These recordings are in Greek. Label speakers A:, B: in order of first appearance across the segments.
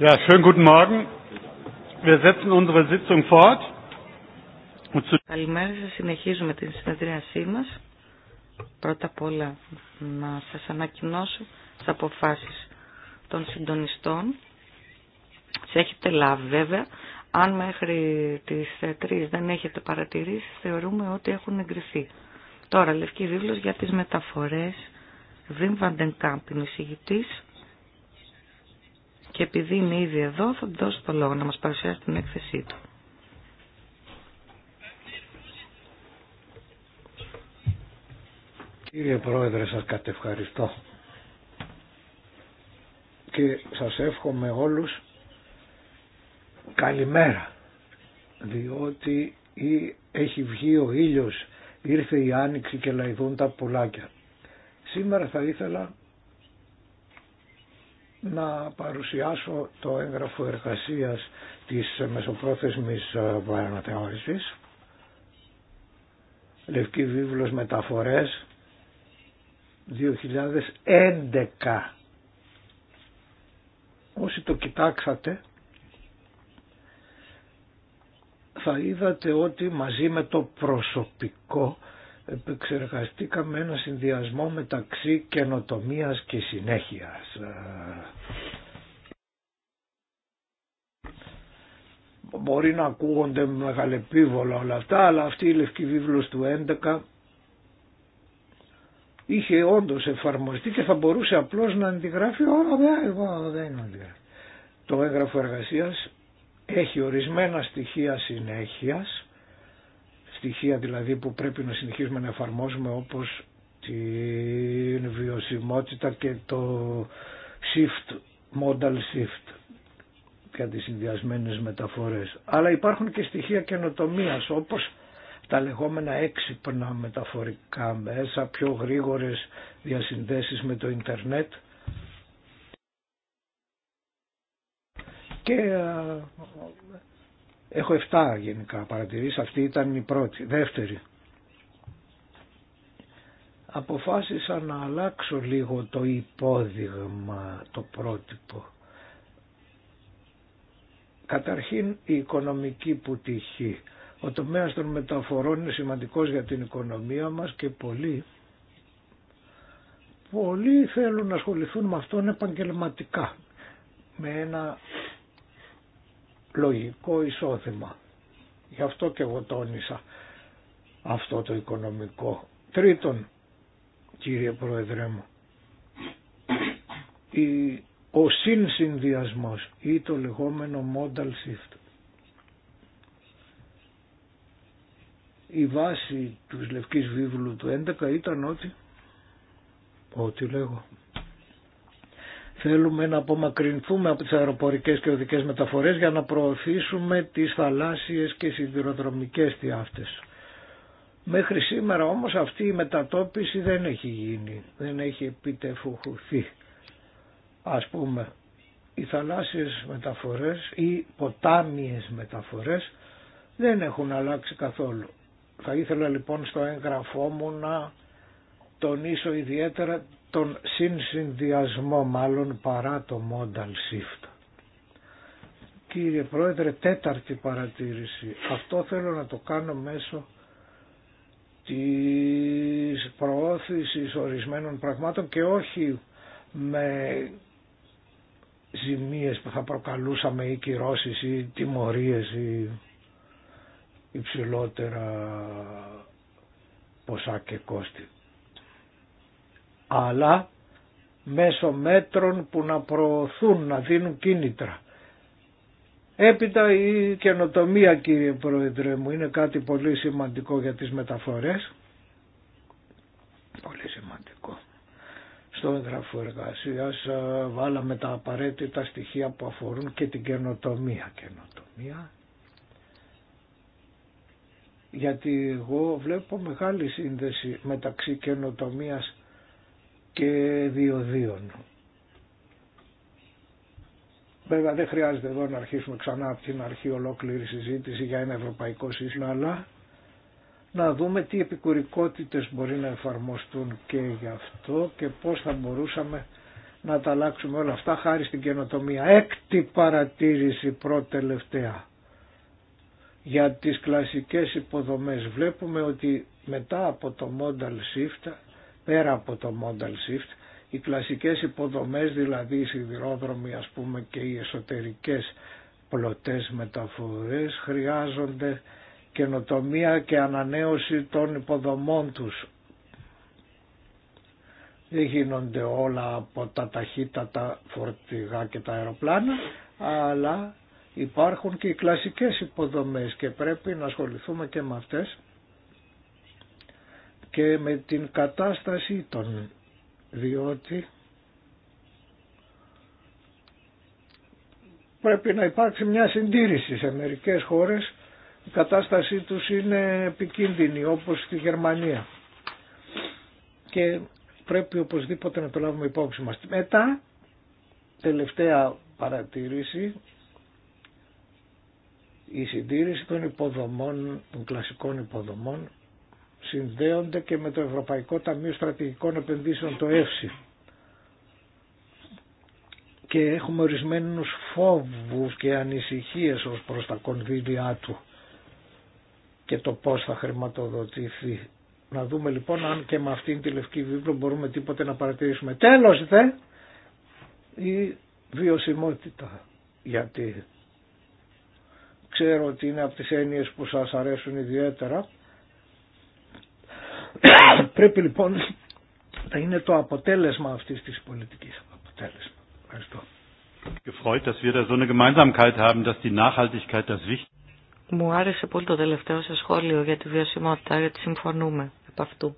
A: Ja, schönen guten Morgen. Wir setzen unsere Sitzung fort. Καλημέρα σας. Συνεχίζουμε την συνεδρίασή μας. Πρώτα απ' όλα να σας ανακοινώσω τις αποφάσεις των συντονιστών. Τις έχετε λάβει βέβαια. Αν μέχρι τις 3 δεν έχετε παρατηρήσει, θεωρούμε ότι έχουν εγκριθεί. Τώρα, λευκή βίβλος για τις μεταφορές. Βιμ Βαντενκάμπ εισηγητής και επειδή είναι ήδη εδώ θα του δώσω το λόγο να μας παρουσιάσει την έκθεσή του.
B: Κύριε Πρόεδρε σας κατευχαριστώ και σας εύχομαι όλους καλημέρα διότι ή έχει βγει ο ήλιος, ήρθε η άνοιξη και λαϊδούν τα πουλάκια. Σήμερα θα ήθελα να παρουσιάσω το έγγραφο εργασίας της μεσοπρόθεσμης παραναθεώρησης. Ε, Λευκή Βίβλος Μεταφορές 2011. Όσοι το κοιτάξατε θα είδατε ότι μαζί με το προσωπικό επεξεργαστήκαμε ένα συνδυασμό μεταξύ καινοτομίας και συνέχειας. Μπορεί να ακούγονται μεγαλεπίβολα όλα αυτά, αλλά αυτή η Λευκή Βίβλος του 11 είχε όντως εφαρμοστεί και θα μπορούσε απλώς να αντιγράφει όλα εγώ δεν αντιγράφει. Το έγγραφο εργασίας έχει ορισμένα στοιχεία συνέχειας στοιχεία δηλαδή που πρέπει να συνεχίσουμε να εφαρμόζουμε όπως την βιωσιμότητα και το shift, modal shift για τις συνδυασμένες μεταφορές. Αλλά υπάρχουν και στοιχεία καινοτομίας όπως τα λεγόμενα έξυπνα μεταφορικά μέσα, πιο γρήγορες διασυνδέσεις με το ίντερνετ και Έχω 7 γενικά παρατηρήσει, αυτή ήταν η πρώτη. Δεύτερη. Αποφάσισα να αλλάξω λίγο το υπόδειγμα, το πρότυπο. Καταρχήν η οικονομική που τυχεί. Ο τομέας των μεταφορών είναι σημαντικός για την οικονομία μας και πολλοί, πολλοί θέλουν να ασχοληθούν με αυτόν επαγγελματικά. Με ένα λογικό εισόδημα. Γι' αυτό και εγώ τόνισα αυτό το οικονομικό. Τρίτον, κύριε Πρόεδρε μου, ο συνσυνδυασμός ή το λεγόμενο modal shift. Η βάση του Λευκής Βίβλου του 11 ήταν ότι, ό,τι λέγω, Θέλουμε να απομακρυνθούμε από τις αεροπορικές και οδικές μεταφορές για να προωθήσουμε τις θαλάσσιες και σιδηροδρομικές διάφτες. Μέχρι σήμερα όμως αυτή η μετατόπιση δεν έχει γίνει, δεν έχει επιτευχθεί. Ας πούμε, οι θαλάσσιες μεταφορές ή ποτάμιες μεταφορές δεν έχουν αλλάξει καθόλου. Θα ήθελα λοιπόν στο έγγραφό μου να τονίσω ιδιαίτερα τον συνσυνδυασμό μάλλον παρά το modal shift. Κύριε Πρόεδρε, τέταρτη παρατήρηση. Αυτό θέλω να το κάνω μέσω της προώθησης ορισμένων πραγμάτων και όχι με ζημίες που θα προκαλούσαμε ή κυρώσεις ή τιμωρίες ή υψηλότερα ποσά και κόστη αλλά μέσω μέτρων που να προωθούν, να δίνουν κίνητρα. Έπειτα η καινοτομία κύριε Πρόεδρε μου είναι κάτι πολύ σημαντικό για τις μεταφορές. Πολύ σημαντικό. Στο έγγραφο εργασία ε, βάλαμε τα απαραίτητα στοιχεία που αφορούν και την καινοτομία. καινοτομία. Γιατί εγώ βλέπω μεγάλη σύνδεση μεταξύ καινοτομίας και διοδίων. Βέβαια δεν χρειάζεται εδώ να αρχίσουμε ξανά από την αρχή ολόκληρη συζήτηση για ένα ευρωπαϊκό σύστημα, αλλά να δούμε τι επικουρικότητες μπορεί να εφαρμοστούν και γι' αυτό και πώς θα μπορούσαμε να τα αλλάξουμε όλα αυτά χάρη στην καινοτομία. Έκτη παρατήρηση προτελευταία για τις κλασικές υποδομές. Βλέπουμε ότι μετά από το modal shift πέρα από το modal shift, οι κλασικές υποδομές δηλαδή οι σιδηρόδρομοι ας πούμε και οι εσωτερικές πλωτές μεταφορές χρειάζονται καινοτομία και ανανέωση των υποδομών τους. Δεν γίνονται όλα από τα ταχύτατα φορτηγά και τα αεροπλάνα, αλλά υπάρχουν και οι κλασικές υποδομές και πρέπει να ασχοληθούμε και με αυτές και με την κατάστασή των διότι πρέπει να υπάρξει μια συντήρηση σε μερικές χώρες η κατάστασή τους είναι επικίνδυνη όπως στη Γερμανία και πρέπει οπωσδήποτε να το λάβουμε υπόψη μας. Μετά, τελευταία παρατήρηση, η συντήρηση των υποδομών, των κλασικών υποδομών συνδέονται και με το Ευρωπαϊκό Ταμείο Στρατηγικών Επενδύσεων, το ΕΦΣΙ. Και έχουμε ορισμένους φόβους και ανησυχίες ως προς τα κονδύλια του και το πώς θα χρηματοδοτηθεί. Να δούμε λοιπόν αν και με αυτήν τη λευκή βίβλο μπορούμε τίποτε να παρατηρήσουμε. Τέλος δε η βιωσιμότητα γιατί ξέρω ότι είναι από τις έννοιες που σας αρέσουν ιδιαίτερα Πρέπει λοιπόν να είναι το αποτέλεσμα αυτής της πολιτικής. Αποτέλεσμα. Ευχαριστώ. Μου άρεσε πολύ το τελευταίο
A: σας σχόλιο για τη βιωσιμότητα, γιατί συμφωνούμε από αυτού.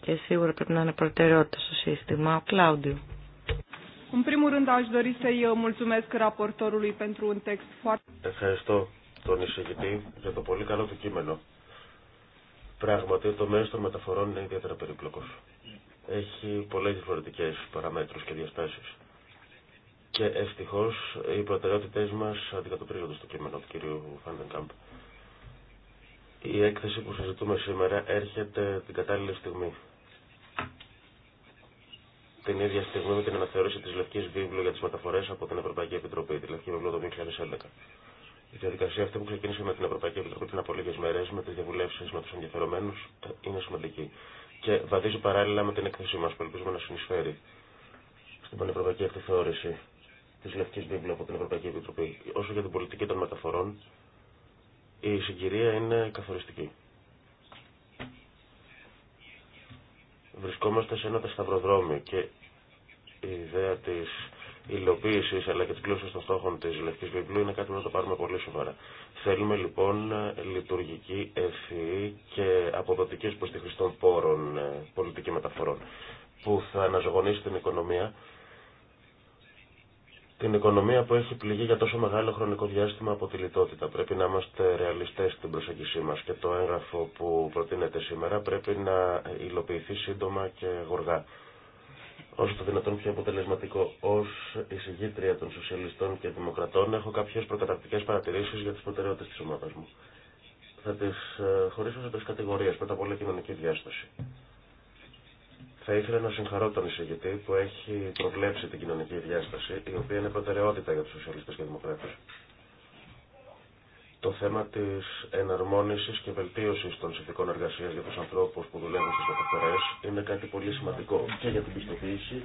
A: Και σίγουρα πρέπει να είναι προτεραιότητα στο σύστημα. Ο Κλάουντιο.
C: Ευχαριστώ τον εισηγητή για το πολύ καλό του κείμενο. Πράγματι, το μέρο των μεταφορών είναι ιδιαίτερα περίπλοκο. Έχει πολλέ διαφορετικέ παραμέτρου και διαστάσει. Και ευτυχώ οι προτεραιότητέ μα αντικατοπτρίζονται στο κείμενο του κυρίου Φάντεγκαμπ. Η έκθεση που συζητούμε σήμερα έρχεται την κατάλληλη στιγμή. Την ίδια στιγμή με την αναθεώρηση τη Λευκή Βίβλου για τι μεταφορέ από την Ευρωπαϊκή Επιτροπή, τη Λευκή Βίβλου το 2011. Η διαδικασία αυτή που ξεκίνησε με την Ευρωπαϊκή Επιτροπή πριν από λίγε μέρε, με τι διαβουλεύσει με του ενδιαφερομένου, ε, είναι σημαντική. Και βαδίζει παράλληλα με την έκθεσή μα που ελπίζουμε να συνεισφέρει στην πανευρωπαϊκή αυτή θεώρηση τη Λευκή Βίβλου από την Ευρωπαϊκή Επιτροπή. Όσο για την πολιτική των μεταφορών, η συγκυρία είναι καθοριστική. Βρισκόμαστε σε ένα τεσταυροδρόμι και η ιδέα της υλοποίηση αλλά και τη κλώση των στόχων τη Λευκή Βιβλίου είναι κάτι που να το πάρουμε πολύ σοβαρά. Θέλουμε λοιπόν λειτουργική, ευφυή και αποδοτική προ τη χρηστών πόρων ε, πολιτική μεταφορών που θα αναζωογονήσει την οικονομία την οικονομία που έχει πληγεί για τόσο μεγάλο χρονικό διάστημα από τη λιτότητα. Πρέπει να είμαστε ρεαλιστέ στην προσέγγιση μα και το έγγραφο που προτείνεται σήμερα πρέπει να υλοποιηθεί σύντομα και γοργά όσο το δυνατόν πιο αποτελεσματικό. Ω εισηγήτρια των Σοσιαλιστών και Δημοκρατών έχω κάποιε προκαταρκτικέ παρατηρήσει για τι προτεραιότητε τη ομάδα μου. Θα τι ε, χωρίσω σε τρει κατηγορίε. Πρώτα απ' όλα κοινωνική διάσταση. Θα ήθελα να συγχαρώ τον εισηγητή που έχει προβλέψει την κοινωνική διάσταση, η οποία είναι προτεραιότητα για του Σοσιαλιστέ και Δημοκράτε το θέμα της εναρμόνισης και βελτίωσης των συνθηκών εργασίας για τους ανθρώπους που δουλεύουν στις μεταφορές είναι κάτι πολύ σημαντικό και για την πιστοποίηση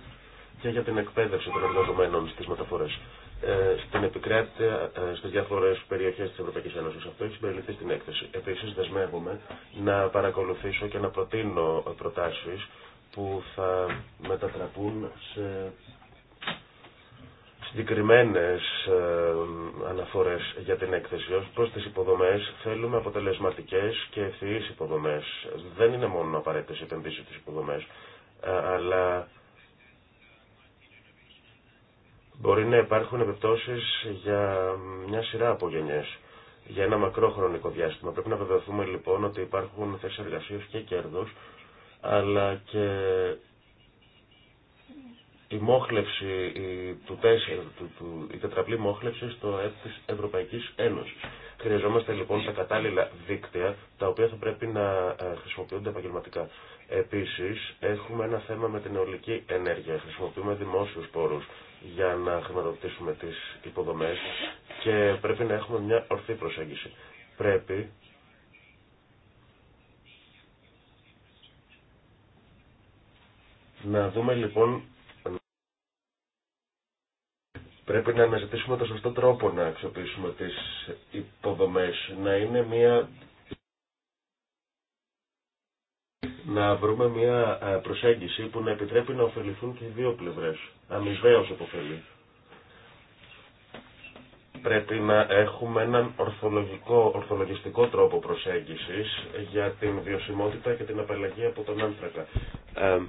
C: και για την εκπαίδευση των εργαζομένων στις μεταφορές. Ε, στην επικράτεια, ε, στις διάφορες περιοχές της Ευρωπαϊκής Ένωσης. Αυτό έχει συμπεριληφθεί στην έκθεση. Επίσης δεσμεύομαι να παρακολουθήσω και να προτείνω προτάσεις που θα μετατραπούν σε συγκεκριμένες ε, αναφορές για την έκθεση. Ως προς τις υποδομές θέλουμε αποτελεσματικές και ευθύες υποδομές. Δεν είναι μόνο απαραίτητες επενδύσεις στις υποδομές, ε, αλλά μπορεί να υπάρχουν επιπτώσεις για μια σειρά από γενιές, για ένα μακρό χρονικό διάστημα. Πρέπει να βεβαιωθούμε λοιπόν ότι υπάρχουν θέσεις εργασίας και κέρδος, αλλά και η μόχλευση, η, του τέσσερα, του, τετραπλή μόχλευση στο ΕΠ της Ευρωπαϊκής Ένωσης. Χρειαζόμαστε λοιπόν τα κατάλληλα δίκτυα, τα οποία θα πρέπει να ε, χρησιμοποιούνται επαγγελματικά. Επίση έχουμε ένα θέμα με την αιωλική ενέργεια. Χρησιμοποιούμε δημόσιου πόρους για να χρηματοδοτήσουμε τις υποδομές και πρέπει να έχουμε μια ορθή προσέγγιση. Πρέπει να δούμε λοιπόν Πρέπει να αναζητήσουμε τον σωστό τρόπο να αξιοποιήσουμε τις υποδομές, να είναι μια... να βρούμε μια ε, προσέγγιση που να επιτρέπει να ωφεληθούν και οι δύο πλευρές. Αμοιβαίως υποφελεί. Πρέπει να έχουμε έναν ορθολογικό, ορθολογιστικό τρόπο προσέγγισης για την βιωσιμότητα και την απαλλαγή από τον άνθρακα. Ε,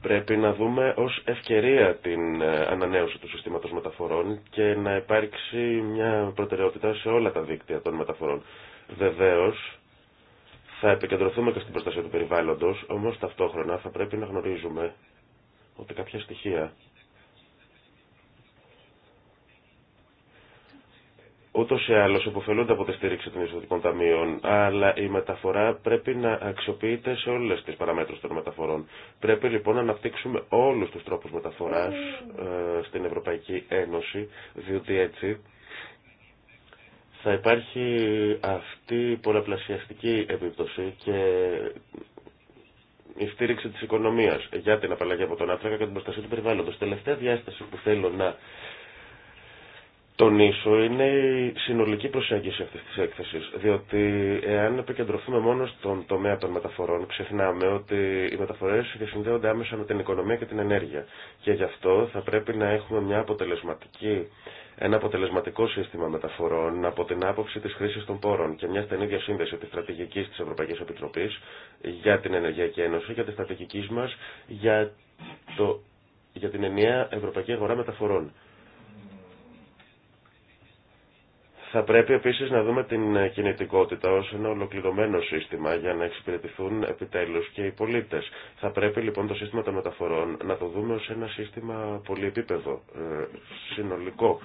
C: Πρέπει να δούμε ως ευκαιρία την ε, ανανέωση του συστήματος μεταφορών και να υπάρξει μια προτεραιότητα σε όλα τα δίκτυα των μεταφορών. Βεβαίως, θα επικεντρωθούμε και στην προστασία του περιβάλλοντος, όμως ταυτόχρονα θα πρέπει να γνωρίζουμε ότι κάποια στοιχεία ούτω ή άλλω υποφελούνται από τη στήριξη των ιδιωτικών ταμείων, αλλά η μεταφορά πρέπει να αξιοποιείται σε όλε τι παραμέτρου των μεταφορών. Πρέπει λοιπόν να αναπτύξουμε όλου του τρόπου μεταφορά ε, στην Ευρωπαϊκή Ένωση, διότι έτσι θα υπάρχει αυτή η πολλαπλασιαστική επίπτωση και η στήριξη τη οικονομία για την απαλλαγή από τον άνθρακα και την προστασία του περιβάλλοντο. Τελευταία διάσταση που θέλω να το τονίσω είναι η συνολική προσέγγιση αυτή τη έκθεση. Διότι εάν επικεντρωθούμε μόνο στον τομέα των μεταφορών, ξεχνάμε ότι οι μεταφορέ συνδέονται άμεσα με την οικονομία και την ενέργεια. Και γι' αυτό θα πρέπει να έχουμε μια αποτελεσματική, ένα αποτελεσματικό σύστημα μεταφορών από την άποψη τη χρήση των πόρων και μια στενή διασύνδεση τη στρατηγική τη Ευρωπαϊκή Επιτροπή για την Ενεργειακή Ένωση και τη στρατηγική μα για, για την ενιαία Ευρωπαϊκή Αγορά Μεταφορών Θα πρέπει επίσης να δούμε την κινητικότητα ως ένα ολοκληρωμένο σύστημα για να εξυπηρετηθούν επιτέλους και οι πολίτες. Θα πρέπει λοιπόν το σύστημα των μεταφορών να το δούμε ως ένα σύστημα πολυεπίπεδο, ε, συνολικό.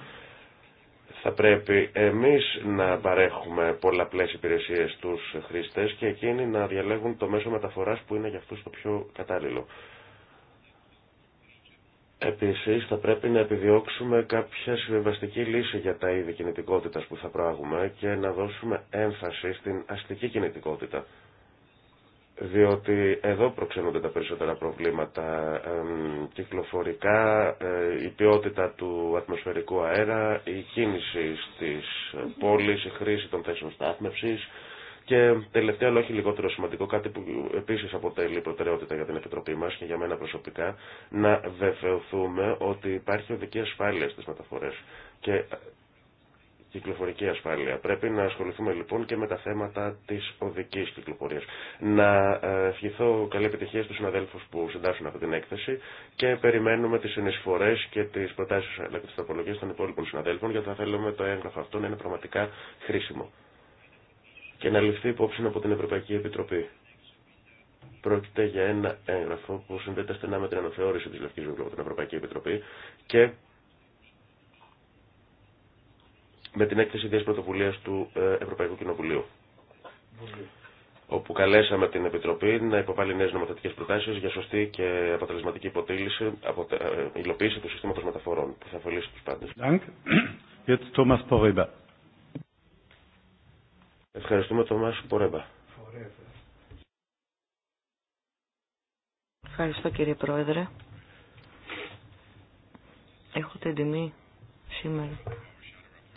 C: Θα πρέπει εμείς να παρέχουμε πολλαπλές υπηρεσίες στους χρήστες και εκείνοι να διαλέγουν το μέσο μεταφοράς που είναι για αυτούς το πιο κατάλληλο. Επίσης θα πρέπει να επιδιώξουμε κάποια συμβιβαστική λύση για τα είδη κινητικότητας που θα προάγουμε και να δώσουμε έμφαση στην αστική κινητικότητα. Διότι εδώ προξενούνται τα περισσότερα προβλήματα, κυκλοφορικά, ε, η ποιότητα του ατμοσφαιρικού αέρα, η κίνηση στις πόλεις, η χρήση των θέσεων στάθμευσης, και τελευταίο, αλλά όχι λιγότερο σημαντικό, κάτι που επίση αποτελεί προτεραιότητα για την Επιτροπή μα και για μένα προσωπικά, να βεβαιωθούμε ότι υπάρχει οδική ασφάλεια στι μεταφορέ και κυκλοφορική ασφάλεια. Πρέπει να ασχοληθούμε λοιπόν και με τα θέματα τη οδική κυκλοφορία. Να ε, ευχηθώ καλή επιτυχία στου συναδέλφου που συντάσσουν αυτή την έκθεση και περιμένουμε τι συνεισφορέ και τι προτάσει αλλά και τι των υπόλοιπων συναδέλφων γιατί θα θέλουμε το έγγραφο αυτό να είναι πραγματικά χρήσιμο και να ληφθεί υπόψη από την Ευρωπαϊκή Επιτροπή. Πρόκειται για ένα έγγραφο που συνδέεται στενά με την αναθεώρηση της Λευκής Βιβλίου από την Ευρωπαϊκή Επιτροπή και με την έκθεση ιδέας πρωτοβουλίας του ε, Ευρωπαϊκού Κοινοβουλίου όπου καλέσαμε την Επιτροπή να υποβάλει νέε νομοθετικέ προτάσει για σωστή και αποτελεσματική υποτίληση, ε, υλοποίηση του συστήματο μεταφορών που θα αφαιρέσει του πάντε. Ευχαριστούμε τον
A: Μάσο Πορέμπα. Ευχαριστώ κύριε Πρόεδρε. Έχω την τιμή σήμερα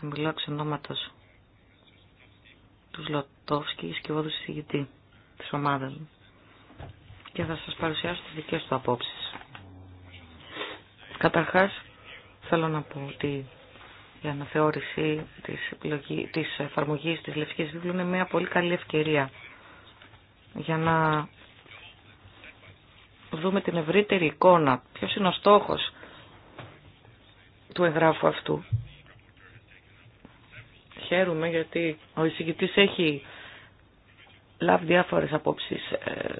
A: να μιλάω ξενόματος του Λοτόφσκη και εγώ του συζητητή της ομάδας μου και θα σας παρουσιάσω τις δικές του απόψεις. Καταρχάς θέλω να πω ότι η αναθεώρηση της, επιλογή, της εφαρμογής της Λευκής Βίβλου είναι μια πολύ καλή ευκαιρία για να δούμε την ευρύτερη εικόνα, ποιος είναι ο στόχος του εγγράφου αυτού. Χαίρομαι γιατί ο εισηγητής έχει λάβει διάφορες απόψεις ε,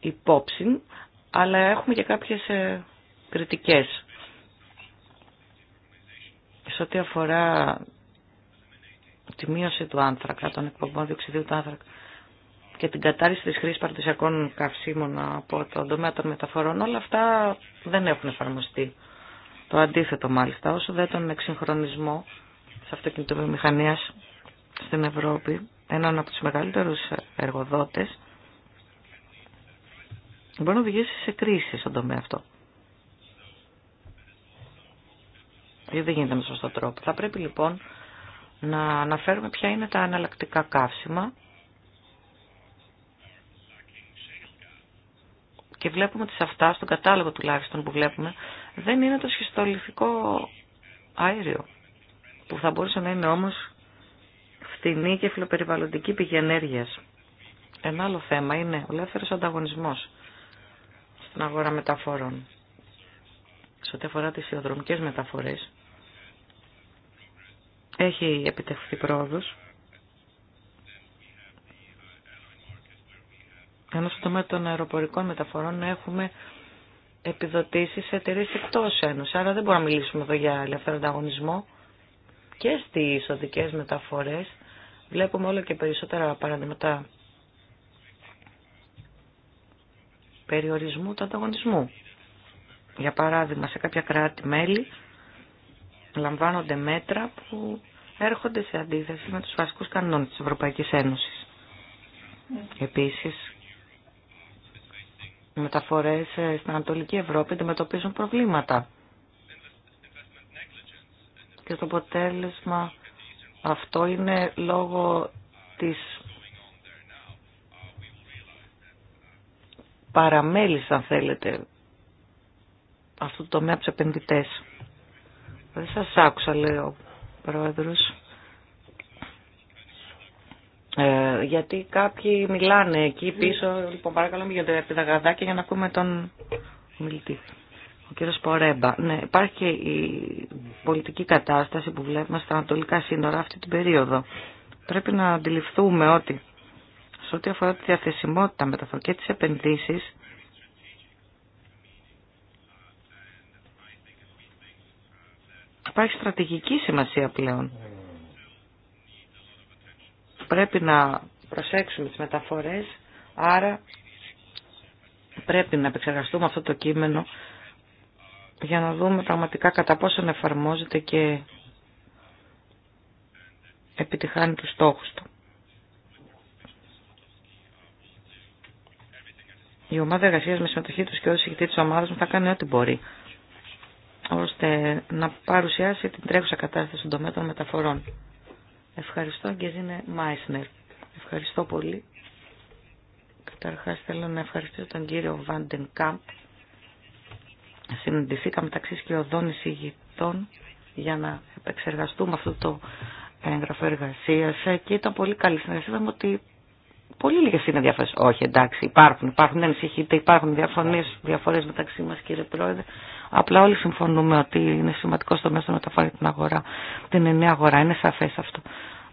A: υπόψη, αλλά έχουμε και κάποιες ε, κριτικές σε ό,τι αφορά τη μείωση του άνθρακα, των εκπομπών διοξιδίου του άνθρακα και την κατάρριση της χρήσης παραδοσιακών καυσίμων από τον τομέα των μεταφορών, όλα αυτά δεν έχουν εφαρμοστεί. Το αντίθετο μάλιστα, όσο δεν τον εξυγχρονισμό της αυτοκινητοβιομηχανίας στην Ευρώπη, έναν από τους μεγαλύτερους εργοδότες, μπορεί να οδηγήσει σε κρίση στον τομέα αυτό. ή δεν γίνεται με σωστό τρόπο. Θα πρέπει λοιπόν να αναφέρουμε ποια είναι τα αναλλακτικά καύσιμα και βλέπουμε ότι σε αυτά, στον κατάλογο τουλάχιστον που βλέπουμε, δεν είναι το σχιστολιθικό αέριο, που θα μπορούσε να είναι όμως φτηνή και φιλοπεριβαλλοντική πηγή ενέργειας. Ένα άλλο θέμα είναι ο ελεύθερος ανταγωνισμός στην αγορά μεταφορών. Σε ό,τι αφορά τις ιοδρομικές μεταφορές, έχει επιτευχθεί πρόοδος. Ενώ στο τομέα των αεροπορικών μεταφορών έχουμε επιδοτήσει σε εταιρείε εκτό Ένωση. Άρα δεν μπορούμε να μιλήσουμε εδώ για ελεύθερο ανταγωνισμό. Και στι οδικέ μεταφορέ βλέπουμε όλο και περισσότερα παραδείγματα περιορισμού του ανταγωνισμού. Για παράδειγμα, σε κάποια κράτη-μέλη λαμβάνονται μέτρα που έρχονται σε αντίθεση με τους βασικούς κανόνες της Ευρωπαϊκής Ένωσης. Επίσης, οι μεταφορές στην Ανατολική Ευρώπη αντιμετωπίζουν προβλήματα. Και το αποτέλεσμα αυτό είναι λόγω της παραμέλης, αν θέλετε, αυτού το τομέα από τους επενδυτές. Δεν σα άκουσα, λέει ο πρόεδρο. Ε, γιατί κάποιοι μιλάνε εκεί πίσω. Λοιπόν, παρακαλώ, μην τα γαδάκια για να ακούμε τον μιλητή. Ο κύριο Πορέμπα. Ναι, υπάρχει και η πολιτική κατάσταση που βλέπουμε στα ανατολικά σύνορα αυτή την περίοδο. Πρέπει να αντιληφθούμε ότι σε ό,τι αφορά τη διαθεσιμότητα μεταφορά και τις Υπάρχει στρατηγική σημασία πλέον. Πρέπει να προσέξουμε τις μεταφορές, άρα πρέπει να επεξεργαστούμε αυτό το κείμενο για να δούμε πραγματικά κατά πόσον εφαρμόζεται και επιτυχάνει τους στόχους του. Η ομάδα εργασία με συμμετοχή του και ο συγκεκριτή τη ομάδα μου θα κάνει ό,τι μπορεί ώστε να παρουσιάσει την τρέχουσα κατάσταση στον τομέα των μεταφορών. Ευχαριστώ Γκεζίνε Μάισνερ. Ευχαριστώ πολύ. Καταρχάς θέλω να ευχαριστήσω τον κύριο Βάντεν Κάμπ. Συναντηθήκαμε μεταξύ σκιωδών εισηγητών για να επεξεργαστούμε αυτό το έγγραφο εργασία και ήταν πολύ καλή συνεργασία. Είδαμε ότι πολύ λίγε είναι διαφορέ. Όχι, εντάξει, υπάρχουν, υπάρχουν, δεν ανησυχείτε, υπάρχουν διαφωνίε μεταξύ μα, κύριε Πρόεδρε. Απλά όλοι συμφωνούμε ότι είναι σημαντικό στο μέσο να μεταφορά την αγορά, την εννέα αγορά. Είναι σαφέ αυτό.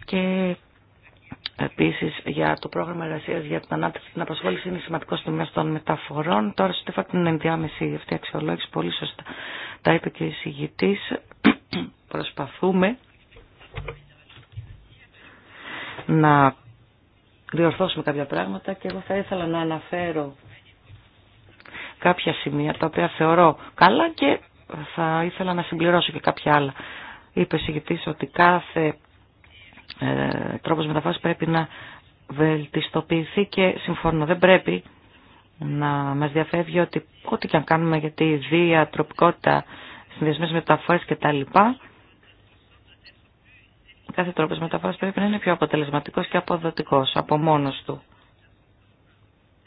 A: Και Επίση, για το πρόγραμμα εργασία για την ανάπτυξη και την απασχόληση είναι σημαντικό μέσο των μεταφορών. Τώρα, στέφα την ενδιάμεση αυτή αξιολόγηση, πολύ σωστά τα είπε και η συγητή. Προσπαθούμε να διορθώσουμε κάποια πράγματα και εγώ θα ήθελα να αναφέρω κάποια σημεία τα οποία θεωρώ καλά και θα ήθελα να συμπληρώσω και κάποια άλλα. Είπε ο ότι κάθε ε, τρόπος μεταφράσης πρέπει να βελτιστοποιηθεί και συμφωνώ. Δεν πρέπει να μας διαφεύγει ότι ό,τι και αν κάνουμε για τη τροπικότητα συνδυασμένες τα κτλ. Κάθε τρόπος μεταφοράς πρέπει να είναι πιο αποτελεσματικός και αποδοτικός από μόνος του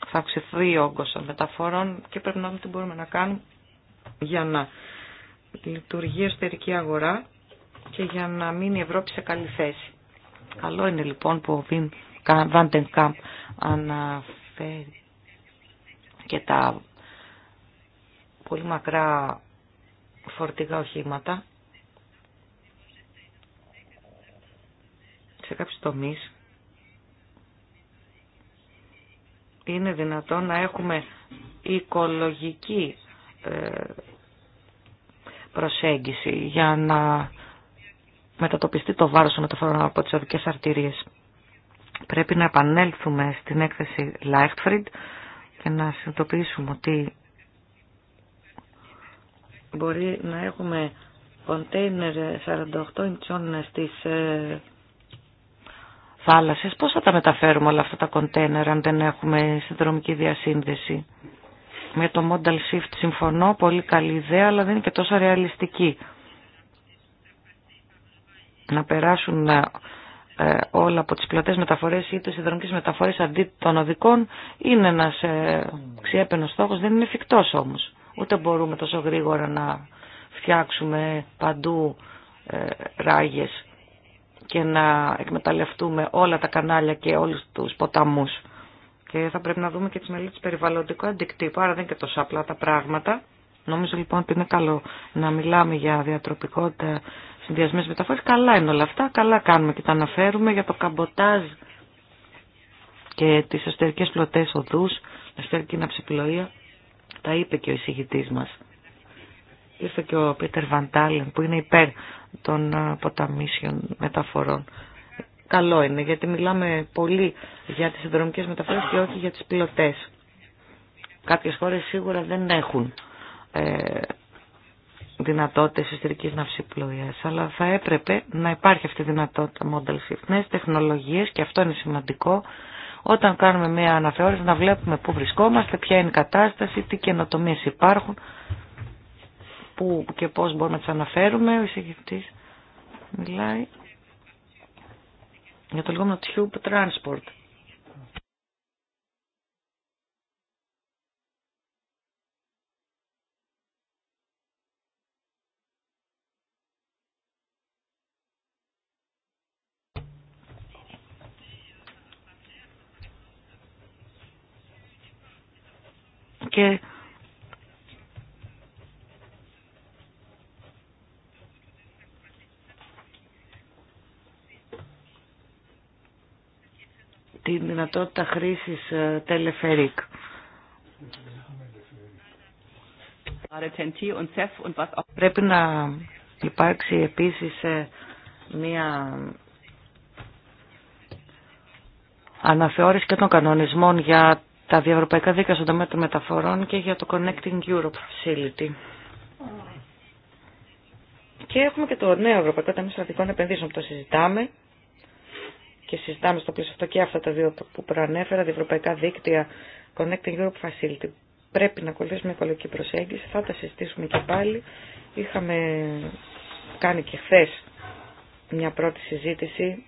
A: θα αυξηθεί ο όγκος των μεταφορών και πρέπει να δούμε τι μπορούμε να κάνουμε για να λειτουργεί η εσωτερική αγορά και για να μείνει η Ευρώπη σε καλή θέση. Καλό είναι λοιπόν που ο Βιν αναφέρει και τα πολύ μακρά φορτηγά οχήματα σε κάποιους τομείς είναι δυνατόν να έχουμε οικολογική ε, προσέγγιση για να μετατοπιστεί το βάρος των μεταφορών από τις οδικές αρτηρίες. Πρέπει να επανέλθουμε στην έκθεση Λάιχτφριντ και να συνειδητοποιήσουμε ότι μπορεί να έχουμε κοντέινερ 48 ιντσών στις ε, θάλασσες. Πώς θα τα μεταφέρουμε όλα αυτά τα κοντέινερ αν δεν έχουμε συνδρομική διασύνδεση. Με το modal shift συμφωνώ, πολύ καλή ιδέα, αλλά δεν είναι και τόσο ρεαλιστική. Να περάσουν ε, ε, όλα από τις πλατές μεταφορές ή τις συνδρομικές μεταφορές αντί των οδικών είναι ένας ε, ξιέπαινος στόχος, δεν είναι εφικτός όμως. Ούτε μπορούμε τόσο γρήγορα να φτιάξουμε παντού ε, ράγες και να εκμεταλλευτούμε όλα τα κανάλια και όλους τους ποταμούς. Και θα πρέπει να δούμε και τις μελέτες περιβαλλοντικού αντικτύπου, άρα δεν είναι και τόσο απλά τα πράγματα. Νομίζω λοιπόν ότι είναι καλό να μιλάμε για διατροπικότητα συνδυασμένες μεταφορές. Καλά είναι όλα αυτά, καλά κάνουμε και τα αναφέρουμε για το καμποτάζ και τις εσωτερικές πλωτές οδούς, εσωτερική ναυσιπλοεία. Τα είπε και ο εισηγητής μας. Ήρθε και ο Πίτερ Βαντάλεν που είναι υπέρ των ε, ποταμίσιων μεταφορών. Καλό είναι γιατί μιλάμε πολύ για τις συνδρομικές μεταφορές και όχι για τις πιλωτές. Κάποιες χώρες σίγουρα δεν έχουν ε, δυνατότητες ιστορικής ναυσιπλοΐας, αλλά θα έπρεπε να υπάρχει αυτή η δυνατότητα model shift. Νέες τεχνολογίες και αυτό είναι σημαντικό. Όταν κάνουμε μια αναθεώρηση να βλέπουμε πού βρισκόμαστε, ποια είναι η κατάσταση, τι καινοτομίες υπάρχουν πού και πώς μπορούμε να τις αναφέρουμε. Ο εισηγητής μιλάει για το λεγόμενο tube transport. και τη δυνατότητα χρήσης τελεφερίκ. Πρέπει να υπάρξει επίσης ε, μια αναθεώρηση και των κανονισμών για τα διευρωπαϊκά δίκαια στον τομέα των μεταφορών και για το Connecting Europe Facility. Και έχουμε και το νέο Ευρωπαϊκό Ταμείο Στρατικών Επενδύσεων που το συζητάμε και συζητάμε στο πλαίσιο αυτό και αυτά τα δύο που προανέφερα, τα ευρωπαϊκά δίκτυα Connecting Europe Facility. Πρέπει να ακολουθήσουμε οικολογική προσέγγιση, θα τα συζητήσουμε και πάλι. Είχαμε κάνει και χθε μια πρώτη συζήτηση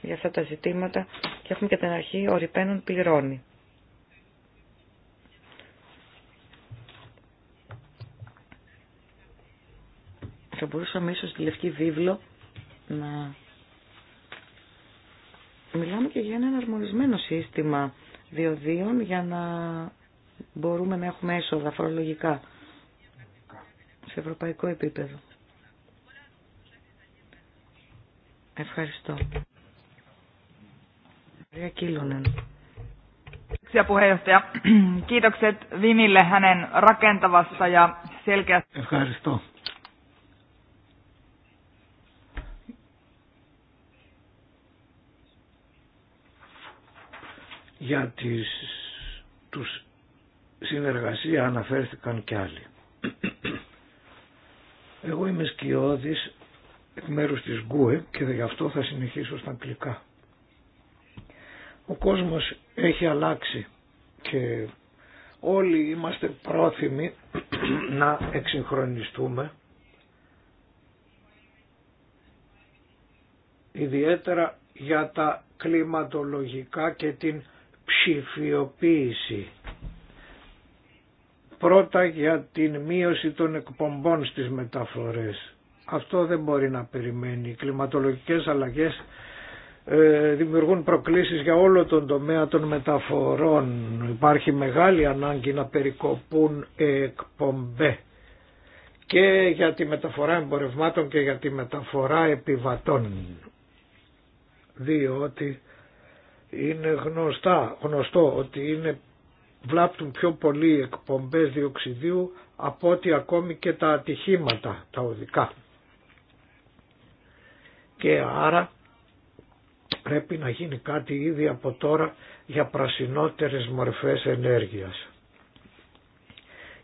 A: για αυτά τα ζητήματα και έχουμε και την αρχή ο Ριπένον πληρώνει. Θα μπορούσαμε ίσως τη Λευκή Βίβλο να Μιλάμε και για ένα εναρμονισμένο σύστημα διοδίων για να μπορούμε να έχουμε έσοδα φορολογικά σε ευρωπαϊκό επίπεδο. Ευχαριστώ. Μαρία Κίλωνεν. Ευχαριστώ.
B: Για τις, τους συνεργασία αναφέρθηκαν και άλλοι. Εγώ είμαι σκιώδης εκ μέρους της Γκουε και γι' αυτό θα συνεχίσω στα αγγλικά. Ο κόσμος έχει αλλάξει και όλοι είμαστε πρόθυμοι να εξυγχρονιστούμε ιδιαίτερα για τα κλιματολογικά και την ψηφιοποίηση. Πρώτα για την μείωση των εκπομπών στις μεταφορές. Αυτό δεν μπορεί να περιμένει. Οι κλιματολογικές αλλαγές ε, δημιουργούν προκλήσεις για όλο τον τομέα των μεταφορών. Υπάρχει μεγάλη ανάγκη να περικοπούν εκπομπέ και για τη μεταφορά εμπορευμάτων και για τη μεταφορά επιβατών. Διότι είναι γνωστά, γνωστό ότι είναι, βλάπτουν πιο πολύ εκπομπές διοξιδίου από ότι ακόμη και τα ατυχήματα τα οδικά. Και άρα πρέπει να γίνει κάτι ήδη από τώρα για πρασινότερες μορφές ενέργειας.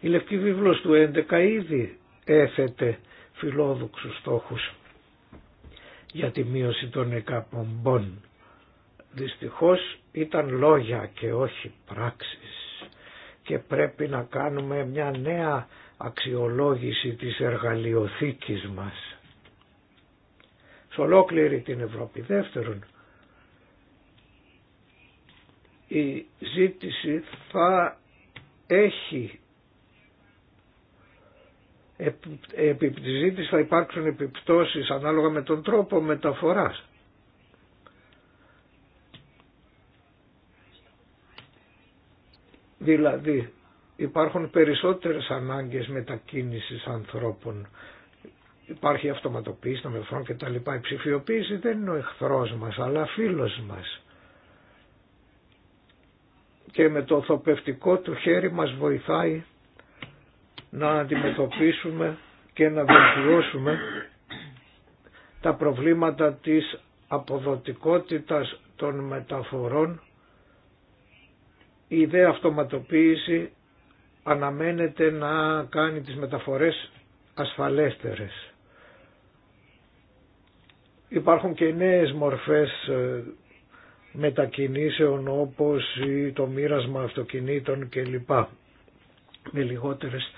B: Η Λευκή Βίβλος του 11 ήδη έθετε φιλόδοξους στόχους για τη μείωση των εκαπομπών Δυστυχώς ήταν λόγια και όχι πράξεις και πρέπει να κάνουμε μια νέα αξιολόγηση της εργαλειοθήκης μας. Σε ολόκληρη την Ευρώπη. Δεύτερον, η ζήτηση θα έχει επί της θα υπάρξουν επιπτώσεις ανάλογα με τον τρόπο μεταφοράς. Δηλαδή υπάρχουν περισσότερες ανάγκες μετακίνησης ανθρώπων. Υπάρχει αυτοματοποίηση των εχθρών και τα λοιπά. Η ψηφιοποίηση δεν είναι ο εχθρός μας αλλά φίλος μας. Και με το θοπευτικό του χέρι μας βοηθάει να αντιμετωπίσουμε και να βελτιώσουμε τα προβλήματα της αποδοτικότητας των μεταφορών η ιδέα αυτοματοποίηση αναμένεται να κάνει τις μεταφορές ασφαλέστερες. Υπάρχουν και νέες μορφές ε, μετακινήσεων όπως το μοίρασμα αυτοκινήτων κλπ. Με λιγότερες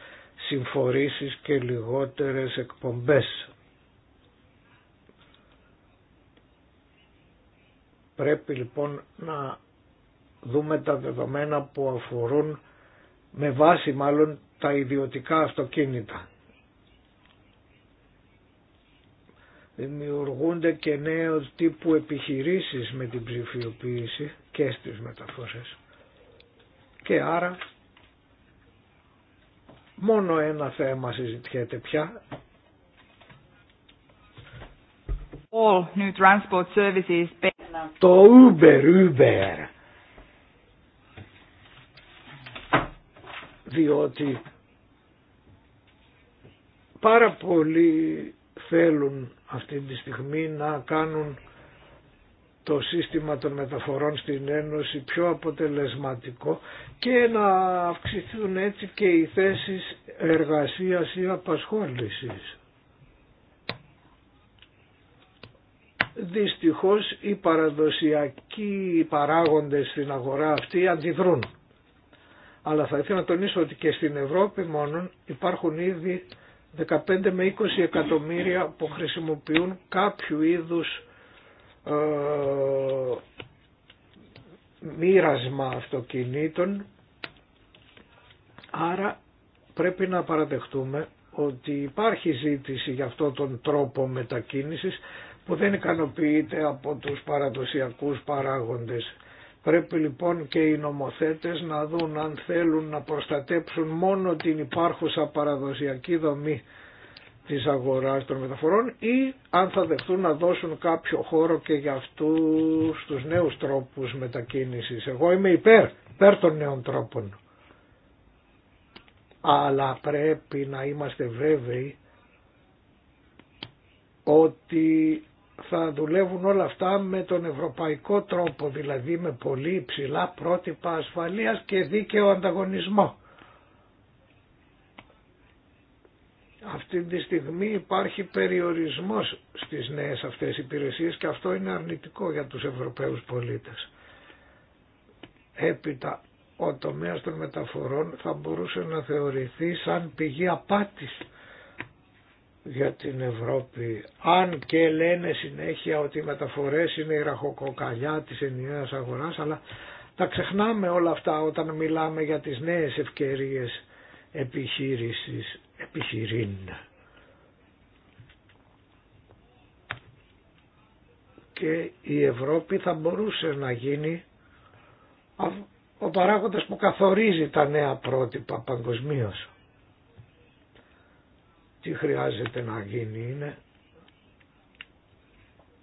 B: συμφορήσεις και λιγότερες εκπομπές. Πρέπει λοιπόν να δούμε τα δεδομένα που αφορούν με βάση μάλλον τα ιδιωτικά αυτοκίνητα. Δημιουργούνται και νέο τύπου επιχειρήσεις με την ψηφιοποίηση και στις μεταφορές. Και άρα μόνο ένα θέμα συζητιέται πια.
A: All new transport services.
B: Το Uber, Uber διότι πάρα πολλοί θέλουν αυτή τη στιγμή να κάνουν το σύστημα των μεταφορών στην Ένωση πιο αποτελεσματικό και να αυξηθούν έτσι και οι θέσεις εργασίας ή απασχόλησης. Δυστυχώς οι παραδοσιακοί παράγοντες στην αγορά αυτή αντιδρούν αλλά θα ήθελα να τονίσω ότι και στην Ευρώπη μόνο υπάρχουν ήδη 15 με 20 εκατομμύρια που χρησιμοποιούν κάποιο είδους ε, μοίρασμα αυτοκινήτων άρα πρέπει να παραδεχτούμε ότι υπάρχει ζήτηση για αυτόν τον τρόπο μετακίνησης που δεν ικανοποιείται από τους παραδοσιακούς παράγοντες Πρέπει λοιπόν και οι νομοθέτες να δουν αν θέλουν να προστατέψουν μόνο την υπάρχουσα παραδοσιακή δομή της αγοράς των μεταφορών ή αν θα δεχτούν να δώσουν κάποιο χώρο και για αυτούς τους νέους τρόπους μετακίνησης. Εγώ είμαι υπέρ, υπέρ των νέων τρόπων. Αλλά πρέπει να είμαστε βέβαιοι ότι θα δουλεύουν όλα αυτά με τον ευρωπαϊκό τρόπο, δηλαδή με πολύ υψηλά πρότυπα ασφαλείας και δίκαιο ανταγωνισμό. Αυτή τη στιγμή υπάρχει περιορισμός στις νέες αυτές υπηρεσίες και αυτό είναι αρνητικό για τους Ευρωπαίους πολίτες. Έπειτα ο τομέας των μεταφορών θα μπορούσε να θεωρηθεί σαν πηγή απάτης για την Ευρώπη. Αν και λένε συνέχεια ότι οι μεταφορές είναι η ραχοκοκαλιά της ενιαίας αγοράς, αλλά τα ξεχνάμε όλα αυτά όταν μιλάμε για τις νέες ευκαιρίες επιχείρησης, επιχειρήν. Και η Ευρώπη θα μπορούσε να γίνει
D: ο παράγοντας
B: που καθορίζει τα νέα πρότυπα παγκοσμίως τι χρειάζεται να γίνει είναι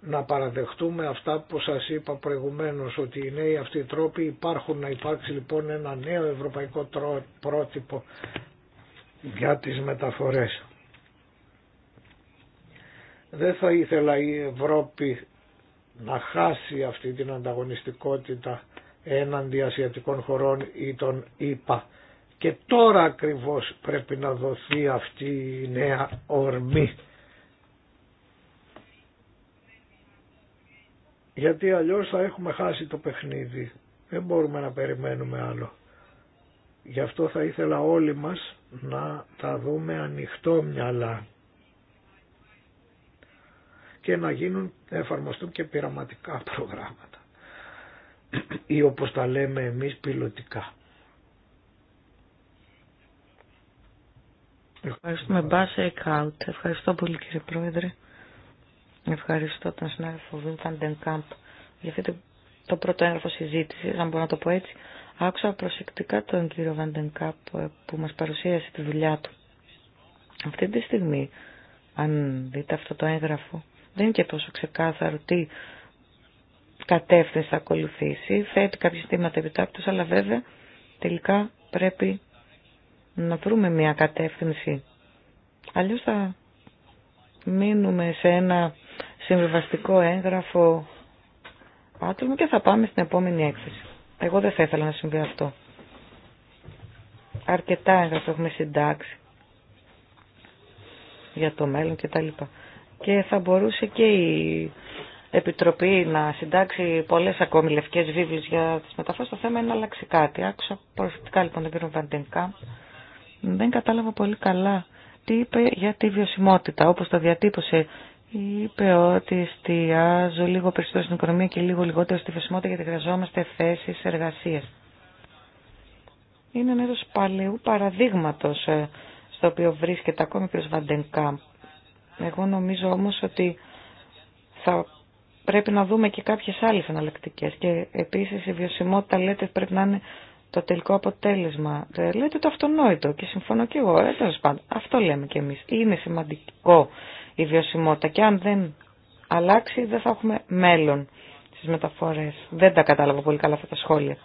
B: να παραδεχτούμε αυτά που σας είπα προηγουμένως ότι οι νέοι αυτοί οι τρόποι υπάρχουν να υπάρξει λοιπόν ένα νέο ευρωπαϊκό πρότυπο για τις μεταφορές. Δεν θα ήθελα η Ευρώπη να χάσει αυτή την ανταγωνιστικότητα έναντι ασιατικών χωρών ή των ΙΠΑ και τώρα ακριβώς πρέπει να δοθεί αυτή η νέα ορμή. Γιατί αλλιώς θα έχουμε χάσει το παιχνίδι. Δεν μπορούμε να περιμένουμε άλλο. Γι' αυτό θα ήθελα όλοι μας να τα δούμε ανοιχτό μυαλά και να γίνουν, να εφαρμοστούν και πειραματικά προγράμματα ή όπως τα λέμε εμείς πιλωτικά.
A: Ευχαριστούμε Μπάσε Εκάουτ. Ευχαριστώ πολύ κύριε Πρόεδρε. Ευχαριστώ τον συνάδελφο Βιμ Κάμπ για αυτό το πρώτο έγγραφο συζήτηση, αν μπορώ να το πω έτσι. Άκουσα προσεκτικά τον κύριο Βαντεν Κάπ ε, που μας παρουσίασε τη δουλειά του. Αυτή τη στιγμή, αν δείτε αυτό το έγγραφο, δεν είναι και τόσο ξεκάθαρο τι κατεύθυνση θα ακολουθήσει. Θέτει κάποια στήματα επιτάκτως, αλλά βέβαια τελικά πρέπει να βρούμε μια κατεύθυνση. Αλλιώς θα μείνουμε σε ένα συμβιβαστικό έγγραφο άτομο και θα πάμε στην επόμενη έκθεση. Εγώ δεν θα ήθελα να συμβεί αυτό. Αρκετά έγγραφα έχουμε συντάξει για το μέλλον τα Και, και θα μπορούσε και η Επιτροπή να συντάξει πολλές ακόμη λευκές βίβλες για τις μεταφορές. Το θέμα είναι να αλλάξει κάτι. Άκουσα προσεκτικά λοιπόν τον κύριο Βαντενκάμπ. Δεν κατάλαβα πολύ καλά τι είπε για τη βιωσιμότητα, όπως το διατύπωσε. Είπε ότι εστιάζω λίγο περισσότερο στην οικονομία και λίγο λιγότερο στη βιωσιμότητα γιατί χρειαζόμαστε θέσεις εργασίας. Είναι ένα παλαιού παραδείγματος ε, στο οποίο βρίσκεται ακόμη ο κ. Βαντενκάμπ. Εγώ νομίζω όμως ότι θα πρέπει να δούμε και κάποιες άλλες αναλεκτικές. Και επίσης η βιωσιμότητα λέτε πρέπει να είναι το τελικό αποτέλεσμα. Ε, λέτε το αυτονόητο και συμφωνώ και εγώ. Ε, Αυτό λέμε κι εμείς. Είναι σημαντικό η βιωσιμότητα και αν δεν αλλάξει δεν θα έχουμε μέλλον στις μεταφορές. Δεν τα κατάλαβα πολύ καλά αυτά τα σχόλια.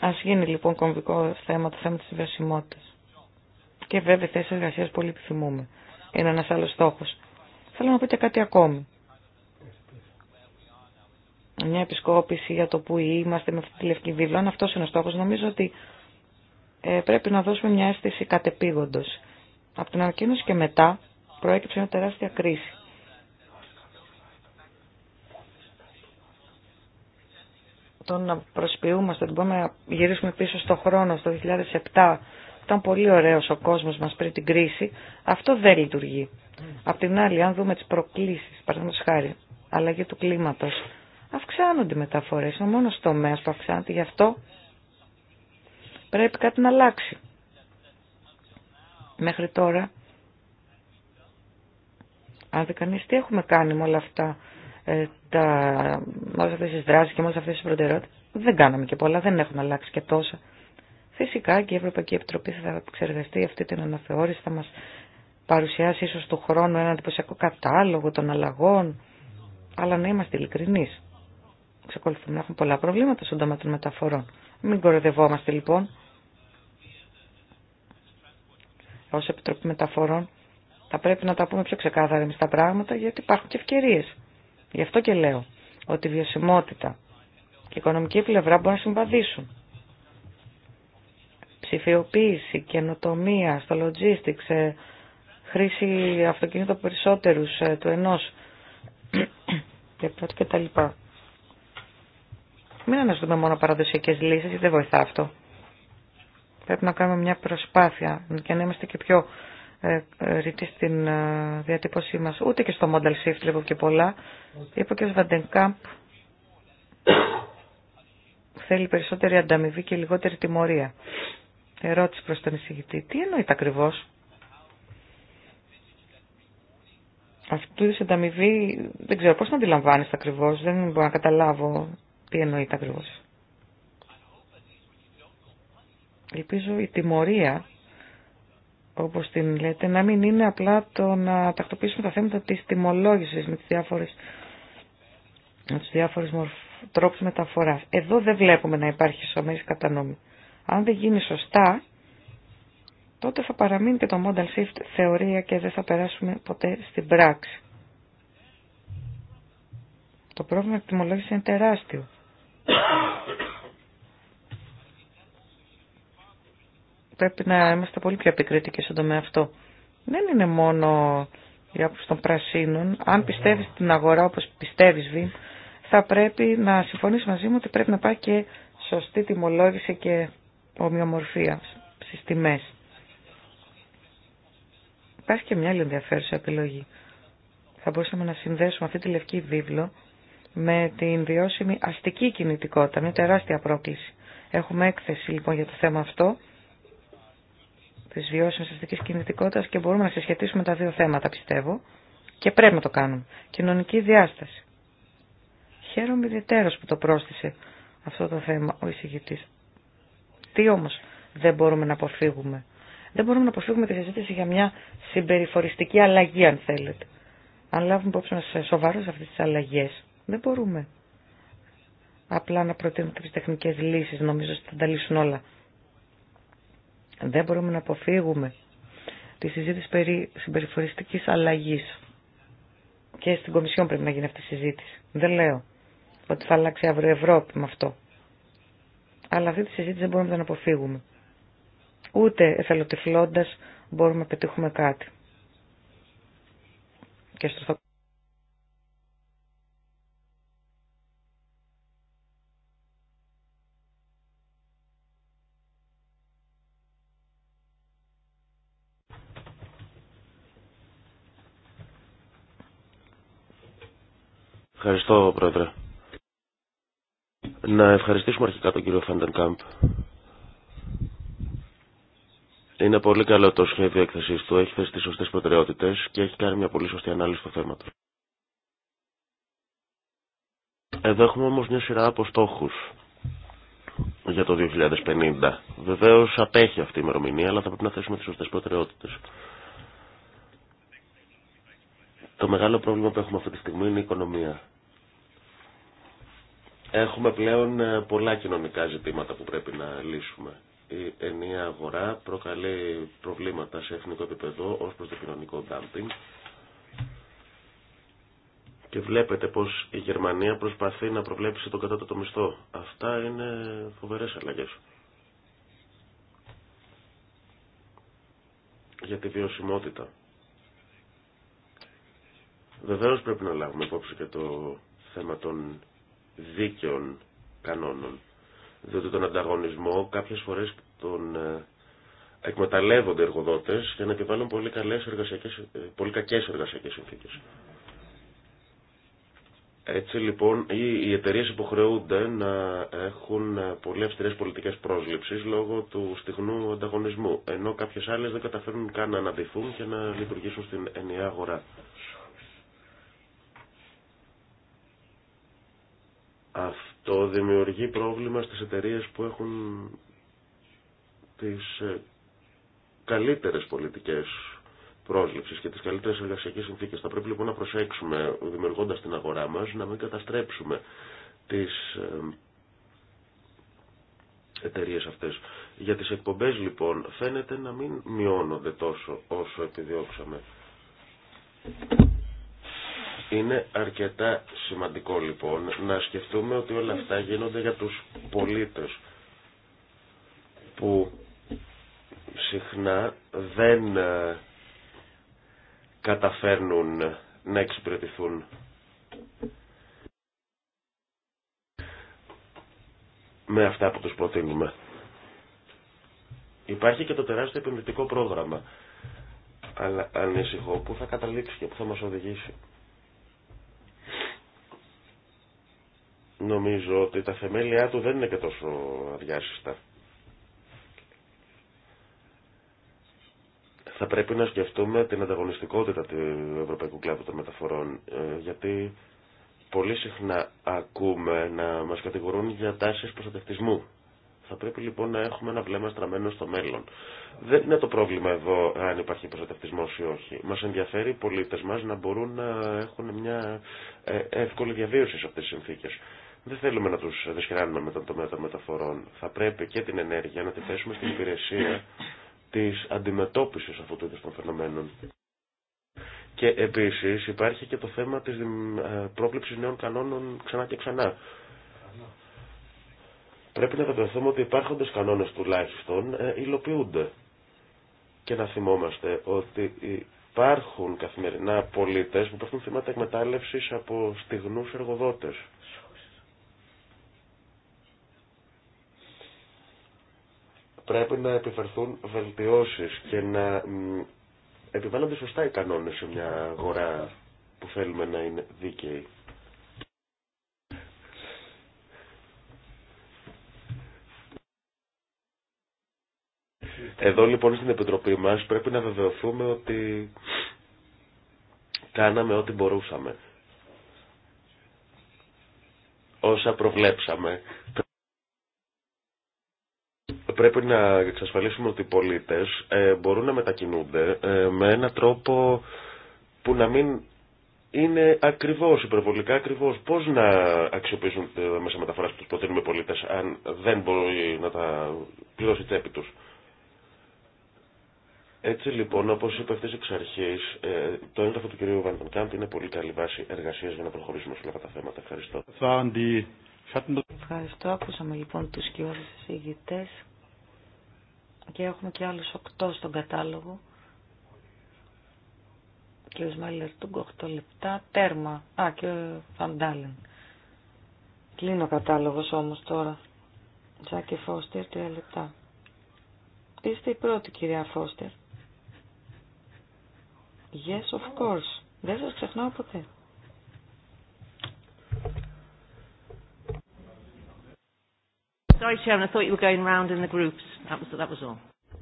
A: Ας γίνει λοιπόν κομβικό θέμα το θέμα της βιωσιμότητας. Και βέβαια θέσεις εργασίας πολύ επιθυμούμε. Είναι ένας άλλος στόχος. Θέλω να πω και κάτι ακόμη μια επισκόπηση για το που είμαστε με αυτή τη λευκή βίβλα. Αν αυτός είναι ο στόχος, νομίζω ότι ε, πρέπει να δώσουμε μια αίσθηση κατεπίγοντος. Από την ανακοίνωση και μετά προέκυψε μια τεράστια κρίση. Το να προσποιούμαστε, ότι μπορούμε να γυρίσουμε πίσω στο χρόνο, στο 2007, ήταν πολύ ωραίος ο κόσμος μας πριν την κρίση, αυτό δεν λειτουργεί. Απ' την άλλη, αν δούμε τις προκλήσεις, παραδείγματος χάρη, αλλαγή του κλίματος, αυξάνονται οι μεταφορές. Είναι ο μόνος τομέας που αυξάνεται. Γι' αυτό πρέπει κάτι να αλλάξει. Μέχρι τώρα, αν δεν κανείς τι έχουμε κάνει με όλα αυτά, ε, τα, με όλες αυτές τις δράσεις και με όλες αυτές τις προτεραιότητες, δεν κάναμε και πολλά, δεν έχουν αλλάξει και τόσα. Φυσικά και η Ευρωπαϊκή Επιτροπή θα ξεργαστεί αυτή την αναθεώρηση, θα μας παρουσιάσει ίσως του χρόνου ένα εντυπωσιακό κατάλογο των αλλαγών, αλλά να είμαστε ειλικρινείς. Ξεκολουθούν να έχουν πολλά προβλήματα στον τομέα των μεταφορών. Μην κοροδευόμαστε λοιπόν. Ως Επιτροπή Μεταφορών θα πρέπει να τα πούμε πιο ξεκάθαρα εμείς τα πράγματα γιατί υπάρχουν και ευκαιρίες. Γι' αυτό και λέω ότι η βιωσιμότητα και η οικονομική πλευρά μπορούν να συμβαδίσουν. Ψηφιοποίηση, καινοτομία, στο logistics, ε, χρήση αυτοκίνητο περισσότερους ε, του ενός και τα λοιπά. Μην αναζητούμε μόνο παραδοσιακές λύσεις, δεν βοηθά αυτό. Πρέπει να κάνουμε μια προσπάθεια και να είμαστε και πιο ε, ε, ρητοί στην ε, διατύπωσή μας. Ούτε και στο model shift λοιπόν και πολλά. Είπε και ο Βαντενκάμπ θέλει περισσότερη ανταμοιβή και λιγότερη τιμωρία. Ερώτηση προς τον εισηγητή. Τι εννοείται ακριβώς. Αυτή τη ανταμοιβή δεν ξέρω πώς να αντιλαμβάνεις ακριβώς. Δεν μπορώ να καταλάβω τι εννοείται ακριβώ. Ελπίζω η τιμωρία, όπως την λέτε, να μην είναι απλά το να τακτοποιήσουμε τα θέματα της τιμολόγησης με τις διάφορες, με τις διάφορες τρόπους μεταφοράς. Εδώ δεν βλέπουμε να υπάρχει ισομέρης κατανόμη. Αν δεν γίνει σωστά, τότε θα παραμείνει και το modal shift θεωρία και δεν θα περάσουμε ποτέ στην πράξη. Το πρόβλημα της τιμολόγησης είναι τεράστιο. Πρέπει να είμαστε πολύ πιο επικρίτικοι στον τομέα αυτό. Δεν είναι μόνο για άποψη των πρασίνων. Αν πιστεύεις την αγορά όπως πιστεύεις, Βιν, θα πρέπει να συμφωνήσει μαζί μου ότι πρέπει να πάει και σωστή τιμολόγηση και ομοιομορφία στις τιμές. Υπάρχει και μια άλλη ενδιαφέρουσα επιλογή. Θα μπορούσαμε να συνδέσουμε αυτή τη λευκή βίβλο με την βιώσιμη αστική κινητικότητα. Μια τεράστια πρόκληση. Έχουμε έκθεση λοιπόν για το θέμα αυτό της βιώσιμης αστικής κινητικότητας και μπορούμε να συσχετίσουμε τα δύο θέματα πιστεύω και πρέπει να το κάνουμε. Κοινωνική διάσταση. Χαίρομαι ιδιαίτερος που το πρόσθεσε αυτό το θέμα ο εισηγητής. Τι όμως δεν μπορούμε να αποφύγουμε. Δεν μπορούμε να αποφύγουμε τη συζήτηση για μια συμπεριφοριστική αλλαγή αν θέλετε. Αν λάβουμε υπόψη μας σοβαρούς αυτές τις αλλαγές δεν μπορούμε απλά να προτείνουμε τις τεχνικές λύσεις, νομίζω ότι θα τα λύσουν όλα. Δεν μπορούμε να αποφύγουμε τη συζήτηση περί συμπεριφοριστικής αλλαγής. Και στην Κομισιόν πρέπει να γίνει αυτή η συζήτηση. Δεν λέω ότι θα αλλάξει αύριο η Ευρώπη με αυτό. Αλλά αυτή τη συζήτηση δεν μπορούμε να την αποφύγουμε. Ούτε εθελοτυφλώντας μπορούμε να πετύχουμε κάτι. Και στο
C: Ευχαριστώ, Πρόεδρε. Να ευχαριστήσουμε αρχικά τον κύριο Φάντερ Κάμπ. Είναι πολύ καλό το σχέδιο έκθεση του, έχει θέσει τι σωστέ προτεραιότητε και έχει κάνει μια πολύ σωστή ανάλυση του θέματο. Εδώ έχουμε όμω μια σειρά από στόχου για το 2050. Βεβαίω απέχει αυτή η ημερομηνία, αλλά θα πρέπει να θέσουμε τι σωστέ προτεραιότητε. Το μεγάλο πρόβλημα που έχουμε αυτή τη στιγμή είναι η οικονομία. Έχουμε πλέον ε, πολλά κοινωνικά ζητήματα που πρέπει να λύσουμε. Η ενιαία αγορά προκαλεί προβλήματα σε εθνικό επίπεδο ως προς το κοινωνικό ντάμπινγκ και βλέπετε πως η Γερμανία προσπαθεί να προβλέψει τον κατώτατο μισθό. Αυτά είναι φοβερές αλλαγές. Για τη βιωσιμότητα. Βεβαίω πρέπει να λάβουμε υπόψη και το θέμα των δίκαιων κανόνων. Διότι τον ανταγωνισμό κάποιε φορέ τον ε, εκμεταλλεύονται εργοδότε για να επιβάλλουν πολύ, πολύ κακές συνθήκες. Έτσι λοιπόν οι εταιρείε υποχρεούνται να έχουν πολύ αυστηρές πολιτικές πρόσληψεις λόγω του στιγνού ανταγωνισμού, ενώ κάποιες άλλες δεν καταφέρνουν καν να αναδυθούν και να λειτουργήσουν στην ενιαία αγορά. Αυτό δημιουργεί πρόβλημα στις εταιρείες που έχουν τις ε, καλύτερες πολιτικές πρόσληψης και τις καλύτερες εργασιακές συνθήκες. Θα πρέπει λοιπόν να προσέξουμε, δημιουργώντας την αγορά μας, να μην καταστρέψουμε τις ε, εταιρείες αυτές. Για τις εκπομπές λοιπόν φαίνεται να μην μειώνονται τόσο όσο επιδιώξαμε. Είναι αρκετά σημαντικό λοιπόν να σκεφτούμε ότι όλα αυτά γίνονται για τους πολίτες που συχνά δεν ε, καταφέρνουν να εξυπηρετηθούν. με αυτά που τους προτείνουμε. Υπάρχει και το τεράστιο επενδυτικό πρόγραμμα. Αλλά ανησυχώ που θα καταλήξει και που θα μας οδηγήσει. Νομίζω ότι τα θεμέλια του δεν είναι και τόσο αδιάσυστα. Θα πρέπει να σκεφτούμε την ανταγωνιστικότητα του ευρωπαϊκού κλάδου των μεταφορών, ε, γιατί πολύ συχνά ακούμε να μας κατηγορούν για τάσεις προστατευτισμού. Θα πρέπει λοιπόν να έχουμε ένα βλέμμα στραμμένο στο μέλλον. Δεν είναι το πρόβλημα εδώ αν υπάρχει προστατευτισμός ή όχι. Μα ενδιαφέρει οι πολίτε μα να μπορούν να έχουν μια ε, εύκολη διαβίωση σε αυτέ τι συνθήκε. Δεν θέλουμε να τους δεσκεράνουμε με τον τομέα των μεταφορών. Θα πρέπει και την ενέργεια να τη θέσουμε στην υπηρεσία της αντιμετώπισης αυτού του είδους των φαινομένων. Και επίσης υπάρχει και το θέμα της ε, πρόβλεψης νέων κανόνων ξανά και ξανά. Πρέπει να βεβαιωθούμε ότι υπάρχοντες κανόνες τουλάχιστον ε, υλοποιούνται. Και να θυμόμαστε ότι υπάρχουν καθημερινά πολίτες που υπάρχουν θύματα εκμετάλλευσης από στιγνού εργοδότες. Πρέπει να επιφερθούν βελτιώσεις και να επιβάλλονται σωστά οι κανόνες σε μια αγορά που θέλουμε να είναι δίκαιη. Εδώ λοιπόν στην Επιτροπή μας πρέπει να βεβαιωθούμε ότι κάναμε ό,τι μπορούσαμε. Όσα προβλέψαμε πρέπει να εξασφαλίσουμε ότι οι πολίτες ε, μπορούν να μετακινούνται ε, με ένα τρόπο που να μην είναι ακριβώς, υπερβολικά ακριβώς. Πώς να αξιοποιήσουν ε, τα μέσα μεταφοράς που τους προτείνουμε πολίτες αν δεν μπορεί να τα πληρώσει τσέπη του. Έτσι λοιπόν, όπω είπε αυτή εξ αρχή, το έγγραφο του κ. Βαντονκάμπ είναι πολύ καλή βάση εργασία για να προχωρήσουμε σε όλα αυτά τα θέματα. Ευχαριστώ.
A: Ευχαριστώ. Ακούσαμε λοιπόν του κοιόδη εισηγητέ και έχουμε και άλλους 8 στον κατάλογο. Και ο Σμάιλερ του 8 λεπτά, τέρμα. Α, και ο Φαντάλεν. Κλείνω κατάλογος όμως τώρα. Τζάκι Φώστερ, 3 λεπτά. Είστε η πρώτη κυρία Φώστερ. Yes, of course. Δεν σας ξεχνάω ποτέ.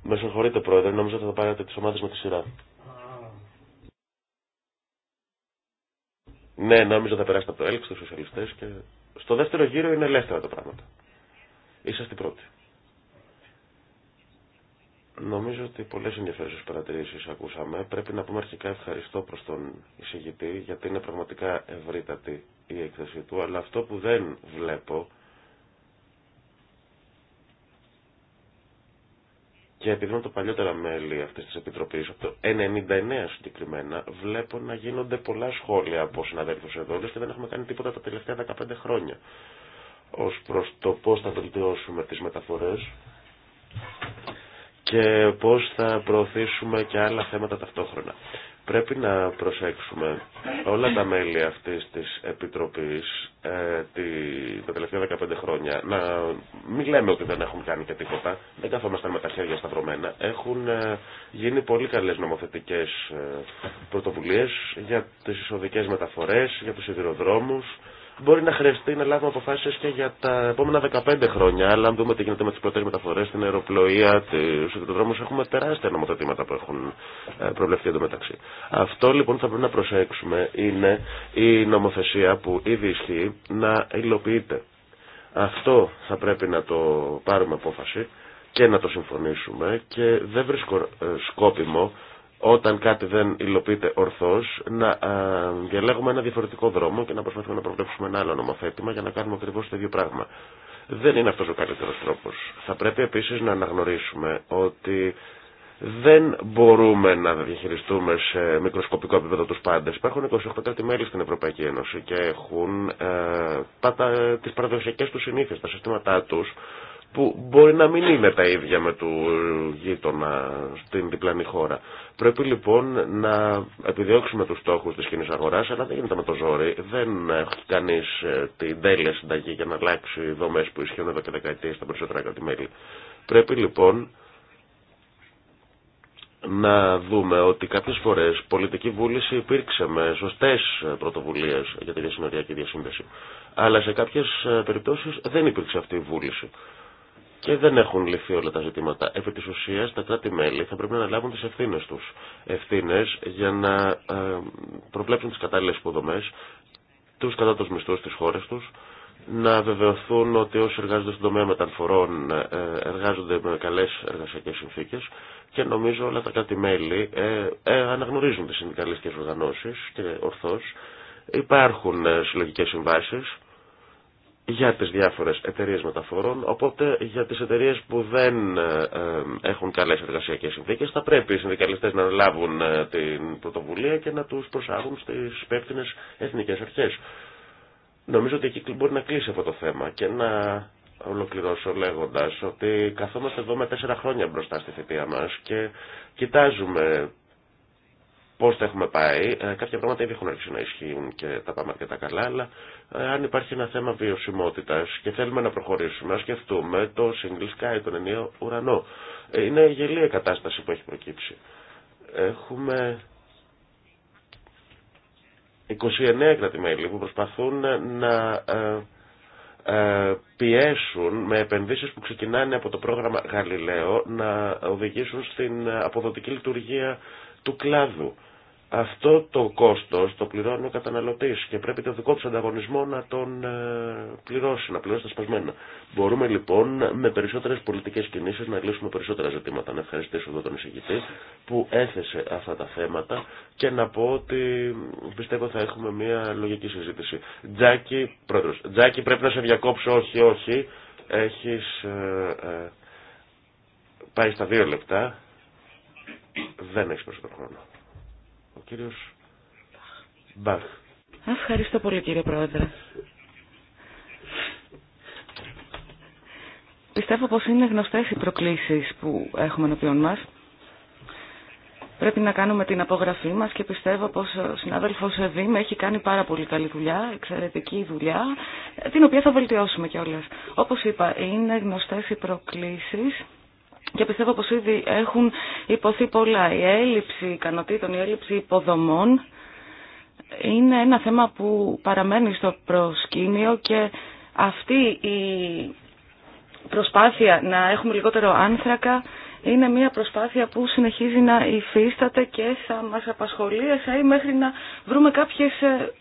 C: Με συγχωρείτε, Πρόεδρε, νόμιζα ότι θα πάρετε τις ομάδες με τη σειρά. Ναι, νόμιζα θα περάσετε από το ΕΛΚ στους σοσιαλιστές και... Στο δεύτερο γύρο είναι ελεύθερα τα πράγματα. Είσαστε πρώτοι. Νομίζω ότι πολλές ενδιαφέρουσες παρατηρήσεις ακούσαμε. Πρέπει να πούμε αρχικά ευχαριστώ προς τον εισηγητή γιατί είναι πραγματικά ευρύτατη η έκθεση του, αλλά αυτό που δεν βλέπω και επειδή το παλιότερα μέλη αυτή τη Επιτροπή, από το 99 συγκεκριμένα, βλέπω να γίνονται πολλά σχόλια από συναδέλφους εδώ και δεν έχουμε κάνει τίποτα τα τελευταία 15 χρόνια ως προς το πώς θα βελτιώσουμε τις μεταφορές και πώς θα προωθήσουμε και άλλα θέματα ταυτόχρονα. Πρέπει να προσέξουμε όλα τα μέλη αυτής της Επιτροπής ε, τη, τα τελευταία 15 χρόνια να μην λέμε ότι δεν έχουν κάνει και τίποτα, δεν καθόμαστε με τα χέρια σταυρωμένα. Έχουν ε, γίνει πολύ καλές νομοθετικές ε, πρωτοβουλίες για τις εισοδικές μεταφορές, για τους σιδηροδρόμους, Μπορεί να χρειαστεί να λάβουμε αποφάσει και για τα επόμενα 15 χρόνια, αλλά αν δούμε τι γίνεται με τι πρώτε μεταφορέ, την αεροπλοεία, του εκδρόμους, έχουμε τεράστια νομοθετήματα που έχουν ε, προβλεφθεί εντωμεταξύ. Αυτό λοιπόν θα πρέπει να προσέξουμε είναι η νομοθεσία που ήδη ισχύει να υλοποιείται. Αυτό θα πρέπει να το πάρουμε απόφαση και να το συμφωνήσουμε και δεν βρίσκω ε, σκόπιμο όταν κάτι δεν υλοποιείται ορθώς, να διαλέγουμε ένα διαφορετικό δρόμο και να προσπαθούμε να προβλέψουμε ένα άλλο νομοθέτημα για να κάνουμε ακριβώς το ίδιο πράγμα. Δεν είναι αυτός ο καλύτερος τρόπος. Θα πρέπει επίσης να αναγνωρίσουμε ότι δεν μπορούμε να διαχειριστούμε σε μικροσκοπικό επίπεδο τους πάντες. Υπάρχουν 28 κρατη μέλη στην Ευρωπαϊκή Ένωση και έχουν ε, τι τις παραδοσιακές τους συνήθειες, τα συστήματά τους που μπορεί να μην είναι τα ίδια με του γείτονα στην διπλανή χώρα. Πρέπει λοιπόν να επιδιώξουμε τους στόχους της κοινής αγοράς, αλλά δεν γίνεται με το ζόρι. Δεν έχει κανείς ε, την τέλεια συνταγή για να αλλάξει οι δομές που ισχύουν εδώ και δεκαετίες στα περισσότερα κράτη-μέλη. Πρέπει λοιπόν να δούμε ότι κάποιες φορές πολιτική βούληση υπήρξε με σωστές πρωτοβουλίες για τη διασυνοριακή διασύνδεση. Αλλά σε κάποιες ε, περιπτώσεις δεν υπήρξε αυτή η βούληση και δεν έχουν λυθεί όλα τα ζητήματα. Επί τη ουσία, τα κράτη-μέλη θα πρέπει να αναλάβουν τις ευθύνε τους. Ευθύνε, για να ε, προβλέψουν τις κατάλληλες υποδομές, τους κατάτος μισθού, της χώρε τους, να βεβαιωθούν ότι όσοι εργάζονται στον τομέα μεταφορών ε, εργάζονται με καλές εργασιακές συνθήκες και νομίζω όλα τα κράτη-μέλη ε, αναγνωρίζουν τι συνδικαλιστικέ οργανώσει και ορθώ. Υπάρχουν συλλογικέ συμβάσει για τις διάφορες εταιρείες μεταφορών, οπότε για τις εταιρείες που δεν ε, ε, έχουν καλές εργασιακές συνθήκες θα πρέπει οι συνδικαλιστές να λάβουν ε, την πρωτοβουλία και να τους προσάγουν στις υπεύθυνες εθνικές αρχές. Νομίζω ότι εκεί μπορεί να κλείσει αυτό το θέμα και να ολοκληρώσω λέγοντας ότι καθόμαστε εδώ με τέσσερα χρόνια μπροστά στη θητεία μας και κοιτάζουμε πώς τα έχουμε πάει. Ε, κάποια πράγματα ήδη έχουν αρχίσει να ισχύουν και τα πάμε αρκετά καλά, αλλά ε, αν υπάρχει ένα θέμα βιωσιμότητας και θέλουμε να προχωρήσουμε, να σκεφτούμε το Single Sky, τον ενίο ουρανό. Ε, είναι γελία η κατάσταση που έχει προκύψει. Έχουμε 29 κρατημέλη που προσπαθούν να πιέσουν με επενδύσεις που ξεκινάνε από το πρόγραμμα Γαλιλαίο να οδηγήσουν στην αποδοτική λειτουργία του κλάδου. Αυτό το κόστος το πληρώνει ο καταναλωτής και πρέπει το δικό του ανταγωνισμό να τον ε, πληρώσει, να πληρώσει τα σπασμένα. Μπορούμε λοιπόν με περισσότερες πολιτικές κινήσεις να λύσουμε περισσότερα ζητήματα. Να ευχαριστήσω εδώ τον εισηγητή που έθεσε αυτά τα θέματα και να πω ότι πιστεύω θα έχουμε μια λογική συζήτηση. Τζάκι, πρέπει να σε διακόψω, όχι, όχι, έχεις ε, ε, πάει στα δύο λεπτά, δεν έχεις περισσότερο χρόνο. Ο Μπαχ.
A: Ευχαριστώ πολύ κύριε Πρόεδρε. Πιστεύω πως είναι γνωστές οι προκλήσεις που έχουμε ενώπιον μας. Πρέπει να κάνουμε την απογραφή μας και πιστεύω πως ο συνάδελφος Εβήμ έχει κάνει πάρα πολύ καλή δουλειά, εξαιρετική δουλειά, την οποία θα βελτιώσουμε κιόλας. Όπως είπα, είναι γνωστές οι προκλήσεις και πιστεύω πως ήδη έχουν υποθεί πολλά. Η έλλειψη ικανοτήτων, η έλλειψη υποδομών είναι ένα θέμα που παραμένει στο προσκήνιο και αυτή η προσπάθεια να έχουμε λιγότερο άνθρακα είναι μια προσπάθεια που συνεχίζει να υφίσταται και θα μας απασχολεί μέχρι να βρούμε κάποιες ε,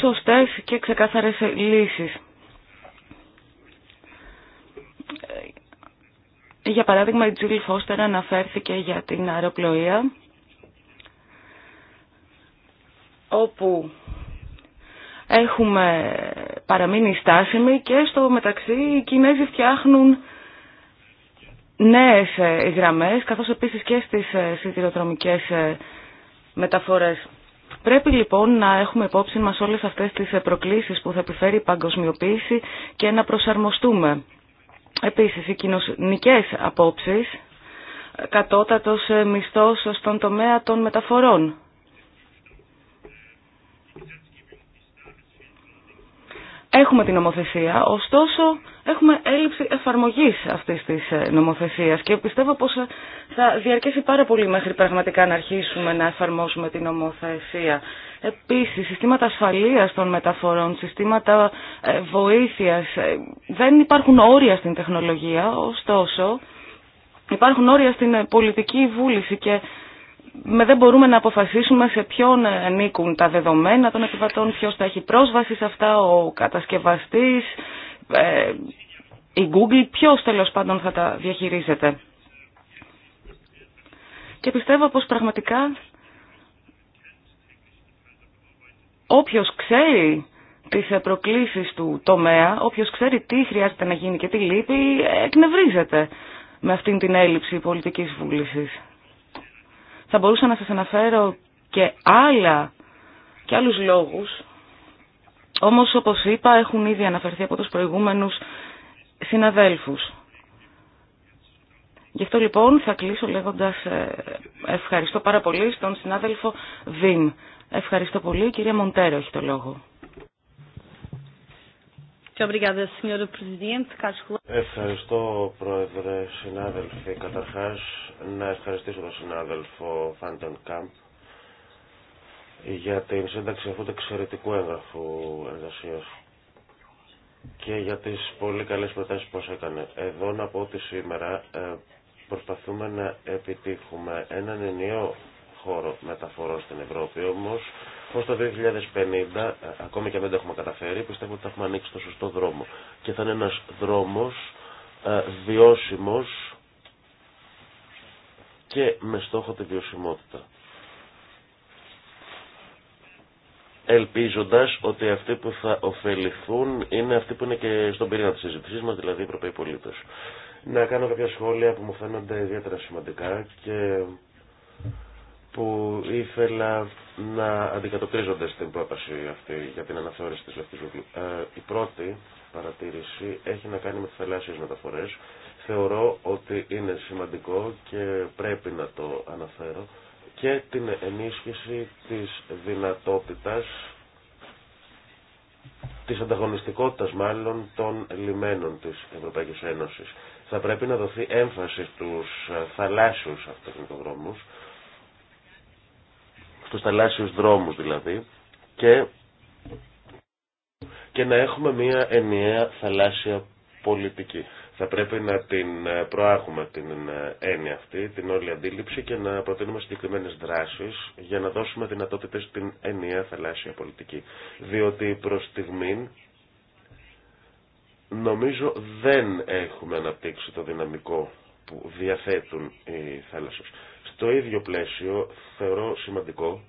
A: σωστές και ξεκάθαρες λύσεις. Για παράδειγμα, η Τζούλη Φώστερ αναφέρθηκε για την αεροπλοεία, όπου έχουμε παραμείνει στάσιμοι και στο μεταξύ οι Κινέζοι φτιάχνουν νέες ε, γραμμές, καθώς επίσης και στις ε, σιδηροδρομικές ε, μεταφορές. Πρέπει λοιπόν να έχουμε υπόψη μας όλες αυτές τις προκλήσεις που θα επιφέρει η παγκοσμιοποίηση και να προσαρμοστούμε Επίσης, οι κοινωνικές απόψεις, ε, κατώτατος ε, μισθός στον τομέα των μεταφορών. Έχουμε την νομοθεσία, ωστόσο έχουμε έλλειψη εφαρμογής αυτής της ε, νομοθεσίας και πιστεύω πως ε, θα διαρκέσει πάρα πολύ μέχρι πραγματικά να αρχίσουμε να εφαρμόσουμε την νομοθεσία. Επίσης, συστήματα ασφαλείας των μεταφορών, συστήματα ε, βοήθειας, δεν υπάρχουν όρια στην τεχνολογία, ωστόσο υπάρχουν όρια στην πολιτική βούληση και με δεν μπορούμε να αποφασίσουμε σε ποιον ανήκουν τα δεδομένα των επιβατών, ποιος θα έχει πρόσβαση σε αυτά, ο κατασκευαστής, ε, η Google, ποιος τέλος πάντων θα τα διαχειρίζεται. Και πιστεύω πως πραγματικά όποιος ξέρει τις προκλήσεις του τομέα, όποιος ξέρει τι χρειάζεται να γίνει και τι λείπει, εκνευρίζεται με αυτήν την έλλειψη πολιτικής βούλησης. Θα μπορούσα να σας αναφέρω και άλλα και άλλους λόγους, όμως όπως είπα έχουν ήδη αναφερθεί από τους προηγούμενους συναδέλφους. Γι' αυτό λοιπόν θα κλείσω λέγοντας ε, ευχαριστώ πάρα πολύ στον συνάδελφο Βιν. Ευχαριστώ πολύ. Η κυρία Μοντέρο έχει το λόγο.
C: Ευχαριστώ, Πρόεδρε, συνάδελφοι. Καταρχάς, να ευχαριστήσω τον συνάδελφο Φάντεν Κάμπ για την σύνταξη αυτού του εξαιρετικού έγγραφου εργασία και για τι πολύ καλέ προτάσει που έκανε. Εδώ να πω ότι σήμερα ε, προσπαθούμε να επιτύχουμε έναν ενιαίο χώρο μεταφορών στην Ευρώπη, όμως Πώ το 2050, ε, ακόμη και αν δεν το έχουμε καταφέρει, πιστεύω ότι θα έχουμε ανοίξει το σωστό δρόμο. Και θα είναι ένα δρόμο ε, βιώσιμο και με στόχο τη βιωσιμότητα. Ελπίζοντας ότι αυτοί που θα ωφεληθούν είναι αυτοί που είναι και στον πυρήνα τη συζήτησή μας, δηλαδή οι Ευρωπαίοι πολίτες. Να κάνω κάποια σχόλια που μου φαίνονται ιδιαίτερα σημαντικά και που ήθελα να αντικατοπτρίζονται στην πρόταση αυτή για την αναθεώρηση της Λευκής Ε, η πρώτη παρατήρηση έχει να κάνει με τις θαλάσσιες μεταφορές. Θεωρώ ότι είναι σημαντικό και πρέπει να το αναφέρω και την ενίσχυση της δυνατότητας της ανταγωνιστικότητας μάλλον των λιμένων της Ευρωπαϊκής Ένωσης. Θα πρέπει να δοθεί έμφαση στους ε, θαλάσσιους αυτοκινητοδρόμους του θαλάσσιου δρόμου, δηλαδή και, και να έχουμε μια ενιαία θαλάσσια πολιτική. Θα πρέπει να την ε, προάγουμε την ε, έννοια αυτή, την όλη αντίληψη και να προτείνουμε συγκεκριμένε δράσεις για να δώσουμε δυνατότητε στην ενιαία θαλάσσια πολιτική. Διότι προ στιγμή νομίζω δεν έχουμε αναπτύξει το δυναμικό που διαθέτουν οι Στο ίδιο πλαίσιο θεωρώ σημαντικό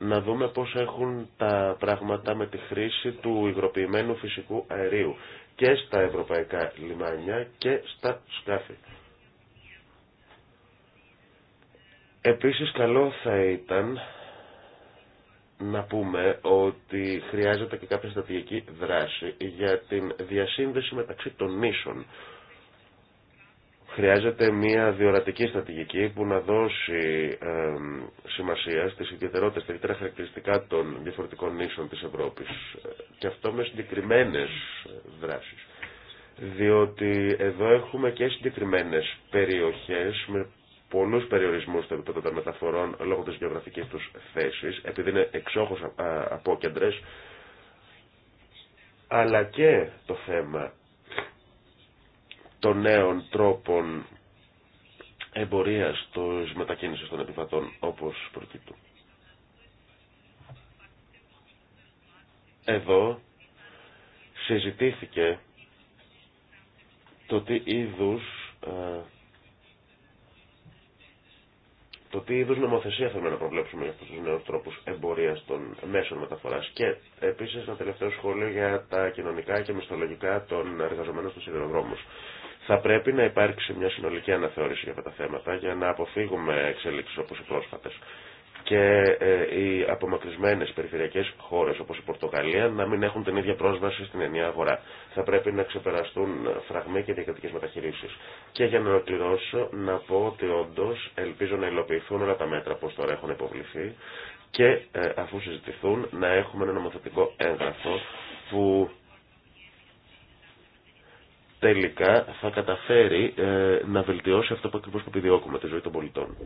C: να δούμε πώς έχουν τα πράγματα με τη χρήση του υγροποιημένου φυσικού αερίου και στα ευρωπαϊκά λιμάνια και στα σκάφη. Επίσης καλό θα ήταν να πούμε ότι χρειάζεται και κάποια στρατηγική δράση για την διασύνδεση μεταξύ των νήσων. Χρειάζεται μια διορατική στρατηγική που να δώσει σημασία στις ιδιαιτερότητες, τα ιδιαίτερα χαρακτηριστικά των διαφορετικών νήσων της Ευρώπης. Και αυτό με συγκεκριμένες δράσεις. Διότι εδώ έχουμε και συγκεκριμένες περιοχές με πολλούς περιορισμούς στο επίπεδο των μεταφορών λόγω της γεωγραφικής τους θέσης, επειδή είναι εξόχως απόκεντρες, αλλά και το θέμα των νέων τρόπων εμπορίας της μετακίνησης των επιβατών όπως προκύπτουν. Εδώ συζητήθηκε το τι είδους το τι είδου νομοθεσία θέλουμε να προβλέψουμε για αυτού του νέου τρόπου εμπορία των μέσων μεταφορά. Και επίση ένα τελευταίο σχόλιο για τα κοινωνικά και μισθολογικά των εργαζομένων στου σιδηροδρόμου. Θα πρέπει να υπάρξει μια συνολική αναθεώρηση για αυτά τα θέματα για να αποφύγουμε εξέλιξει όπω οι πρόσφατε και ε, οι απομακρυσμένε περιφερειακέ χώρε, όπω η Πορτογαλία να μην έχουν την ίδια πρόσβαση στην ενιαία αγορά. Θα πρέπει να ξεπεραστούν φραγμοί και διακριτικέ μεταχειρήσει. Και για να ολοκληρώσω να πω ότι όντω ελπίζω να υλοποιηθούν όλα τα μέτρα που τώρα έχουν υποβληθεί και ε, αφού συζητηθούν να έχουμε ένα νομοθετικό έγγραφο που τελικά θα καταφέρει ε, να βελτιώσει αυτό που ακριβώ επιδιώκουμε, τη ζωή των πολιτών.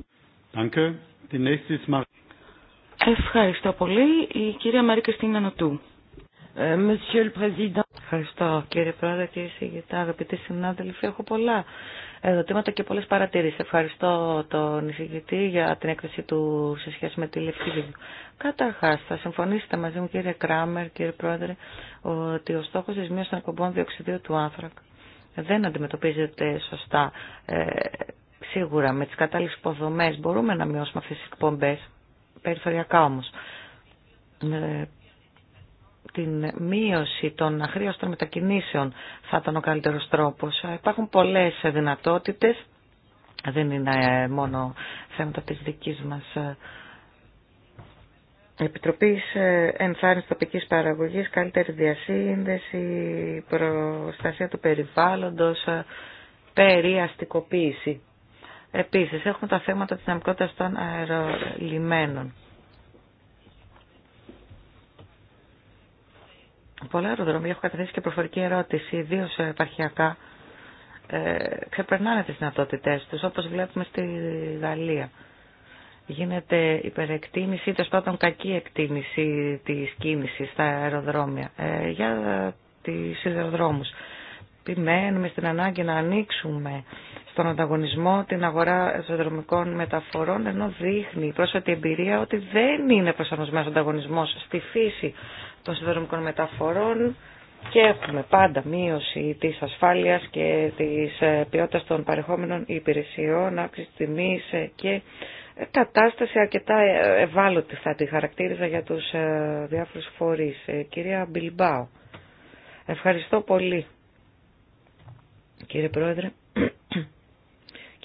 A: Ευχαριστώ πολύ. Η κυρία Μαρή Κριστίνα Νοτού. Ε, Ευχαριστώ κύριε Πρόεδρε, κύριε Σιγητά, αγαπητοί συνάδελφοι. Έχω πολλά ερωτήματα και πολλές παρατήρησεις. Ευχαριστώ τον εισηγητή για την έκθεση του σε σχέση με τη Λευκή Βίβλου. Καταρχάς, θα συμφωνήσετε μαζί μου κύριε Κράμερ, κύριε Πρόεδρε, ότι ο στόχος της μείωσης των εκπομπών διοξιδίου του άνθρακα δεν αντιμετωπίζεται σωστά ε, Σίγουρα με τις κατάλληλες υποδομές μπορούμε να μειώσουμε αυτές τις εκπομπές, περιθωριακά όμως. Ε, την μείωση των αχρίαστων μετακινήσεων θα ήταν ο καλύτερος τρόπος. Ε, υπάρχουν πολλές δυνατότητες, δεν είναι ε, μόνο θέματα της δικής μας Επιτροπής Ενθάρρυνσης Τοπικής Παραγωγής, καλύτερη διασύνδεση, προστασία του περιβάλλοντος, περιαστικοποίηση. Επίσης, έχουμε τα θέματα της δυναμικότητας των αερολιμένων. Πολλά αεροδρομία έχω καταθέσει και προφορική ερώτηση, ιδίω επαρχιακά, ε, ξεπερνάνε τις δυνατότητές τους, όπως βλέπουμε στη Γαλλία. Γίνεται υπερεκτίμηση ή πάντων κακή εκτίμηση της κίνησης στα αεροδρόμια. Ε, για τις αεροδρόμους, Πημένουμε στην ανάγκη να ανοίξουμε στον ανταγωνισμό, την αγορά εσωτερικών μεταφορών, ενώ δείχνει η πρόσφατη εμπειρία ότι δεν είναι προσαρμοσμένος ο ανταγωνισμός στη φύση των εσωτερικών μεταφορών και έχουμε πάντα μείωση της ασφάλειας και της ε, ποιότητας των παρεχόμενων υπηρεσιών, αύξηση τιμής ε, και κατάσταση αρκετά ε, ευάλωτη θα τη χαρακτήριζα για τους διάφορους φορείς. Κυρία Μπιλμπάου, ευχαριστώ πολύ. Κύριε Πρόεδρε,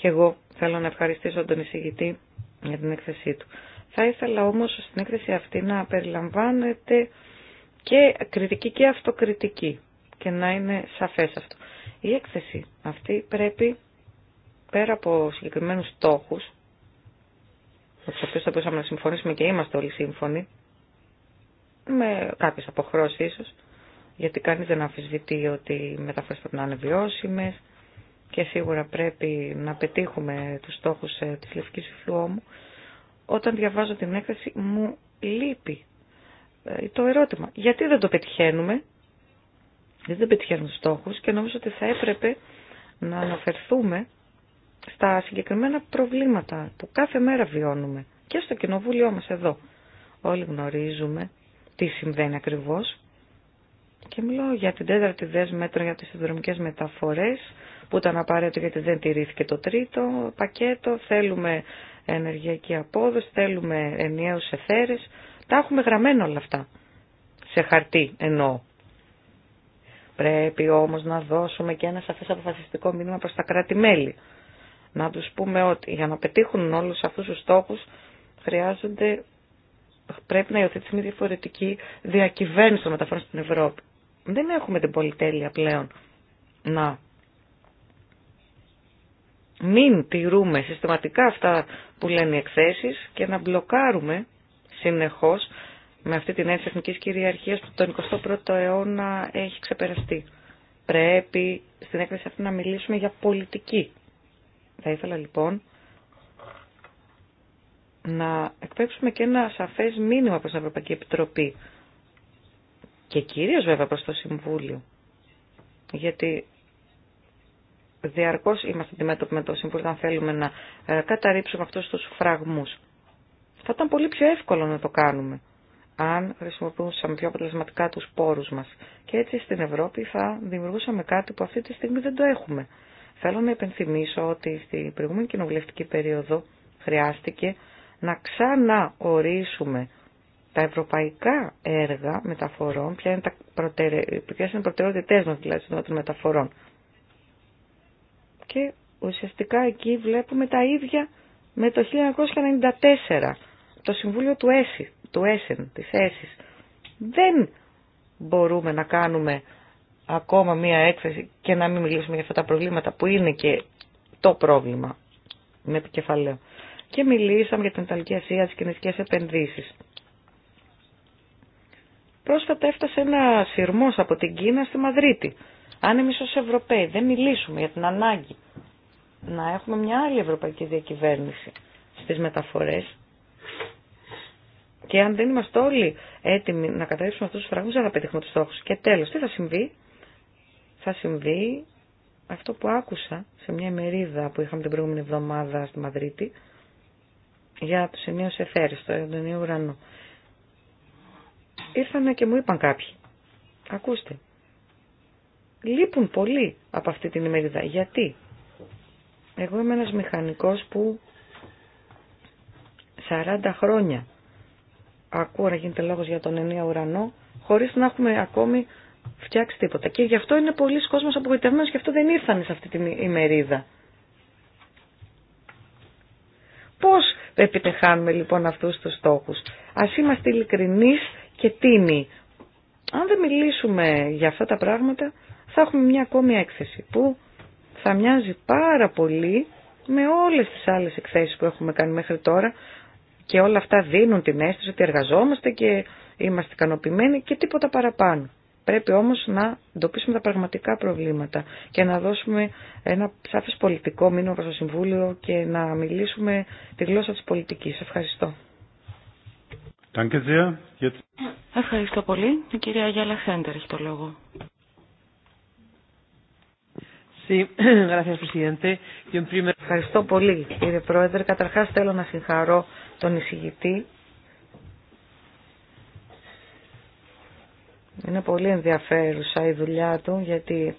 A: και εγώ θέλω να ευχαριστήσω τον εισηγητή για την έκθεσή του. Θα ήθελα όμως στην έκθεση αυτή να περιλαμβάνεται και κριτική και αυτοκριτική και να είναι σαφές αυτό. Η έκθεση αυτή πρέπει πέρα από συγκεκριμένους στόχους, με τους οποίους θα μπορούσαμε να συμφωνήσουμε και είμαστε όλοι σύμφωνοι, με κάποιες αποχρώσεις ίσως, γιατί κανείς δεν αμφισβητεί ότι οι μεταφορές πρέπει να είναι βιώσιμες, και σίγουρα πρέπει να πετύχουμε τους στόχους ε, της Λευκής μου, όταν διαβάζω την έκθεση μου λείπει ε, το ερώτημα. Γιατί δεν το πετυχαίνουμε, γιατί δεν πετυχαίνουμε τους στόχους και νομίζω ότι θα έπρεπε να αναφερθούμε στα συγκεκριμένα προβλήματα που κάθε μέρα βιώνουμε και στο κοινοβούλιο μας εδώ. Όλοι γνωρίζουμε τι συμβαίνει ακριβώς και μιλώ για την τέταρτη δέσμη μέτρων για τις συνδρομικές μεταφορές που ήταν απαραίτητο γιατί δεν τηρήθηκε το τρίτο πακέτο, θέλουμε ενεργειακή απόδοση, θέλουμε ενιαίους εθέρες. Τα έχουμε γραμμένα όλα αυτά. Σε χαρτί εννοώ. Πρέπει όμως να δώσουμε και ένα σαφές αποφασιστικό μήνυμα προς τα κράτη-μέλη. Να τους πούμε ότι για να πετύχουν όλους αυτούς τους στόχους χρειάζονται, πρέπει να υιοθετήσει μια διαφορετική διακυβέρνηση των μεταφορών στην Ευρώπη. Δεν έχουμε την πολυτέλεια πλέον να μην τηρούμε συστηματικά αυτά που λένε οι εκθέσεις και να μπλοκάρουμε συνεχώς με αυτή την έννοια εθνικής κυριαρχίας που τον 21ο αιώνα έχει ξεπεραστεί. Πρέπει στην έκθεση αυτή να μιλήσουμε για πολιτική. Θα ήθελα λοιπόν να εκπέψουμε και ένα σαφές μήνυμα προς την Ευρωπαϊκή Επιτροπή και κυρίως βέβαια προς το Συμβούλιο. Γιατί Διαρκώ είμαστε αντιμέτωποι με το Σύμβουλο αν θέλουμε να ε, καταρρύψουμε αυτού του φραγμού. Θα ήταν πολύ πιο εύκολο να το κάνουμε αν χρησιμοποιούσαμε πιο αποτελεσματικά του πόρου μα. Και έτσι στην Ευρώπη θα δημιουργούσαμε κάτι που αυτή τη στιγμή δεν το έχουμε. Θέλω να υπενθυμίσω ότι στην προηγούμενη κοινοβουλευτική περίοδο χρειάστηκε να ξαναορίσουμε τα ευρωπαϊκά έργα μεταφορών, ποια είναι τα οι προτεραιότητές μας δηλαδή των μεταφορών και ουσιαστικά εκεί βλέπουμε τα ίδια με το 1994, το Συμβούλιο του ΕΣΥ, του ΕΣΕΝ, της ΕΣΥΣ. Δεν μπορούμε να κάνουμε ακόμα μία έκθεση και να μην μιλήσουμε για αυτά τα προβλήματα που είναι και το πρόβλημα με επικεφαλαίο. Και μιλήσαμε για την Ιταλική Ασία, τις κοινωνικές επενδύσεις. Πρόσφατα έφτασε ένα σειρμός από την Κίνα στη Μαδρίτη. Αν εμείς ως Ευρωπαίοι δεν μιλήσουμε για την ανάγκη να έχουμε μια άλλη ευρωπαϊκή διακυβέρνηση στις μεταφορές και αν δεν είμαστε όλοι έτοιμοι να καταλήξουμε αυτούς τους φραγμούς, δεν θα πετύχουμε τους στόχους. Και τέλος, τι θα συμβεί. Θα συμβεί αυτό που άκουσα σε μια ημερίδα που είχαμε την προηγούμενη εβδομάδα στη Μαδρίτη για τους ενίους εφαίρες, το ενίο ουρανό. Ήρθανε και μου είπαν κάποιοι. Ακούστε, λείπουν πολύ από αυτή την ημερίδα. Γιατί? Εγώ είμαι ένας μηχανικός που 40 χρόνια ακούω να γίνεται λόγος για τον ενία ουρανό χωρίς να έχουμε ακόμη φτιάξει τίποτα. Και γι' αυτό είναι πολλοί κόσμος απογοητευμένος και αυτό δεν ήρθαν σε αυτή την ημερίδα. Πώς επιτεχάνουμε λοιπόν αυτούς τους στόχους. Ας είμαστε ειλικρινείς και τίμοι. Αν δεν μιλήσουμε για αυτά τα πράγματα θα έχουμε μια ακόμη έκθεση που θα μοιάζει πάρα πολύ με όλες τις άλλες εκθέσεις που έχουμε κάνει μέχρι τώρα και όλα αυτά δίνουν την αίσθηση ότι εργαζόμαστε και είμαστε ικανοποιημένοι και τίποτα παραπάνω. Πρέπει όμως να εντοπίσουμε τα πραγματικά προβλήματα και να δώσουμε ένα σαφές πολιτικό μήνυμα προς το Συμβούλιο και να μιλήσουμε τη γλώσσα της πολιτικής. Ευχαριστώ. Ευχαριστώ πολύ. Η κυρία Γιάλα Σέντερ έχει το λόγο. Ευχαριστώ πολύ κύριε Πρόεδρε. Καταρχάς θέλω να συγχαρώ τον εισηγητή. Είναι πολύ ενδιαφέρουσα η δουλειά του γιατί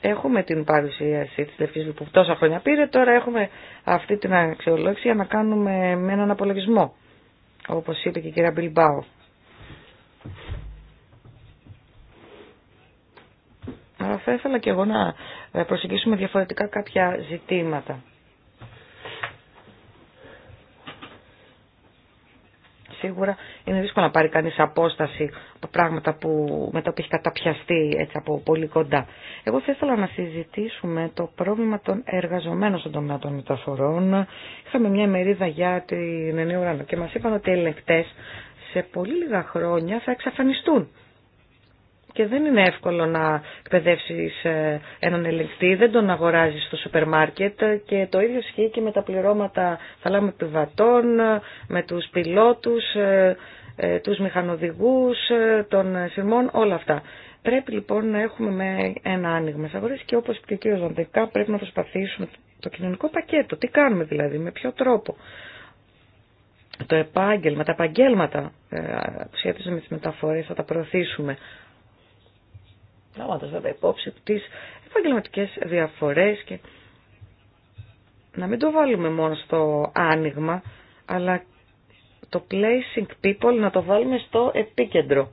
A: έχουμε την παρουσίαση της Λευκής που τόσα χρόνια πήρε, τώρα έχουμε αυτή την αξιολόγηση για να κάνουμε με έναν απολογισμό, όπως είπε και η κυρία Μπιλμπάου. θα ήθελα και εγώ να ε, προσεγγίσουμε διαφορετικά κάποια ζητήματα. Σίγουρα είναι δύσκολο να πάρει κανείς απόσταση από πράγματα που μετά που έχει καταπιαστεί έτσι από πολύ κοντά. Εγώ θα ήθελα να συζητήσουμε το πρόβλημα των εργαζομένων στον τομέα των μεταφορών. Είχαμε μια μερίδα για την ενέργεια και μας είπαν ότι οι ελεκτές σε πολύ λίγα χρόνια θα εξαφανιστούν και δεν είναι εύκολο να εκπαιδεύσει ε, έναν ελεγκτή, δεν τον αγοράζει στο σούπερ μάρκετ και το ίδιο ισχύει και με τα πληρώματα θαλάμου επιβατών, ε, με τους πιλότους, ε, τους μηχανοδηγούς, των σειρμών, όλα αυτά. Πρέπει λοιπόν να έχουμε με ένα άνοιγμα αγορέ και όπως και ο κ. Ζαντεκά πρέπει να προσπαθήσουμε το κοινωνικό πακέτο. Τι κάνουμε δηλαδή, με ποιο τρόπο. Το επάγγελμα, τα επαγγέλματα που σχετίζονται με τις μεταφορές θα τα προωθήσουμε λαμβάνοντας βέβαια υπόψη τις επαγγελματικέ διαφορές και να μην το βάλουμε μόνο στο άνοιγμα, αλλά το placing people να το βάλουμε στο επίκεντρο.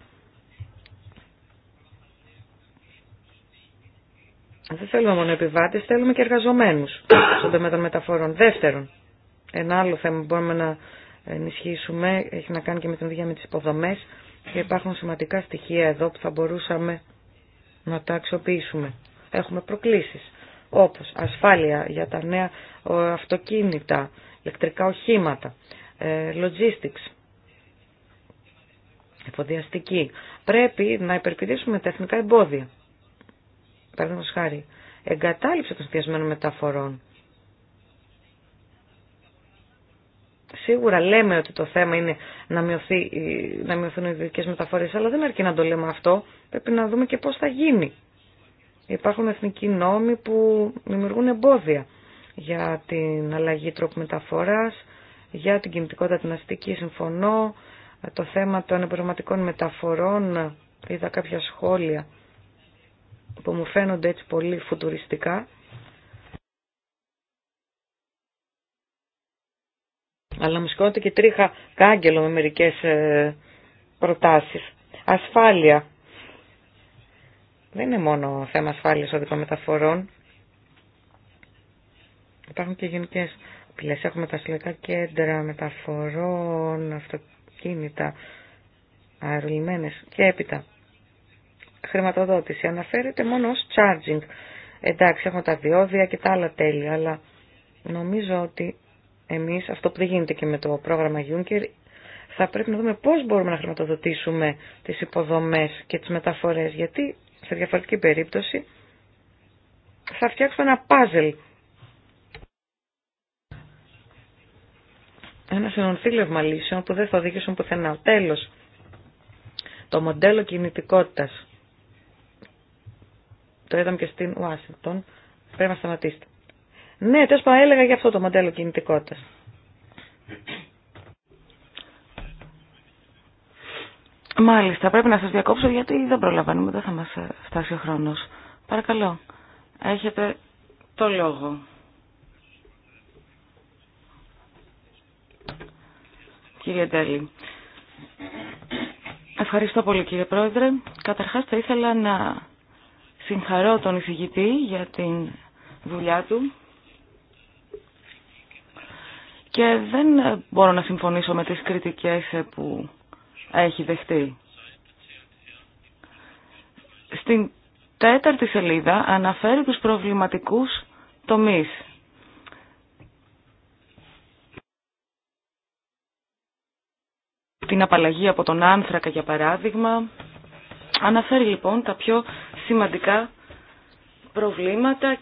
A: Δεν θέλουμε μόνο επιβάτες, θέλουμε και εργαζομένους στον τομέα των μεταφορών. Δεύτερον, ένα άλλο θέμα που μπορούμε να ενισχύσουμε έχει να κάνει και με την ίδια με τις υποδομές και υπάρχουν σημαντικά στοιχεία εδώ που θα μπορούσαμε να τα αξιοποιήσουμε. Έχουμε προκλήσεις όπως ασφάλεια για τα νέα ε, αυτοκίνητα, ηλεκτρικά οχήματα, ε, logistics, εφοδιαστική. Πρέπει να υπερπηδήσουμε τα εθνικά εμπόδια. Παραδείγματος χάρη, εγκατάλειψη των συνδυασμένων μεταφορών Σίγουρα λέμε ότι το θέμα είναι να, μειωθεί, να μειωθούν οι ειδικέ μεταφορέ, αλλά δεν αρκεί να το λέμε αυτό. Πρέπει να δούμε και πώ θα γίνει. Υπάρχουν εθνικοί νόμοι που δημιουργούν εμπόδια για την αλλαγή τρόπου μεταφορά, για την κινητικότητα την αστική. Συμφωνώ. Το θέμα των εμπορευματικών μεταφορών, είδα κάποια σχόλια που μου φαίνονται έτσι πολύ φουτουριστικά. αλλά μου σηκώνεται και τρίχα κάγκελο με μερικές ε, προτάσεις. Ασφάλεια. Δεν είναι μόνο θέμα ασφάλειας οδικών μεταφορών. Υπάρχουν και γενικές απειλές. Έχουμε τα συλλογικά κέντρα μεταφορών, αυτοκίνητα, αερολιμένες και έπειτα. Χρηματοδότηση αναφέρεται μόνο ως charging. Εντάξει, έχουμε τα διόδια και τα άλλα τέλη, αλλά νομίζω ότι εμείς, αυτό που δεν γίνεται και με το πρόγραμμα Juncker, θα πρέπει να δούμε πώς μπορούμε να χρηματοδοτήσουμε τις υποδομές και τις μεταφορές, γιατί σε διαφορετική περίπτωση θα φτιάξουμε ένα πάζελ. Ένα συνονθήλευμα λύσεων που δεν θα οδηγήσουν πουθενά. Τέλος, το μοντέλο κινητικότητας. Το είδαμε και στην Ουάσιγκτον. Πρέπει να σταματήσετε. Ναι, τέλο πάντων έλεγα για αυτό το μοντέλο κινητικότητα. Μάλιστα, πρέπει να σας διακόψω γιατί δεν προλαβαίνουμε, δεν θα μας ε, φτάσει ο χρόνος. Παρακαλώ, έχετε το λόγο. Κύριε Τέλη, ευχαριστώ πολύ κύριε Πρόεδρε. Καταρχάς θα ήθελα να συγχαρώ τον εισηγητή για την δουλειά του και δεν μπορώ να συμφωνήσω με τις κριτικές που έχει δεχτεί. Στην τέταρτη σελίδα αναφέρει τους προβληματικούς τομείς. Την απαλλαγή από τον άνθρακα για παράδειγμα. Αναφέρει λοιπόν τα πιο σημαντικά προβλήματα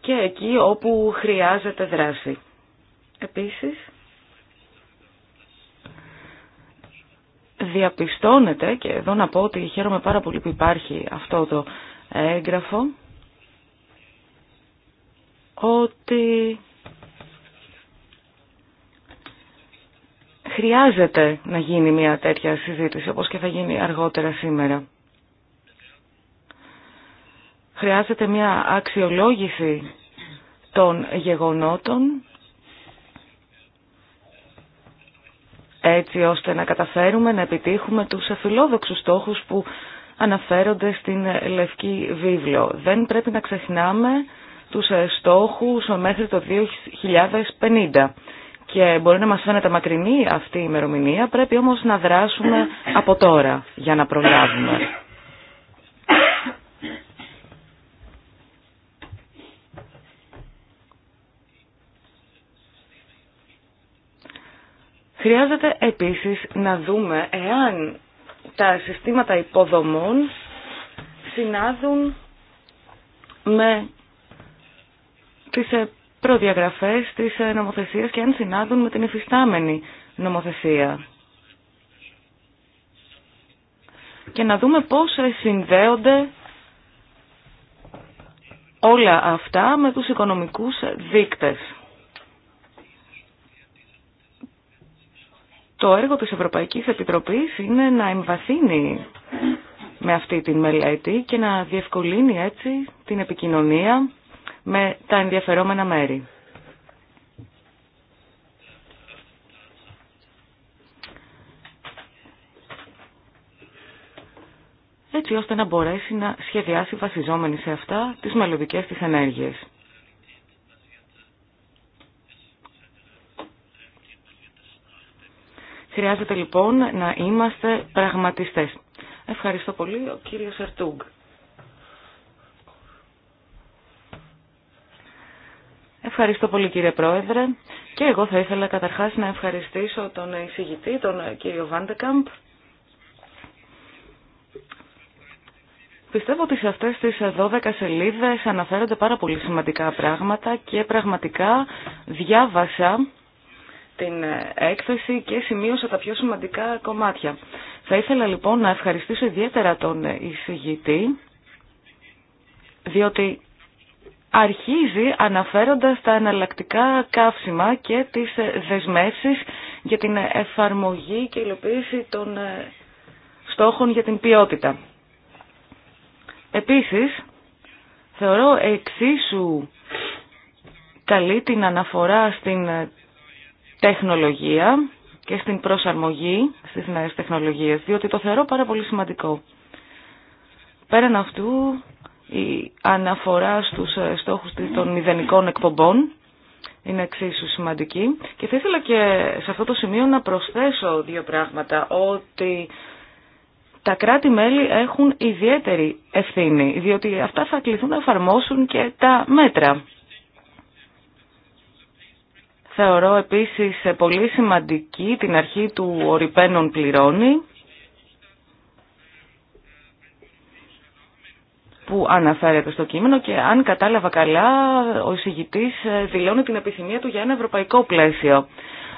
A: και εκεί όπου χρειάζεται δράση. Επίσης, διαπιστώνεται, και εδώ να πω ότι χαίρομαι πάρα πολύ που υπάρχει αυτό το έγγραφο, ότι χρειάζεται να γίνει μια τέτοια συζήτηση, όπως και θα γίνει αργότερα σήμερα. Χρειάζεται μια αξιολόγηση των γεγονότων έτσι ώστε να καταφέρουμε να επιτύχουμε τους αφιλόδοξους στόχους που αναφέρονται στην Λευκή Βίβλο. Δεν πρέπει να ξεχνάμε τους στόχους μέχρι το 2050. Και μπορεί να μας φαίνεται μακρινή αυτή η ημερομηνία, πρέπει όμως να δράσουμε από τώρα για να προλάβουμε. Χρειάζεται επίσης να δούμε εάν τα συστήματα υποδομών συνάδουν με τις ε, προδιαγραφές της ε, νομοθεσίας και αν συνάδουν με την υφιστάμενη νομοθεσία. Και να δούμε πώς ε, συνδέονται όλα αυτά με τους οικονομικούς δείκτες. Το έργο της Ευρωπαϊκής Επιτροπής είναι να εμβαθύνει με αυτή τη μελέτη και να διευκολύνει έτσι την επικοινωνία με τα ενδιαφερόμενα μέρη. έτσι ώστε να μπορέσει να σχεδιάσει βασιζόμενη σε αυτά τις μελλοντικές της ενέργειες. Χρειάζεται λοιπόν να είμαστε πραγματιστές. Ευχαριστώ πολύ ο κύριος Ερτούγκ. Ευχαριστώ πολύ κύριε Πρόεδρε και εγώ θα ήθελα καταρχάς να ευχαριστήσω τον εισηγητή, τον κύριο Βάντεκαμπ. Πιστεύω ότι σε αυτές τις 12 σελίδες αναφέρονται πάρα πολύ σημαντικά πράγματα και πραγματικά διάβασα την έκθεση και σημείωσα τα πιο σημαντικά κομμάτια. Θα ήθελα λοιπόν να ευχαριστήσω ιδιαίτερα τον εισηγητή, διότι αρχίζει αναφέροντας τα εναλλακτικά καύσιμα και τις δεσμεύσεις για την εφαρμογή και υλοποίηση των στόχων για την ποιότητα. Επίσης, θεωρώ εξίσου καλή την αναφορά στην τεχνολογία και στην προσαρμογή στις νέες τεχνολογίες, διότι το θεωρώ πάρα πολύ σημαντικό. Πέραν αυτού, η αναφορά στους ε, στόχους των μηδενικών εκπομπών είναι εξίσου σημαντική και θα ήθελα και σε αυτό το σημείο να προσθέσω δύο πράγματα, ότι τα κράτη-μέλη έχουν ιδιαίτερη ευθύνη, διότι αυτά θα κληθούν να εφαρμόσουν και τα μέτρα. Θεωρώ επίσης πολύ σημαντική την αρχή του οριπένων πληρώνει που αναφέρεται στο κείμενο και αν κατάλαβα καλά ο εισηγητής δηλώνει την επιθυμία του για ένα ευρωπαϊκό πλαίσιο.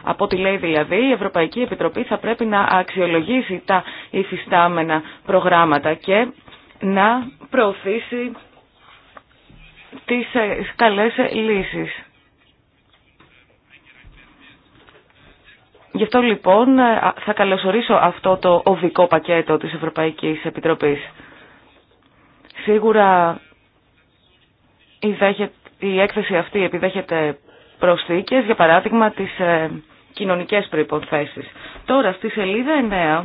A: Από ό,τι λέει δηλαδή η Ευρωπαϊκή Επιτροπή θα πρέπει να αξιολογήσει τα υφιστάμενα προγράμματα και να προωθήσει τις ε, καλές λύσεις. Γι' αυτό λοιπόν ε, θα καλωσορίσω αυτό το οδικό πακέτο της Ευρωπαϊκής Επιτροπής. Σίγουρα η έκθεση αυτή επιδέχεται προσθήκες, για παράδειγμα τις ε, κοινωνικές προϋποθέσεις. Τώρα στη σελίδα 9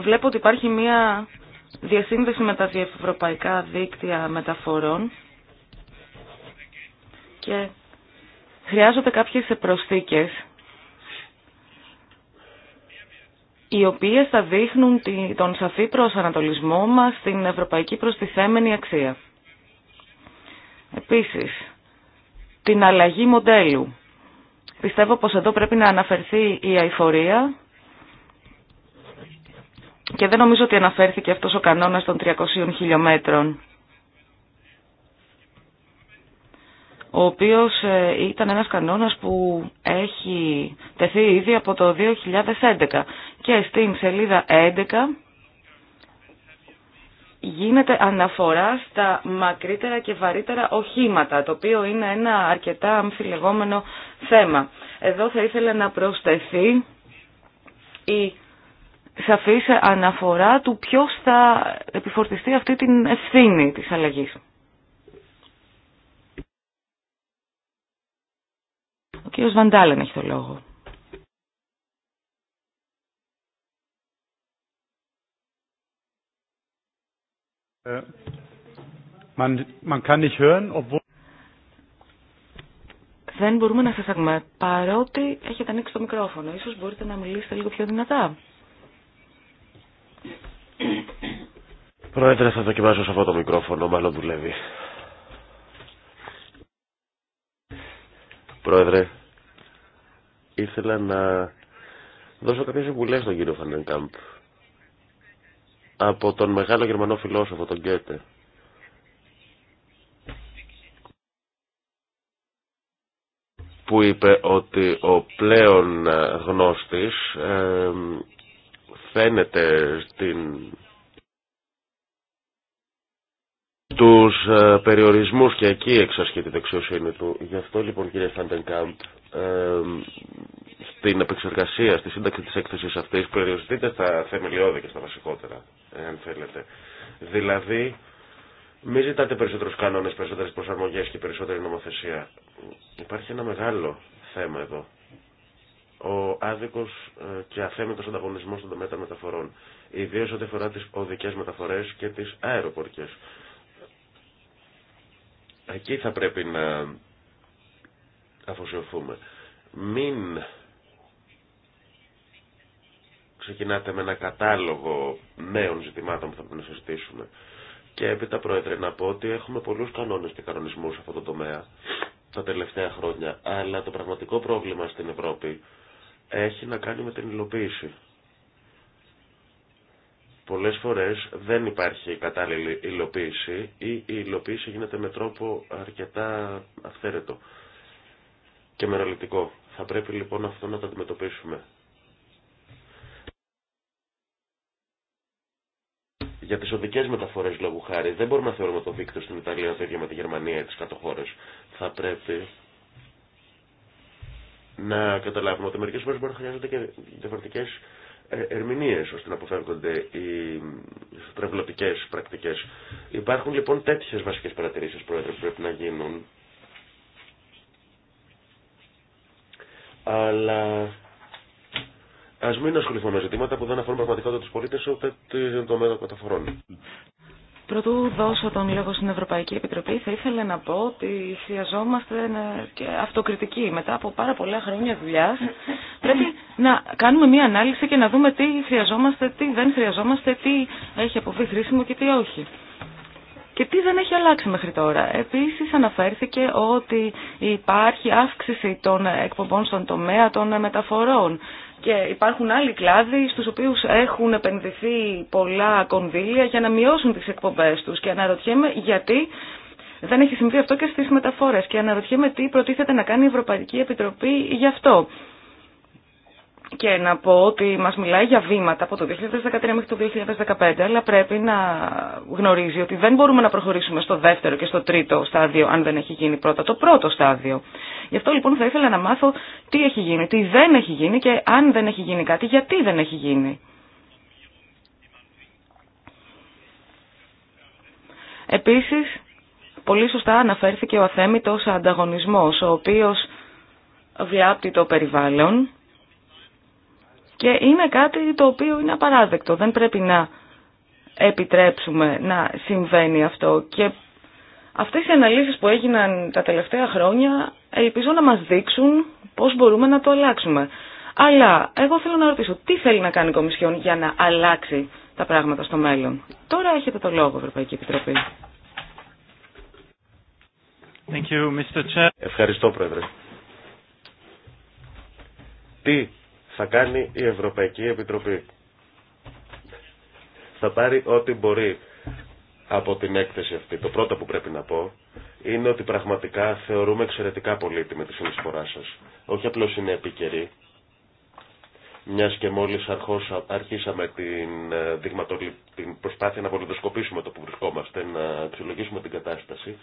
A: βλέπω ότι υπάρχει μία διασύνδεση με τα διευρωπαϊκά δίκτυα μεταφορών και χρειάζονται κάποιες προσθήκες οι οποίες θα δείχνουν τον σαφή προσανατολισμό μας στην ευρωπαϊκή προστιθέμενη αξία. Επίσης, την αλλαγή μοντέλου. Πιστεύω πως εδώ πρέπει να αναφερθεί η αηφορία και δεν νομίζω ότι αναφέρθηκε αυτός ο κανόνας των 300 χιλιόμετρων. ο οποίος ε, ήταν ένας κανόνας που έχει τεθεί ήδη από το 2011 και στην σελίδα 11 γίνεται αναφορά στα μακρύτερα και βαρύτερα οχήματα, το οποίο είναι ένα αρκετά αμφιλεγόμενο θέμα. Εδώ θα ήθελα να προσθεθεί η σαφής αναφορά του ποιος θα επιφορτιστεί αυτή την ευθύνη της αλλαγής. Ο κύριος Βαντάλεν έχει το λόγο. Ε, Δεν μπορούμε να σας ακούμε, παρότι έχετε ανοίξει το μικρόφωνο. Ίσως μπορείτε να μιλήσετε λίγο πιο δυνατά.
C: Πρόεδρε, θα δοκιμάσω σε αυτό το μικρόφωνο, μάλλον δουλεύει. Πρόεδρε, ήθελα να δώσω κάποιες συμβουλές στον κύριο Φανενκάμπ από τον μεγάλο γερμανό φιλόσοφο, τον Γκέτε. που είπε ότι ο πλέον γνώστης φαίνεται στην τους ε, περιορισμούς και εκεί εξασχεί τη δεξιοσύνη του. Γι' αυτό λοιπόν κύριε Φαντενκάμπ, ε, στην επεξεργασία, στη σύνταξη της έκθεσης αυτής, περιοριστείτε στα θεμελιώδη και στα βασικότερα, αν θέλετε. Δηλαδή, μην ζητάτε περισσότερους κανόνες, περισσότερες προσαρμογές και περισσότερη νομοθεσία. Υπάρχει ένα μεγάλο θέμα εδώ. Ο άδικος ε, και αθέμητο ανταγωνισμός των τομέα μεταφορών. Ιδίως ό,τι αφορά τις οδικές μεταφορές και τις αεροπορικές. Εκεί θα πρέπει να αφοσιωθούμε. Μην ξεκινάτε με ένα κατάλογο νέων ζητημάτων που θα πρέπει να συζητήσουμε. Και έπειτα, Πρόεδρε, να πω ότι έχουμε πολλούς κανόνες και κανονισμούς σε αυτό το τομέα τα τελευταία χρόνια. Αλλά το πραγματικό πρόβλημα στην Ευρώπη έχει να κάνει με την υλοποίηση. Πολλές φορές δεν υπάρχει κατάλληλη υλοποίηση ή η υλοποίηση γίνεται με τρόπο αρκετά αυθαίρετο και μεραλυτικό. Θα πρέπει λοιπόν αυτό να το αντιμετωπίσουμε. Για τις οδικές μεταφορές λόγου χάρη, δεν μπορούμε να θεωρούμε το δίκτυο στην Ιταλία το ίδιο με τη Γερμανία ή τις κάτω Θα πρέπει να καταλάβουμε ότι μερικές φορέ μπορεί να χρειάζονται και διαφορετικέ ε, ερμηνείες ώστε να αποφεύγονται οι τρευλωτικές πρακτικές. Υπάρχουν λοιπόν τέτοιες βασικές παρατηρήσεις πρόεδρε που πρέπει να γίνουν. Αλλά ας μην ασχοληθούμε με ζητήματα που δεν αφορούν πραγματικά ούτε τους πολίτες ούτε το μέρο των μεταφορών.
A: Πρωτού δώσω τον λόγο στην Ευρωπαϊκή Επιτροπή, θα ήθελα να πω ότι χρειαζόμαστε και αυτοκριτική. Μετά από πάρα πολλά χρόνια δουλειά, πρέπει να κάνουμε μία ανάλυση και να δούμε τι χρειαζόμαστε, τι δεν χρειαζόμαστε, τι έχει αποβεί χρήσιμο και τι όχι. Και τι δεν έχει αλλάξει μέχρι τώρα. Επίσης αναφέρθηκε ότι υπάρχει αύξηση των εκπομπών στον τομέα των μεταφορών. Και υπάρχουν άλλοι κλάδοι στους οποίους έχουν επενδυθεί πολλά κονδύλια για να μειώσουν τις εκπομπές τους. Και αναρωτιέμαι γιατί δεν έχει συμβεί αυτό και στις μεταφορές. Και αναρωτιέμαι τι προτίθεται να κάνει η Ευρωπαϊκή Επιτροπή γι' αυτό. Και να πω ότι μας μιλάει για βήματα από το 2013 μέχρι το 2015, αλλά πρέπει να γνωρίζει ότι δεν μπορούμε να προχωρήσουμε στο δεύτερο και στο τρίτο στάδιο αν δεν έχει γίνει πρώτα το πρώτο στάδιο. Γι' αυτό λοιπόν θα ήθελα να μάθω τι έχει γίνει, τι δεν έχει γίνει και αν δεν έχει γίνει κάτι, γιατί δεν έχει γίνει. Επίσης, πολύ σωστά αναφέρθηκε ο αθέμητος ανταγωνισμός, ο οποίος βλάπτει το περιβάλλον και είναι κάτι το οποίο είναι απαράδεκτο. Δεν πρέπει να επιτρέψουμε να συμβαίνει αυτό. Και αυτές οι αναλύσεις που έγιναν τα τελευταία χρόνια ελπίζω να μας δείξουν πώς μπορούμε να το αλλάξουμε. Αλλά εγώ θέλω να ρωτήσω, τι θέλει να κάνει η Κομισιόν για να αλλάξει τα πράγματα στο μέλλον. Τώρα έχετε το λόγο, Ευρωπαϊκή Επιτροπή.
C: Thank you, Mr. Chair. Ευχαριστώ, Πρόεδρε. Τι θα κάνει η Ευρωπαϊκή Επιτροπή. Θα πάρει ό,τι μπορεί από την έκθεση αυτή. Το πρώτο που πρέπει να πω είναι ότι πραγματικά θεωρούμε εξαιρετικά πολύτιμη τη συνεισφορά σα. Όχι απλώ είναι επίκαιρη, μια και μόλι αρχίσαμε την, ε, την προσπάθεια να βολιδοσκοπήσουμε το που βρισκόμαστε, να αξιολογήσουμε την κατάσταση,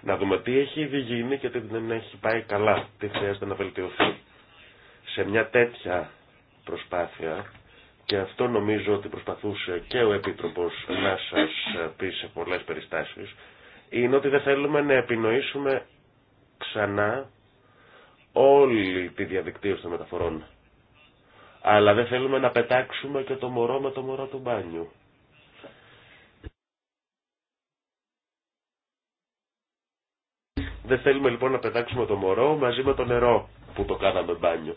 C: να δούμε τι έχει ήδη γίνει και τι δεν έχει πάει καλά, τι χρειάζεται να βελτιωθεί. Σε μια τέτοια προσπάθεια, και αυτό νομίζω ότι προσπαθούσε και ο Επίτροπος να σας ε, πει σε πολλές περιστάσεις, είναι ότι δεν θέλουμε να επινοήσουμε ξανά όλη τη διαδικτύωση των μεταφορών. Αλλά δεν θέλουμε να πετάξουμε και το μωρό με το μωρό του μπάνιου. Δεν θέλουμε λοιπόν να πετάξουμε το μωρό μαζί με το νερό που το κάναμε μπάνιο.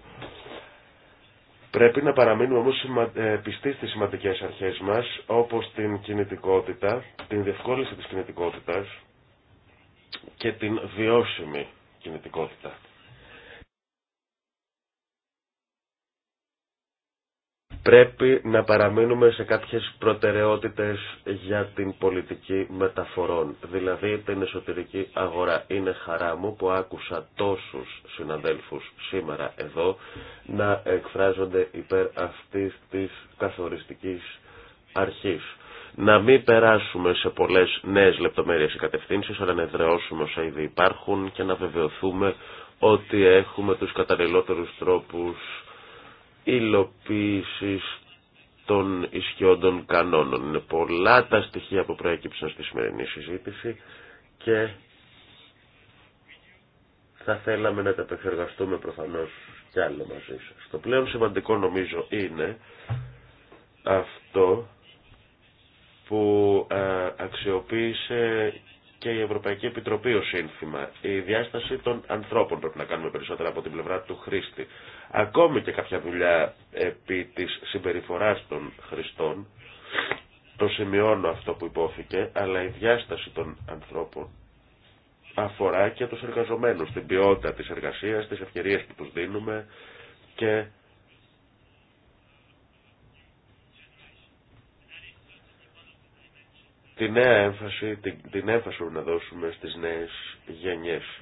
C: Πρέπει να παραμείνουμε όμως ε, πιστοί στις σημαντικές αρχές μας, όπως την κινητικότητα, την διευκόλυνση της κινητικότητας, και την βιώσιμη κινητικότητα. Πρέπει να παραμείνουμε σε κάποιες προτεραιότητες για την πολιτική μεταφορών, δηλαδή την εσωτερική αγορά. Είναι χαρά μου που άκουσα τόσους συναδέλφους σήμερα εδώ να εκφράζονται υπέρ αυτής της καθοριστικής αρχής να μην περάσουμε σε πολλές νέες λεπτομέρειες ή αλλά να εδραιώσουμε όσα ήδη υπάρχουν και να βεβαιωθούμε ότι έχουμε τους καταλληλότερους τρόπους υλοποίησης των ισχυόντων κανόνων. Είναι πολλά τα στοιχεία που προέκυψαν στη σημερινή συζήτηση και θα θέλαμε να τα επεξεργαστούμε προφανώς κι άλλο μαζί σας. Το πλέον σημαντικό νομίζω είναι αυτό που ε, αξιοποίησε και η Ευρωπαϊκή Επιτροπή ως σύνθημα. Η διάσταση των ανθρώπων πρέπει να κάνουμε περισσότερα από την πλευρά του χρήστη. Ακόμη και κάποια δουλειά επί της συμπεριφοράς των χρηστών, το σημειώνω αυτό που υπόθηκε, αλλά η διάσταση των ανθρώπων αφορά και τους εργαζομένους, την ποιότητα της εργασίας, τις ευκαιρίες που τους δίνουμε και τη νέα έμφαση, την, την έμφαση που να δώσουμε στις νέες γενιές.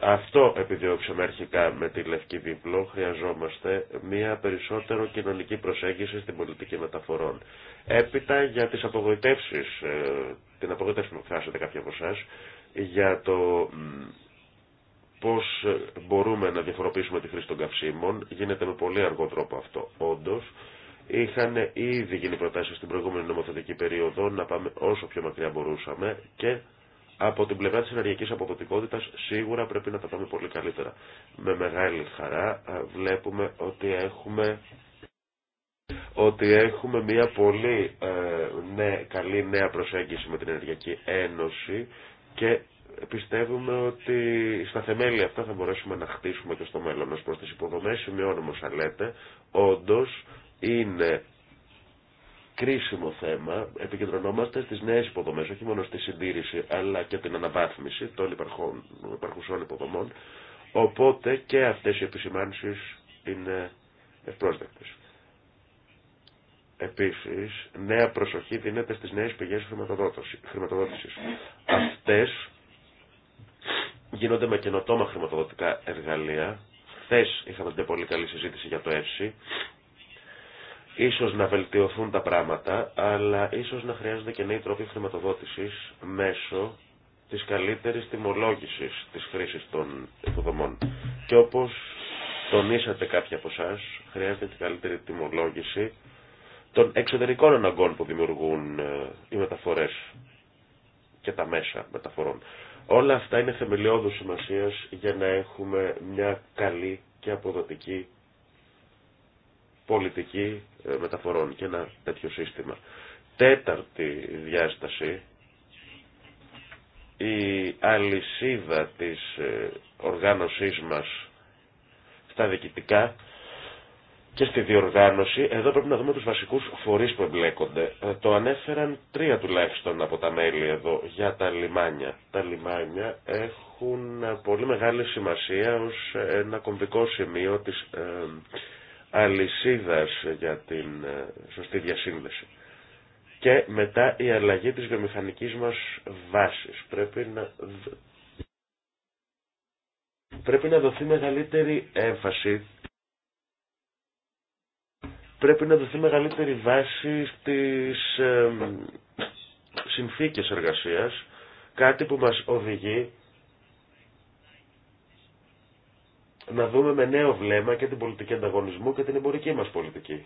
C: Αυτό επιδιώξαμε αρχικά με τη Λευκή Βίβλο. Χρειαζόμαστε μια περισσότερο κοινωνική προσέγγιση στην πολιτική μεταφορών. Έπειτα για τις απογοητεύσεις, ε, την απογοητεύση που χάσετε κάποιοι από εσά, για το πώς μπορούμε να διαφοροποιήσουμε τη χρήση των καυσίμων, γίνεται με πολύ αργό τρόπο αυτό. Όντως, Είχαν ήδη γίνει προτάσει στην προηγούμενη νομοθετική περίοδο να πάμε όσο πιο μακριά μπορούσαμε και από την πλευρά τη ενεργειακή αποδοτικότητα σίγουρα πρέπει να τα πάμε πολύ καλύτερα. Με μεγάλη χαρά βλέπουμε ότι έχουμε ότι έχουμε μια πολύ ναι, καλή νέα προσέγγιση με την Ενεργειακή Ένωση και πιστεύουμε ότι στα θεμέλια αυτά θα μπορέσουμε να χτίσουμε και στο μέλλον ως προς τις υποδομές. Σημειώνουμε όσα λέτε, όντω είναι κρίσιμο θέμα. Επικεντρωνόμαστε στις νέες υποδομές, όχι μόνο στη συντήρηση, αλλά και την αναβάθμιση των υπαρχουσών υποδομών. Οπότε και αυτές οι επισημάνσεις είναι ευπρόσδεκτες. Επίσης, νέα προσοχή δίνεται στις νέες πηγές χρηματοδότησης. Αυτές γίνονται με καινοτόμα χρηματοδοτικά εργαλεία. Χθε είχαμε μια πολύ καλή συζήτηση για το ΕΦΣΥ Ίσως να βελτιωθούν τα πράγματα, αλλά ίσως να χρειάζονται και νέοι τρόποι χρηματοδότησης μέσω της καλύτερης τιμολόγησης της χρήσης των υποδομών. Και όπως τονίσατε κάποιοι από εσά, χρειάζεται και καλύτερη τιμολόγηση των εξωτερικών αναγκών που δημιουργούν ε, οι μεταφορές και τα μέσα μεταφορών. Όλα αυτά είναι θεμελιώδους σημασίας για να έχουμε μια καλή και αποδοτική πολιτική ε, μεταφορών και ένα τέτοιο σύστημα. Τέταρτη διάσταση, η αλυσίδα της ε, οργάνωσής μας στα διοικητικά και στη διοργάνωση, εδώ πρέπει να δούμε τους βασικούς φορείς που εμπλέκονται. Ε, το ανέφεραν τρία τουλάχιστον από τα μέλη εδώ για τα λιμάνια. Τα λιμάνια έχουν πολύ μεγάλη σημασία ως ένα κομβικό σημείο της αλυσίδας για την ε, σωστή διασύνδεση. Και μετά η αλλαγή της βιομηχανικής μας βάσης. Πρέπει να, πρέπει να δοθεί μεγαλύτερη έμφαση πρέπει να δοθεί μεγαλύτερη βάση στις ε, συνθήκες εργασίας, κάτι που μας οδηγεί να δούμε με νέο βλέμμα και την πολιτική ανταγωνισμού και την εμπορική μας πολιτική.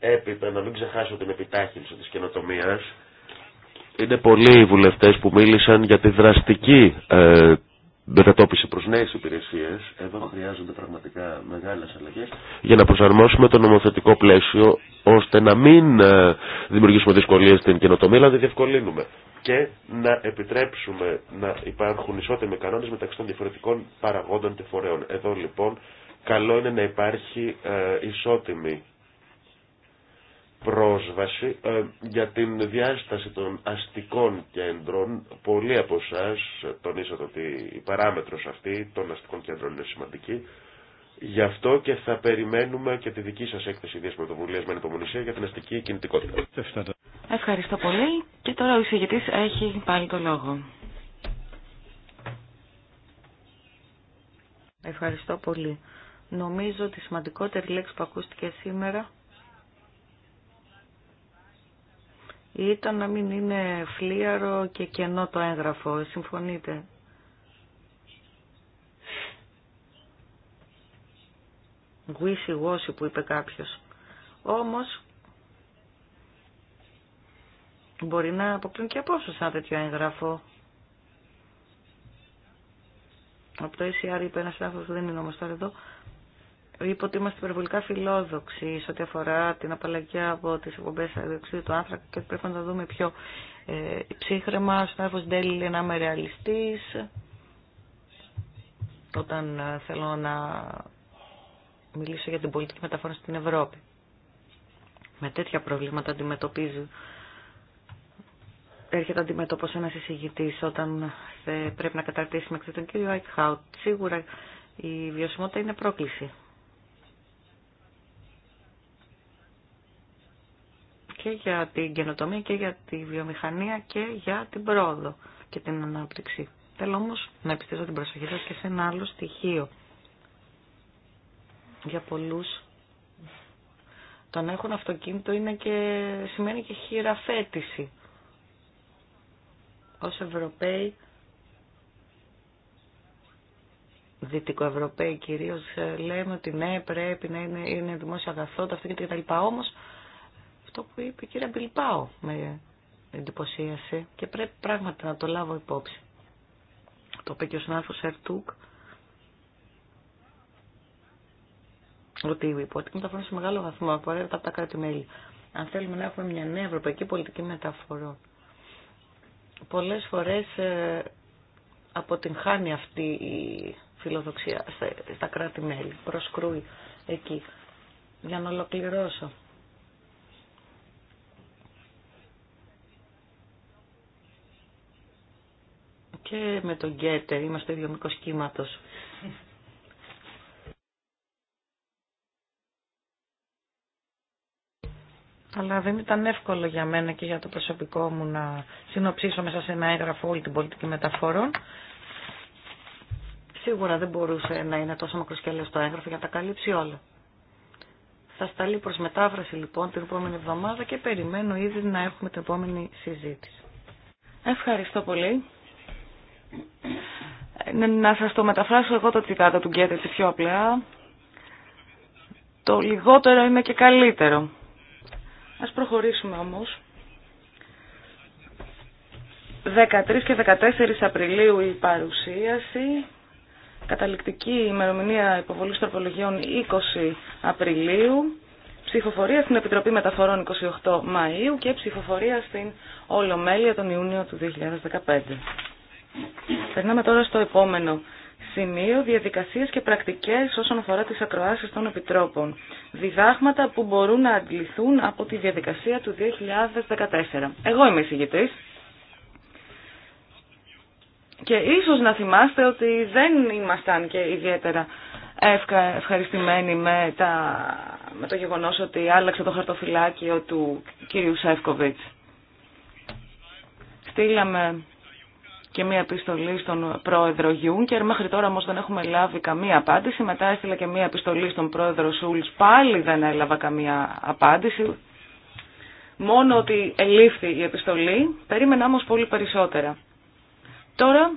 C: Έπειτα, να μην ξεχάσω την επιτάχυνση της καινοτομίας, είναι πολλοί οι βουλευτές που μίλησαν για τη δραστική ε, μετατόπιση προς νέες υπηρεσίες. Εδώ χρειάζονται πραγματικά μεγάλες αλλαγές για να προσαρμόσουμε το νομοθετικό πλαίσιο ώστε να μην ε, δημιουργήσουμε δυσκολίες στην καινοτομία αλλά να διευκολύνουμε και να επιτρέψουμε να υπάρχουν ισότιμοι κανόνες μεταξύ των διαφορετικών παραγόντων και φορέων. Εδώ λοιπόν καλό είναι να υπάρχει ε, ισότιμη πρόσβαση ε, για την διάσταση των αστικών κέντρων. Πολλοί από εσά τονίσατε ότι η παράμετρος αυτή των αστικών κέντρων είναι σημαντική. Γι' αυτό και θα περιμένουμε και τη δική σας έκθεση ιδίας πρωτοβουλίας με ανυπομονησία για την αστική κινητικότητα.
A: Ευχαριστώ πολύ και τώρα ο εισηγητής έχει πάλι το λόγο. Ευχαριστώ πολύ. Νομίζω ότι η σημαντικότερη λέξη που ακούστηκε σήμερα ήταν να μην είναι φλίαρο και κενό το έγγραφο. Γουίσι Wishy-washy που είπε κάποιος. Όμως μπορεί να αποκτούν και απόψε ένα τέτοιο έγγραφο. Από το ECR είπε ένα συνάδελφο που δεν είναι όμω τώρα εδώ, είπε ότι είμαστε υπερβολικά φιλόδοξοι σε ό,τι αφορά την απαλλαγή από τι εκπομπέ διοξιδίου του άνθρακα και πρέπει να τα δούμε πιο ε, ψύχρεμα. Ο συνάδελφο Ντέλη λέει να είμαι ρεαλιστή. Όταν ε, θέλω να μιλήσω για την πολιτική μεταφορά στην Ευρώπη. Με τέτοια προβλήματα αντιμετωπίζει έρχεται αντιμέτωπο ένα εισηγητή όταν ε, πρέπει να καταρτήσει μέχρι τον κύριο Άικχαουτ. Σίγουρα η βιωσιμότητα είναι πρόκληση. Και για την καινοτομία και για τη βιομηχανία και για την πρόοδο και την ανάπτυξη. Θέλω όμω να επιστήσω την προσοχή σα και σε ένα άλλο στοιχείο. Για πολλού το να έχουν αυτοκίνητο είναι και, σημαίνει και χειραφέτηση ως Ευρωπαίοι, Δυτικοευρωπαίοι κυρίως, ε, λέμε ότι ναι πρέπει να είναι, είναι δημόσια αγαθό αυτό και τα λοιπά. Όμως αυτό που είπε η κυρία Μπιλπάο με εντυπωσίασε και πρέπει πράγματι να το λάβω υπόψη. Το είπε και ο συνάδελφος Ερτούκ, ότι η υπότιτλη μεταφορά σε μεγάλο βαθμό απορρέεται από τα κράτη-μέλη. Αν θέλουμε να έχουμε μια νέα ευρωπαϊκή πολιτική μεταφορών, πολλές φορές ε, αποτυγχάνει αυτή η φιλοδοξία στα κράτη-μέλη, προσκρούει εκεί. Για να ολοκληρώσω. Και με τον Γκέτε, είμαστε δύο μήκος κύματος. Αλλά δεν ήταν εύκολο για μένα και για το προσωπικό μου να συνοψίσω μέσα σε ένα έγγραφο όλη την πολιτική μεταφορών. Σίγουρα δεν μπορούσε να είναι τόσο μακροσκελές το έγγραφο για να τα καλύψει όλα. Θα σταλεί προς μετάφραση λοιπόν την επόμενη εβδομάδα και περιμένω ήδη να έχουμε την επόμενη συζήτηση. Ευχαριστώ πολύ. Ε, να σας το μεταφράσω εγώ το τσιτάτο του Γκέτε πιο απλά. Το λιγότερο είναι και καλύτερο. Ας προχωρήσουμε όμως. 13 και 14 Απριλίου η παρουσίαση. Καταληκτική ημερομηνία υποβολής τροπολογιών 20 Απριλίου. Ψηφοφορία στην Επιτροπή Μεταφορών 28 Μαΐου και ψηφοφορία στην Ολομέλεια τον Ιούνιο του 2015. Περνάμε τώρα στο επόμενο σημείο διαδικασίε και πρακτικές όσον αφορά τις ακροάσεις των επιτρόπων. Διδάγματα που μπορούν να αντληθούν από τη διαδικασία του 2014. Εγώ είμαι εισηγητή. Και ίσως να θυμάστε ότι δεν ήμασταν και ιδιαίτερα ευχαριστημένοι με, τα, με το γεγονός ότι άλλαξε το χαρτοφυλάκιο του κυρίου Σεύκοβιτ. Στείλαμε και μία επιστολή στον πρόεδρο Γιούνκερ. Μέχρι τώρα όμω δεν έχουμε λάβει καμία απάντηση. Μετά έστειλα και μία επιστολή στον πρόεδρο Σούλτ. Πάλι δεν έλαβα καμία απάντηση. Μόνο ότι ελήφθη η επιστολή. Περίμενα όμω πολύ περισσότερα. Τώρα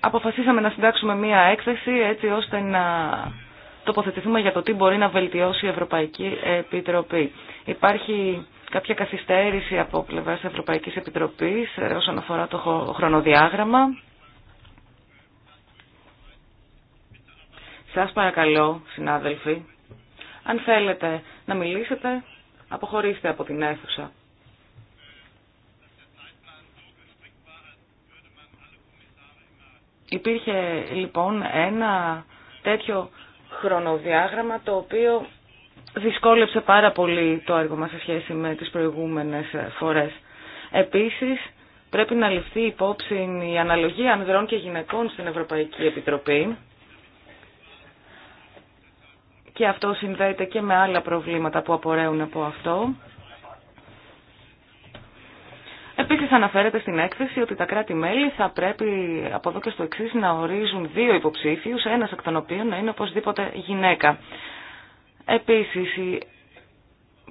A: αποφασίσαμε να συντάξουμε μία έκθεση έτσι ώστε να τοποθετηθούμε για το τι μπορεί να βελτιώσει η Ευρωπαϊκή Επιτροπή. Υπάρχει κάποια καθυστέρηση από πλευρά Ευρωπαϊκής Επιτροπής ε, όσον αφορά το χρονοδιάγραμμα. Σας παρακαλώ, συνάδελφοι, αν θέλετε να μιλήσετε, αποχωρήστε από την αίθουσα. Υπήρχε λοιπόν ένα τέτοιο χρονοδιάγραμμα το οποίο δυσκόλεψε πάρα πολύ το έργο μας σε σχέση με τις προηγούμενες φορές. Επίσης, πρέπει να ληφθεί υπόψη η αναλογία ανδρών και γυναικών στην Ευρωπαϊκή Επιτροπή και αυτό συνδέεται και με άλλα προβλήματα που απορρέουν από αυτό. Επίσης αναφέρεται στην έκθεση ότι τα κράτη-μέλη θα πρέπει από εδώ και στο εξή να ορίζουν δύο υποψήφιους, ένας εκ των οποίων να είναι οπωσδήποτε γυναίκα. Επίσης, η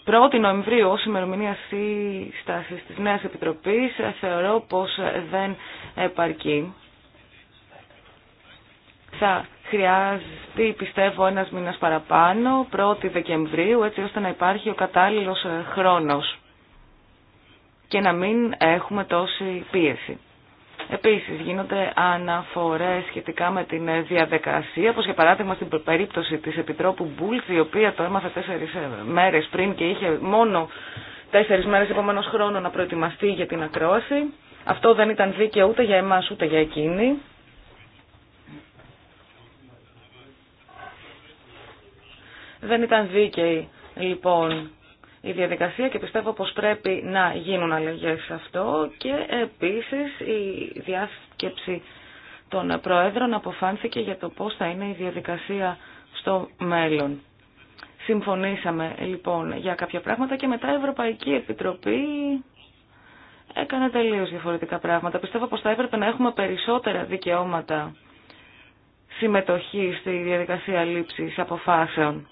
A: 1η Νοεμβρίου ως ημερομηνία σύστασης της νέας Επιτροπής ε, θεωρώ πως ε, δεν επαρκεί. Θα χρειάζεται, πιστεύω, ένας μήνας παραπάνω, 1η Δεκεμβρίου, έτσι ώστε να υπάρχει ο κατάλληλος ε, χρόνος και να μην έχουμε τόση πίεση. Επίσης γίνονται αναφορές σχετικά με την διαδικασία, όπως για παράδειγμα στην περίπτωση της Επιτρόπου Μπούλτ, η οποία το έμαθε τέσσερις ε, μέρες πριν και είχε μόνο τέσσερις μέρες επόμενος χρόνο να προετοιμαστεί για την ακρόαση. Αυτό δεν ήταν δίκαιο ούτε για εμάς ούτε για εκείνη. Δεν ήταν δίκαιη λοιπόν η διαδικασία και πιστεύω πως πρέπει να γίνουν αλλαγές σε αυτό και επίσης η διάσκεψη των Προέδρων αποφάνθηκε για το πώς θα είναι η διαδικασία στο μέλλον. Συμφωνήσαμε λοιπόν για κάποια πράγματα και μετά η Ευρωπαϊκή Επιτροπή έκανε τελείως διαφορετικά πράγματα. Πιστεύω πως θα έπρεπε να έχουμε περισσότερα δικαιώματα συμμετοχή στη διαδικασία λήψης αποφάσεων.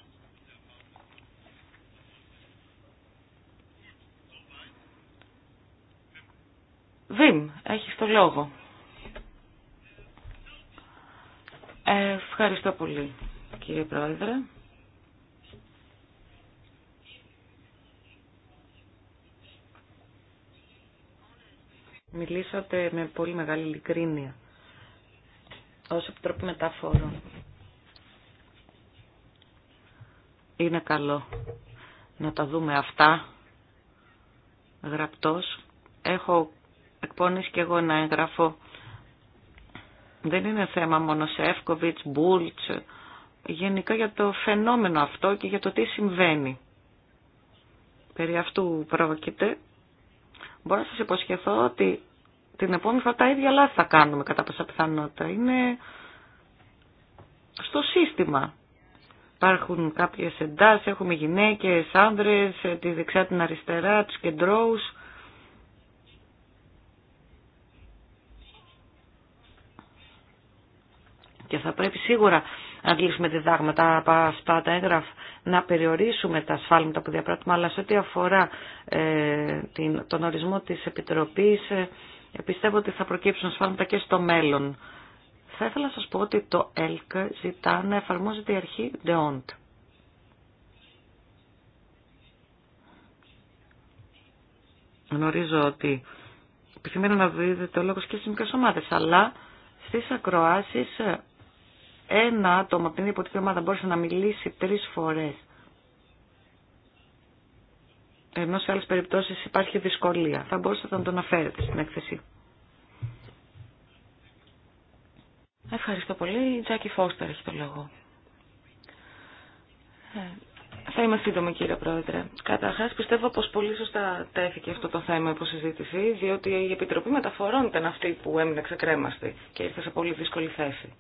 A: Βιμ, έχεις το λόγο. Ευχαριστώ πολύ, κύριε Πρόεδρε. Μιλήσατε με πολύ μεγάλη ειλικρίνεια ως Επιτροπή Μεταφόρων. Είναι καλό να τα δούμε αυτά γραπτός. Έχω εκπώνεις και εγώ να εγγραφώ Δεν είναι θέμα μόνο σε Εύκοβιτς, Μπούλτς, γενικά για το φαινόμενο αυτό και για το τι συμβαίνει. Περί αυτού πρόκειται. Μπορώ να σας υποσχεθώ ότι την επόμενη φορά τα ίδια λάθη θα κάνουμε κατά πάσα πιθανότητα. Είναι στο σύστημα. Υπάρχουν κάποιες εντάσεις, έχουμε γυναίκες, άνδρες, ε, τη δεξιά την αριστερά, τους κεντρώους. Και θα πρέπει σίγουρα να αντλήσουμε διδάγματα από αυτά τα έγγραφα, να περιορίσουμε τα ασφάλματα που διαπράττουμε, αλλά σε ό,τι αφορά ε, τον ορισμό της Επιτροπής, ε, πιστεύω ότι θα προκύψουν ασφάλματα και στο μέλλον. Θα ήθελα να σας πω ότι το ΕΛΚ ζητά να εφαρμόζεται η αρχή ΔΕΟΝΤ. Γνωρίζω ότι επιθυμεί να δίδεται το λόγος και στις μικρές ομάδες, αλλά στις ακροάσεις ε, ένα άτομο από την υποτική ομάδα μπορούσε να μιλήσει τρεις φορές. Ενώ σε άλλες περιπτώσεις υπάρχει δυσκολία. Θα μπορούσατε να το αναφέρετε στην έκθεση. Ευχαριστώ πολύ. Η Τζάκη Φώστερ έχει το λόγο. Ε, θα είμαι σύντομη κύριε Πρόεδρε. Καταρχάς πιστεύω πως πολύ σωστά τέθηκε αυτό το θέμα υπό συζήτηση, διότι η Επιτροπή Μεταφορών ήταν αυτή που έμεινε ξεκρέμαστη και ήρθε σε πολύ δύσκολη θέση.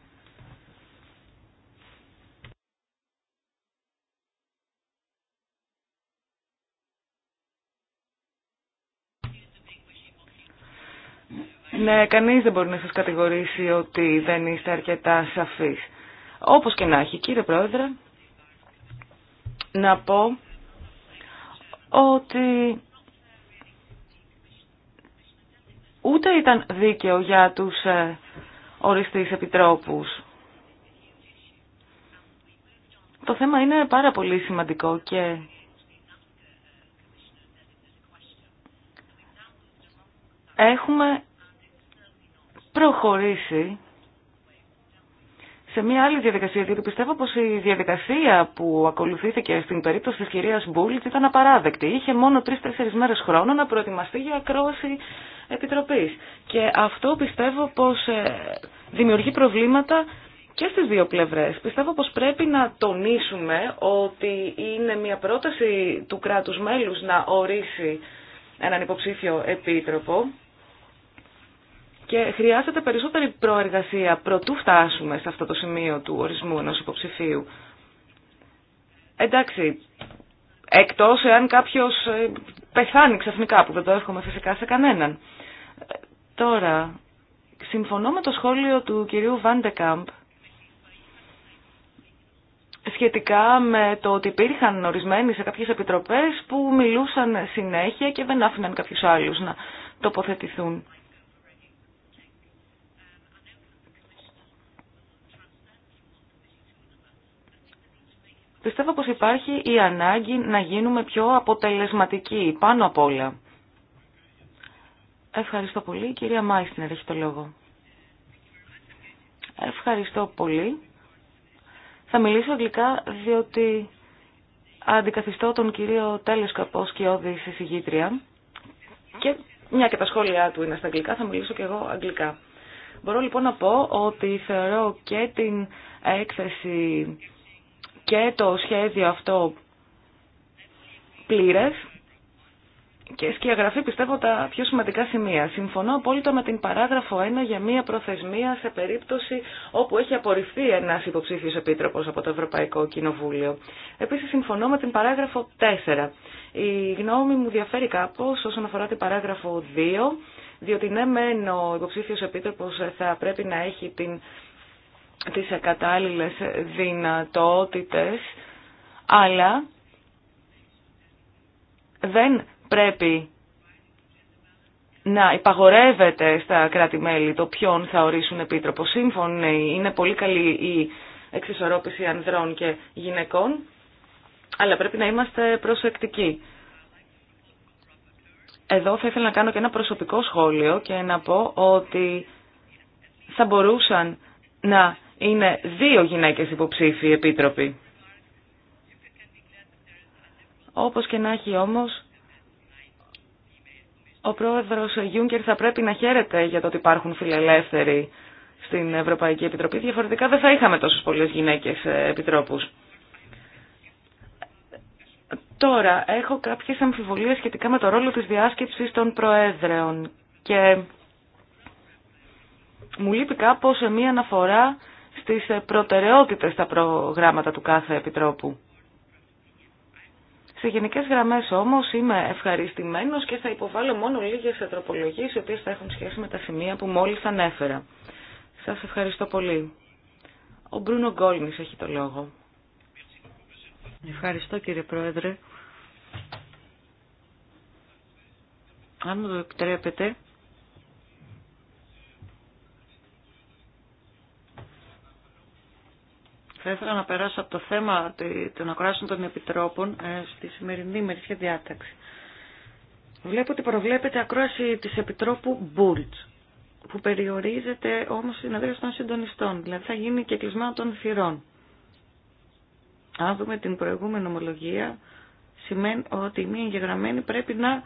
A: Ναι, κανείς δεν μπορεί να σας κατηγορήσει ότι δεν είστε αρκετά σαφείς. Όπως και να έχει, κύριε Πρόεδρε, να πω ότι ούτε ήταν δίκαιο για τους ε, οριστείς επιτρόπους. Το θέμα είναι πάρα πολύ σημαντικό και έχουμε προχωρήσει σε μια άλλη διαδικασία, διότι πιστεύω πως η διαδικασία που ακολουθήθηκε στην περίπτωση της κυρίας Μπούλτ ήταν απαράδεκτη. Είχε μόνο τρεις-τέσσερις μέρες χρόνο να προετοιμαστεί για ακρόαση επιτροπής. Και αυτό πιστεύω πως ε, δημιουργεί προβλήματα και στις δύο πλευρές. Πιστεύω πως πρέπει να τονίσουμε ότι είναι μια πρόταση του κράτους μέλους να ορίσει έναν υποψήφιο επίτροπο και χρειάζεται περισσότερη προεργασία προτού φτάσουμε σε αυτό το σημείο του ορισμού ενός υποψηφίου. Εντάξει, εκτός εάν κάποιος ε, πεθάνει ξαφνικά, που δεν το εύχομαι φυσικά σε κανέναν. Τώρα, συμφωνώ με το σχόλιο του κυρίου Βάντεκαμπ σχετικά με το ότι υπήρχαν ορισμένοι σε κάποιες επιτροπές που μιλούσαν συνέχεια και δεν άφηναν κάποιους άλλους να τοποθετηθούν. Πιστεύω πως υπάρχει η ανάγκη να γίνουμε πιο αποτελεσματικοί, πάνω απ' όλα. Ευχαριστώ πολύ. κυρία Μάισνερ έχει το λόγο. Ευχαριστώ πολύ. Θα μιλήσω αγγλικά διότι αντικαθιστώ τον κύριο Τέλος Καπός και Όδη συγγήτρια και μια και τα σχόλιά του είναι στα αγγλικά θα μιλήσω και εγώ αγγλικά. Μπορώ λοιπόν να πω ότι θεωρώ και την έκθεση και το σχέδιο αυτό πλήρες και σκιαγραφεί πιστεύω τα πιο σημαντικά σημεία. Συμφωνώ απόλυτα με την παράγραφο 1 για μία προθεσμία σε περίπτωση όπου έχει απορριφθεί ένα υποψήφιος επίτροπος από το Ευρωπαϊκό Κοινοβούλιο. Επίσης συμφωνώ με την παράγραφο 4. Η γνώμη μου διαφέρει κάπως όσον αφορά την παράγραφο 2, διότι ναι, μεν ο υποψήφιο επίτροπος θα πρέπει να έχει την τις ακατάλληλες δυνατότητες, αλλά δεν πρέπει να υπαγορεύεται στα κράτη-μέλη το ποιον θα ορίσουν επίτροπο. Σύμφωνοι, είναι πολύ καλή η εξισορρόπηση ανδρών και γυναικών, αλλά πρέπει να είμαστε προσεκτικοί. Εδώ θα ήθελα να κάνω και ένα προσωπικό σχόλιο και να πω ότι θα μπορούσαν να είναι δύο γυναίκες υποψήφοι επίτροποι. Όπως και να έχει όμως, ο πρόεδρος Γιούγκερ θα πρέπει να χαίρεται για το ότι υπάρχουν φιλελεύθεροι στην Ευρωπαϊκή Επιτροπή. Διαφορετικά δεν θα είχαμε τόσες πολλές γυναίκες επιτρόπους. Τώρα, έχω κάποιες αμφιβολίες σχετικά με το ρόλο της διάσκεψης των προέδρεων και μου λείπει κάπως μία αναφορά στις προτεραιότητες τα προγράμματα του κάθε επιτρόπου. Σε γενικέ γραμμές όμως είμαι ευχαριστημένος και θα υποβάλω μόνο λίγες τροπολογίες οι οποίε θα έχουν σχέση με τα σημεία που μόλις ανέφερα. Σας ευχαριστώ πολύ. Ο Μπρούνο Γκόλνης έχει το λόγο. Ευχαριστώ κύριε Πρόεδρε. Αν μου το επιτρέπετε, Θα ήθελα να περάσω από το θέμα των ακράσεων των επιτρόπων ε, στη σημερινή μερική διάταξη. Βλέπω ότι προβλέπεται ακρόαση της Επιτρόπου Μπούλτ, που περιορίζεται όμως αδρία των συντονιστών, δηλαδή θα γίνει και κλεισμένο των θυρών. Αν δούμε την προηγούμενη ομολογία, σημαίνει ότι οι μη εγγεγραμμένοι πρέπει να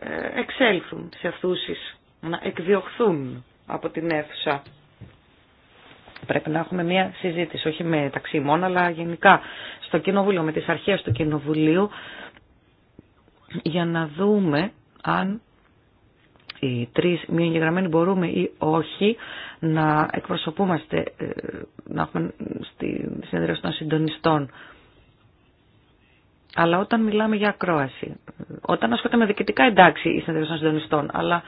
A: ε, εξέλθουν σε αυθούσεις, να εκδιωχθούν από την αίθουσα. Πρέπει να έχουμε μια συζήτηση, όχι με ταξίμον, αλλά γενικά στο Κοινοβούλιο, με τις αρχές του Κοινοβουλίου, για να δούμε αν οι τρεις μη εγγεγραμμένοι μπορούμε ή όχι να εκπροσωπούμαστε, ε, να έχουμε στη συνεδρίαση των συντονιστών. Αλλά όταν μιλάμε για ακρόαση, όταν ασχολείται με διοικητικά εντάξει η συνεδρίαση των συντονιστών, αλλά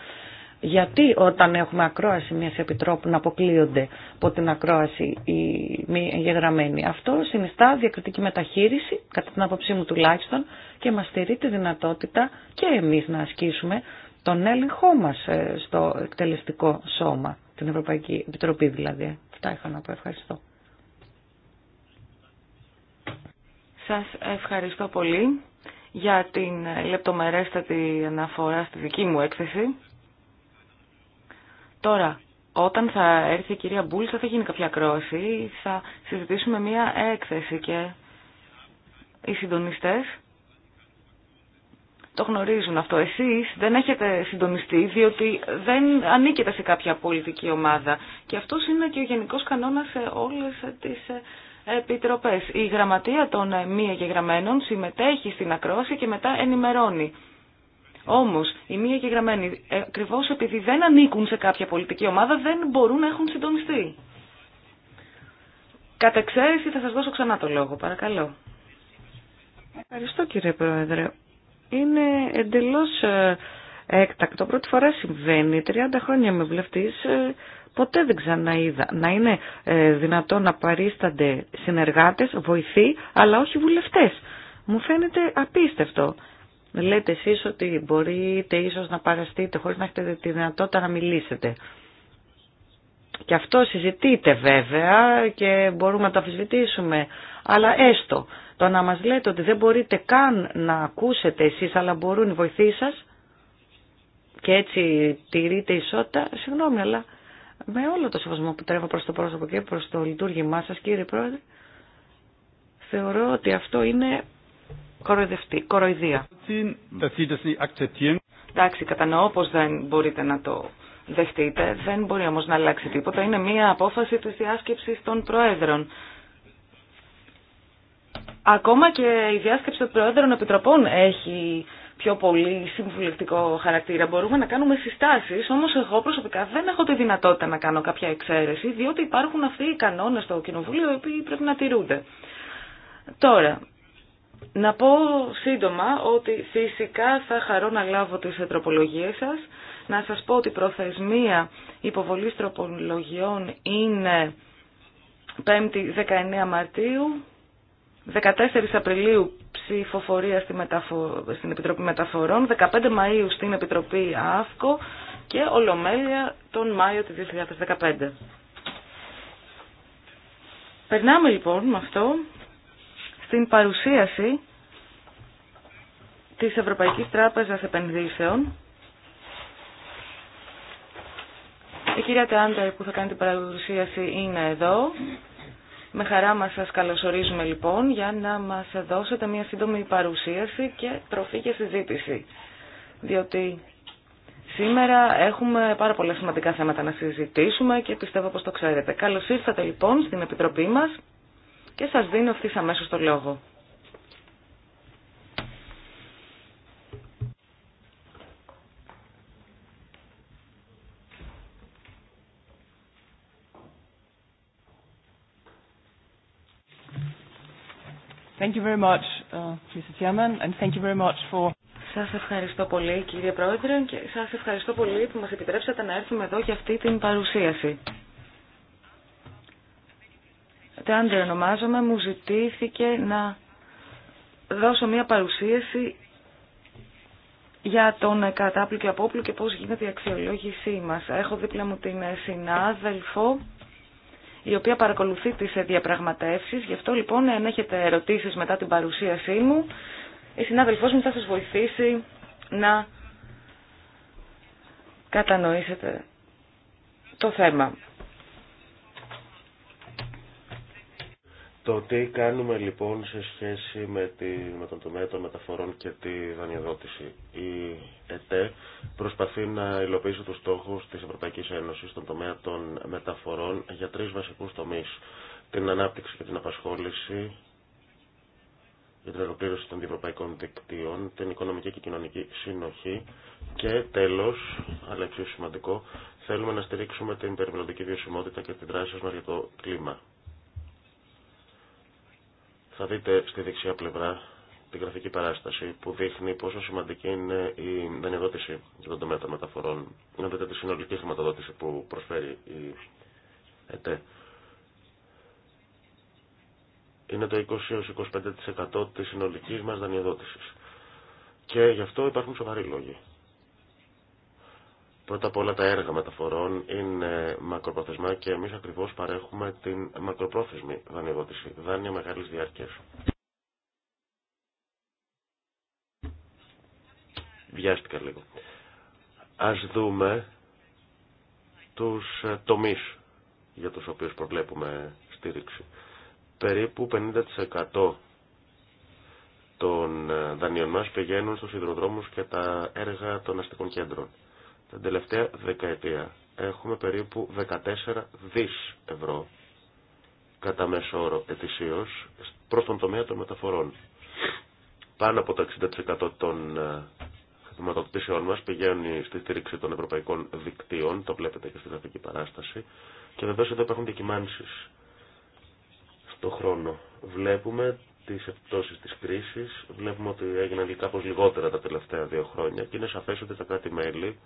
A: γιατί όταν έχουμε ακρόαση μιας επιτρόπου να αποκλείονται από την ακρόαση οι μη εγγεγραμμένοι. Αυτό συνιστά διακριτική μεταχείριση, κατά την άποψή μου τουλάχιστον, και μας στηρεί τη δυνατότητα και εμείς να ασκήσουμε τον έλεγχό μας ε, στο εκτελεστικό σώμα, την Ευρωπαϊκή Επιτροπή δηλαδή. Αυτά είχα να πω. Ευχαριστώ. Σας ευχαριστώ πολύ για την λεπτομερέστατη αναφορά στη δική μου έκθεση. Τώρα, όταν θα έρθει η κυρία Μπούλ, θα γίνει κάποια ακρόαση, θα συζητήσουμε μία έκθεση και οι συντονιστές το γνωρίζουν αυτό. Εσείς δεν έχετε συντονιστεί διότι δεν ανήκετε σε κάποια πολιτική ομάδα. Και αυτό είναι και ο γενικός κανόνας σε όλες τις επιτροπές. Η γραμματεία των μη εγγεγραμμένων συμμετέχει στην ακρόαση και μετά ενημερώνει. Όμω, οι μία και γραμμένοι, ε, ακριβώ επειδή δεν ανήκουν σε κάποια πολιτική ομάδα, δεν μπορούν να έχουν συντονιστεί. Κατ' εξαίρεση θα σας δώσω ξανά το λόγο, παρακαλώ. Ευχαριστώ κύριε Πρόεδρε. Είναι εντελώς ε, έκτακτο. Πρώτη φορά συμβαίνει. 30 χρόνια με βουλευτή ε, Ποτέ δεν ξαναείδα να είναι δυνατό να παρίστανται συνεργάτες, βοηθοί, αλλά όχι βουλευτές. Μου φαίνεται απίστευτο. Λέτε εσείς ότι μπορείτε ίσως να παραστείτε χωρίς να έχετε τη δυνατότητα να μιλήσετε. Και αυτό συζητείτε βέβαια και μπορούμε να το αφισβητήσουμε. Αλλά έστω το να μας λέτε ότι δεν μπορείτε καν να ακούσετε εσείς αλλά μπορούν οι βοηθοί σας και έτσι τηρείτε ισότητα, συγγνώμη αλλά με όλο το σεβασμό που τρέφω προς το πρόσωπο και προς το λειτουργήμά σας κύριε Πρόεδρε θεωρώ ότι αυτό είναι κοροϊδία. Εντάξει, κατανοώ πως δεν μπορείτε να το δεχτείτε, δεν μπορεί όμως να αλλάξει τίποτα. Είναι μία απόφαση της διάσκεψης των Προέδρων. Ακόμα και η διάσκεψη των Προέδρων Επιτροπών έχει πιο πολύ συμβουλευτικό χαρακτήρα. Μπορούμε να κάνουμε συστάσεις, όμως εγώ προσωπικά δεν έχω τη δυνατότητα να κάνω κάποια εξαίρεση, διότι υπάρχουν αυτοί οι κανόνες στο Κοινοβούλιο, οι οποίοι πρέπει να τηρούνται. Τώρα, να πω σύντομα ότι φυσικά θα χαρώ να λάβω τις ετροπολογίες σας. Να σας πω ότι η προθεσμία υποβολής τροπολογιών είναι 5η 19 Μαρτίου, 14 Απριλίου ψηφοφορία στη στην Επιτροπή Μεταφορών, 15 Μαΐου στην Επιτροπή ΑΦΚΟ και Ολομέλεια τον Μάιο του 2015. Περνάμε λοιπόν με αυτό στην παρουσίαση της Ευρωπαϊκής Τράπεζας Επενδύσεων. Η κυρία Τεάντα που θα κάνει την παρουσίαση είναι εδώ. Με χαρά μας σας καλωσορίζουμε λοιπόν για να μας δώσετε μια σύντομη παρουσίαση και τροφή και συζήτηση. Διότι σήμερα έχουμε πάρα πολλά σημαντικά θέματα να συζητήσουμε και πιστεύω πως το ξέρετε. Καλώς ήρθατε λοιπόν στην Επιτροπή μας και σας δίνω αυτή αμέσως το λόγο. Thank you very much, uh, Mr. Chairman, and thank you very much for... Σας ευχαριστώ πολύ κύριε Πρόεδρε και σας ευχαριστώ πολύ που μας επιτρέψατε να έρθουμε εδώ για αυτή την παρουσίαση δεν ονομάζομαι, μου ζητήθηκε να δώσω μια παρουσίαση για τον κατάπλου και και πώς γίνεται η αξιολόγησή μας. Έχω δίπλα μου την συνάδελφο η οποία παρακολουθεί τις διαπραγματεύσεις. Γι' αυτό λοιπόν αν έχετε ερωτήσεις μετά την παρουσίασή μου, η συνάδελφός μου θα σας βοηθήσει να κατανοήσετε το θέμα.
C: Το τι κάνουμε λοιπόν σε σχέση με, τη, με τον τομέα των μεταφορών και τη δανειοδότηση. Η ΕΤΕ προσπαθεί να υλοποιήσει τους στόχους της Ευρωπαϊκής Ένωσης στον τομέα των μεταφορών για τρεις βασικούς τομείς. Την ανάπτυξη και την απασχόληση, για την ολοκλήρωση των διευρωπαϊκών δικτύων, την οικονομική και κοινωνική συνοχή και τέλος, αλλά εξίσου σημαντικό, θέλουμε να στηρίξουμε την περιβαλλοντική βιωσιμότητα και την δράση μας για το κλίμα. Θα δείτε στη δεξιά πλευρά την γραφική παράσταση που δείχνει πόσο σημαντική είναι η δανειοδότηση για τον τομέα των μεταφορών. Να δείτε τη συνολική χρηματοδότηση που προσφέρει η ΕΤΕ. Είναι το 20-25% της συνολικής μας δανειοδότησης. Και γι' αυτό υπάρχουν σοβαροί λόγοι Πρώτα απ' όλα τα έργα μεταφορών είναι μακροπρόθεσμα και εμείς ακριβώς παρέχουμε την μακροπρόθεσμη δανειοδότηση, δάνεια μεγάλης διάρκειας. Βιάστηκα λίγο. Ας δούμε τους ε, τομείς για τους οποίους προβλέπουμε στήριξη. Περίπου 50% των ε, δανείων μας πηγαίνουν στους υδροδρόμους και τα έργα των αστικών κέντρων. Την τελευταία δεκαετία έχουμε περίπου 14 δις ευρώ κατά μέσο όρο ετησίως προς τον τομέα των μεταφορών. Πάνω από το 60% των ε, χρηματοδοτήσεών μας πηγαίνει στη στήριξη των ευρωπαϊκών δικτύων, το βλέπετε και στη γραφική παράσταση, και βεβαίω εδώ υπάρχουν δικημάνσεις στο χρόνο. Βλέπουμε τις επιπτώσεις της κρίσης, βλέπουμε ότι έγιναν κάπως λιγότερα τα τελευταία δύο χρόνια και είναι σαφές ότι τα κράτη-μέλη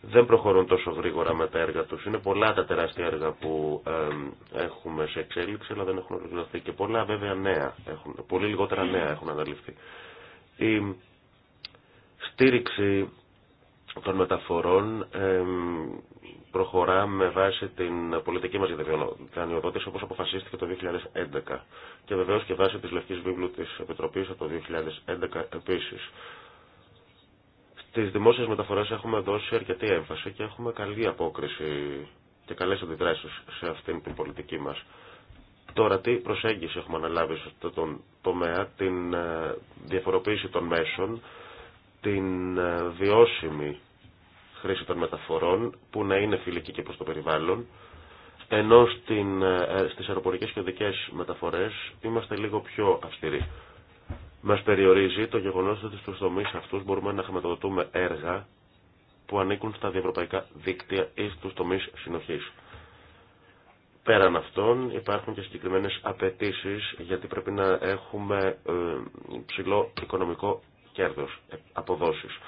C: δεν προχωρούν τόσο γρήγορα με τα έργα τους. Είναι πολλά τα τεράστια έργα που έχουμε σε εξέλιξη, αλλά δεν έχουν ολοκληρωθεί. Και πολλά βέβαια νέα, έχουν, πολύ λιγότερα νέα έχουν αναλυφθεί. Η στήριξη των μεταφορών προχωρά με βάση την πολιτική μας για όπως αποφασίστηκε το 2011 και βεβαίως και βάσει της Λευκής Βίβλου της Επιτροπής από το 2011 επίσης στις δημόσιες μεταφορές έχουμε δώσει αρκετή έμφαση και έχουμε καλή απόκριση και καλέ αντιδράσει σε αυτήν την πολιτική μας. Τώρα τι προσέγγιση έχουμε αναλάβει σε αυτόν τον τομέα, την ε, διαφοροποίηση των μέσων, την ε, βιώσιμη χρήση των μεταφορών που να είναι φιλική και προς το περιβάλλον, ενώ στην, ε, στις αεροπορικές και οδικές μεταφορές είμαστε λίγο πιο αυστηροί. Μα περιορίζει το γεγονός ότι στους τομείς αυτούς μπορούμε να χρηματοδοτούμε έργα που ανήκουν στα διευρωπαϊκά δίκτυα ή στους τομείς συνοχή. Πέραν αυτών υπάρχουν και συγκεκριμένες απαιτήσει γιατί πρέπει να έχουμε ε, ψηλό οικονομικό κέρδος, ε, αποδόσεις.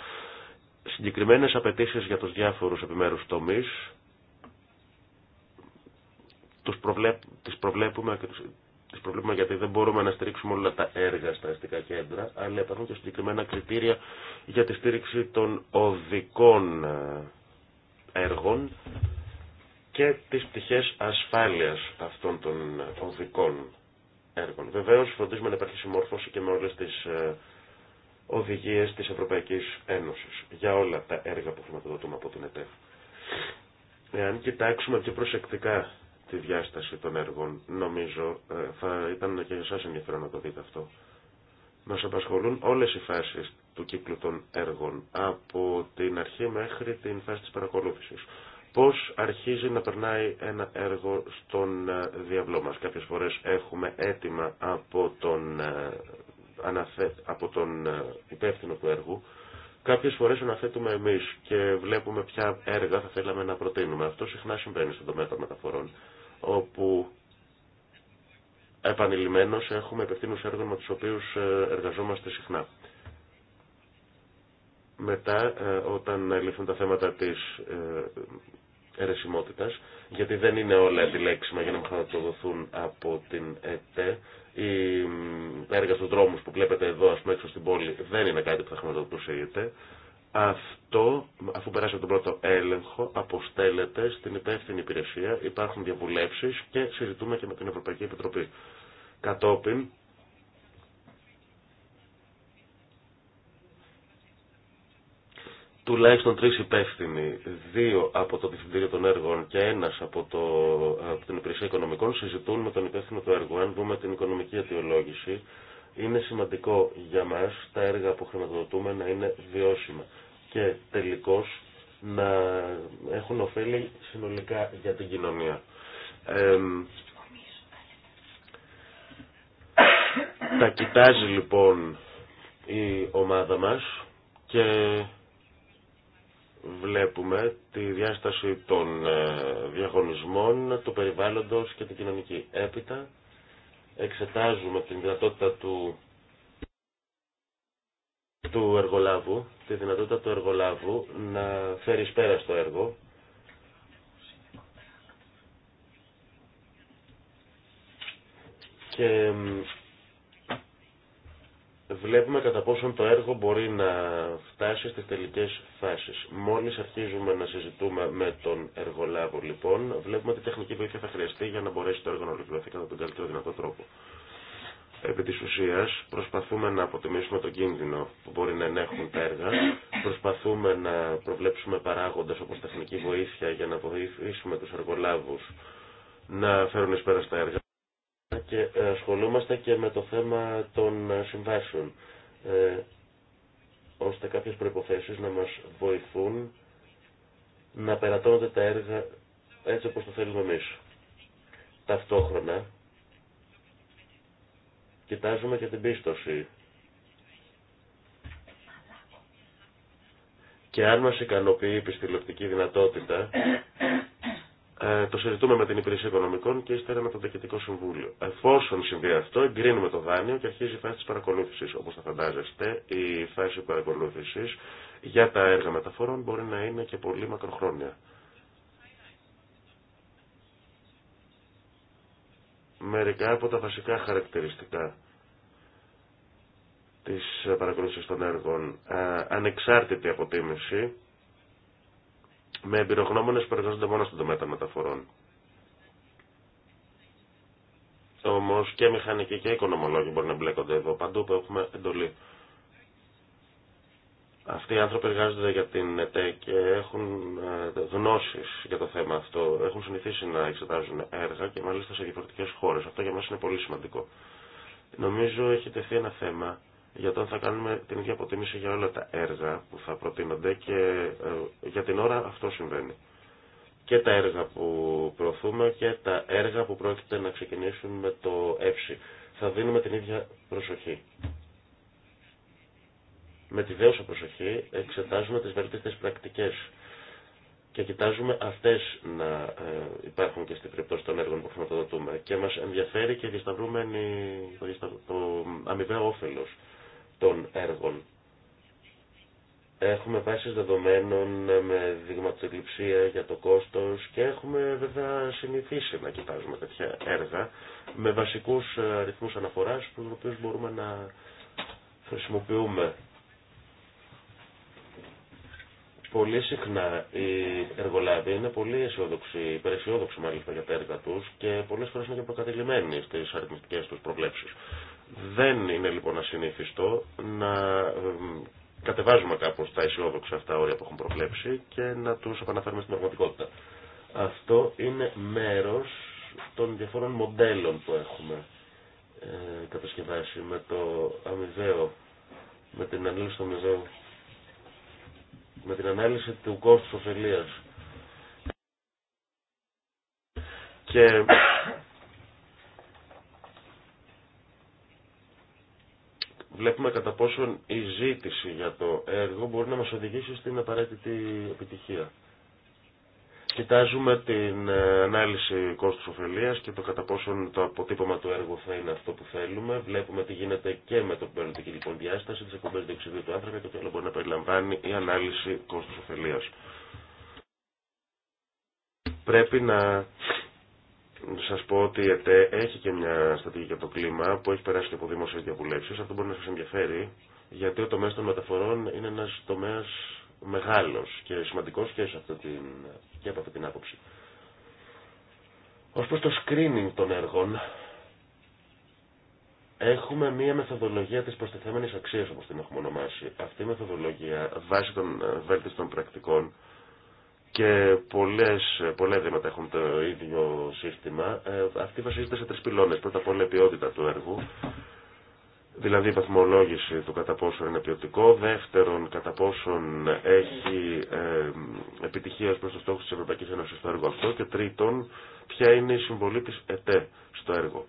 C: Συγκεκριμένες απαιτήσει για τους διάφορους επιμέρου τομεί τις προβλέπουμε και τις προβλήματα γιατί δεν μπορούμε να στηρίξουμε όλα τα έργα στα αστικά κέντρα, αλλά υπάρχουν και συγκεκριμένα κριτήρια για τη στήριξη των οδικών ε, έργων και τις πτυχές ασφάλειας αυτών των οδικών έργων. Βεβαίως φροντίζουμε να υπάρχει συμμόρφωση και με όλες τις ε, οδηγίες της Ευρωπαϊκής Ένωσης για όλα τα έργα που χρηματοδοτούμε από την ΕΤΕΦ. Εάν κοιτάξουμε πιο προσεκτικά τη διάσταση των έργων. Νομίζω ε, θα ήταν και για εσάς ενδιαφέρον να το δείτε αυτό. Μας απασχολούν όλες οι φάσεις του κύκλου των έργων, από την αρχή μέχρι την φάση της παρακολούθησης. Πώς αρχίζει να περνάει ένα έργο στον ε, διαβλό μας. Κάποιες φορές έχουμε έτοιμα από τον, ε, από τον υπεύθυνο του έργου, Κάποιες φορές αναθέτουμε εμείς και βλέπουμε ποια έργα θα θέλαμε να προτείνουμε. Αυτό συχνά συμβαίνει στον τομέα των μεταφορών όπου επανειλημμένως έχουμε επευθύνους έργων με τους οποίους ε, εργαζόμαστε συχνά. Μετά, ε, όταν λύθουν τα θέματα της ερεσιμότητας, γιατί δεν είναι όλα επιλέξιμα για να χρηματοδοθούν από την ΕΤΕ, οι έργα στους δρόμους που βλέπετε εδώ, ας πούμε, έξω στην πόλη, δεν είναι κάτι που θα χρηματοδοτούσε η ΕΤΕ, αυτό, αφού περάσει από τον πρώτο έλεγχο, αποστέλλεται στην υπεύθυνη υπηρεσία, υπάρχουν διαβουλεύσεις και συζητούμε και με την Ευρωπαϊκή Επιτροπή. Κατόπιν, τουλάχιστον τρεις υπεύθυνοι, δύο από το Διευθυντήριο των Έργων και ένας από, από την Υπηρεσία Οικονομικών συζητούν με τον υπεύθυνο του έργου. Αν δούμε την οικονομική αιτιολόγηση, είναι σημαντικό για μας τα έργα που χρηματοδοτούμε να είναι βιώσιμα και τελικώς να έχουν ωφέλη συνολικά για την κοινωνία. τα κοιτάζει λοιπόν η ομάδα μας και βλέπουμε τη διάσταση των ε, διαγωνισμών, του περιβάλλοντος και την κοινωνική έπειτα εξετάζουμε την δυνατότητα του, του εργολάβου, τη δυνατότητα του εργολάβου να φέρει πέρα στο έργο. Και βλέπουμε κατά πόσον το έργο μπορεί να φτάσει στις τελικές φάσεις. Μόλις αρχίζουμε να συζητούμε με τον εργολάβο λοιπόν, βλέπουμε ότι τεχνική βοήθεια θα χρειαστεί για να μπορέσει το έργο να ολοκληρωθεί κατά τον καλύτερο δυνατό τρόπο. Επί της ουσίας προσπαθούμε να αποτιμήσουμε τον κίνδυνο που μπορεί να ενέχουν τα έργα, προσπαθούμε να προβλέψουμε παράγοντες όπως τεχνική βοήθεια για να βοηθήσουμε τους εργολάβους να φέρουν εις πέρα στα έργα και ε, ασχολούμαστε και με το θέμα των ε, συμβάσεων, ε, ώστε κάποιες προϋποθέσεις να μας βοηθούν να περατώνονται τα έργα έτσι όπως το θέλουμε εμείς. Ταυτόχρονα, κοιτάζουμε και την πίστοση. Και αν μας ικανοποιεί η δυνατότητα, ε, το συζητούμε με την Υπηρεσία Οικονομικών και ύστερα με το Διοικητικό Συμβούλιο. Εφόσον συμβεί αυτό, εγκρίνουμε το δάνειο και αρχίζει η φάση τη παρακολούθηση. Όπω θα φαντάζεστε, η φάση παρακολούθηση για τα έργα μεταφορών μπορεί να είναι και πολύ μακροχρόνια. Μερικά από τα βασικά χαρακτηριστικά της παρακολούθησης των έργων, ε, ανεξάρτητη αποτίμηση, με εμπειρογνώμονες που εργάζονται μόνο στον τομέα των μεταφορών. Όμως και μηχανικοί και οικονομολόγοι μπορεί να μπλέκονται εδώ, παντού που έχουμε εντολή. Αυτοί οι άνθρωποι εργάζονται για την ΕΤΕ και έχουν ε, γνώσεις για το θέμα αυτό. Έχουν συνηθίσει να εξετάζουν έργα και μάλιστα σε διαφορετικέ χώρες. Αυτό για μας είναι πολύ σημαντικό. Νομίζω έχει τεθεί ένα θέμα για το αν θα κάνουμε την ίδια αποτίμηση για όλα τα έργα που θα προτείνονται και ε, για την ώρα αυτό συμβαίνει. Και τα έργα που προωθούμε και τα έργα που πρόκειται να ξεκινήσουν με το ΕΨΙ. Θα δίνουμε την ίδια προσοχή. Με τη δέουσα προσοχή εξετάζουμε τις βελτίστες πρακτικές και κοιτάζουμε αυτές να ε, υπάρχουν και στην περιπτώση των έργων που χρηματοδοτούμε. Και μας ενδιαφέρει και το, το αμοιβαίο όφελος των έργων. Έχουμε βάσει δεδομένων με δειγματοληψία για το κόστος και έχουμε βέβαια συνηθίσει να κοιτάζουμε τέτοια έργα με βασικούς αριθμούς αναφοράς τους οποίους μπορούμε να χρησιμοποιούμε. Πολύ συχνά οι εργολάβοι είναι πολύ αισιόδοξοι, υπεραισιόδοξοι μάλιστα για τα έργα τους και πολλές φορές είναι και προκατελημένοι στις αριθμιστικές τους προβλέψεις. Δεν είναι λοιπόν ασυνήθιστο να κατεβάζουμε κάπως τα αισιόδοξα αυτά όρια που έχουν προβλέψει και να τους επαναφέρουμε στην πραγματικότητα. Αυτό είναι μέρος των διαφόρων μοντέλων που έχουμε ε, κατασκευάσει με το αμοιβαίο, με την ανάλυση του αμοιβαίου, με την ανάλυση του κόστους ωφελίας. Και βλέπουμε κατά πόσον η ζήτηση για το έργο μπορεί να μας οδηγήσει στην απαραίτητη επιτυχία. Κοιτάζουμε την ε, ανάλυση κόστους ωφελίας και το κατά πόσον το αποτύπωμα του έργου θα είναι αυτό που θέλουμε. Βλέπουμε τι γίνεται και με το περιοδική λοιπόν διάσταση, τις εκπομπές διοξιδίου του άνθρακα και το άλλο μπορεί να περιλαμβάνει η ανάλυση κόστους ωφελίας. Πρέπει να σας πω ότι η ΕΤΕ έχει και μια στρατηγική για το κλίμα που έχει περάσει και από δημόσιες διαβουλεύσεις. Αυτό μπορεί να σας ενδιαφέρει, γιατί ο τομέας των μεταφορών είναι ένας τομέας μεγάλος και σημαντικός και, και από αυτή την άποψη. Ως προς το screening των έργων, έχουμε μία μεθοδολογία της προστιθέμενης αξίας όπως την έχουμε ονομάσει. Αυτή η μεθοδολογία βάσει των ε, βέλτιστων πρακτικών και πολλές, πολλά ιδρύματα έχουν το ίδιο σύστημα. Ε, αυτή βασίζεται σε τρεις πυλώνες. Πρώτα απ' όλα η ποιότητα του έργου, δηλαδή η βαθμολόγηση του κατά πόσο είναι ποιοτικό. Δεύτερον, κατά πόσον έχει ε, επιτυχία προς το στόχο της Ευρωπαϊκής Ένωσης στο έργο αυτό. Και τρίτον, ποια είναι η συμβολή της ΕΤΕ στο έργο.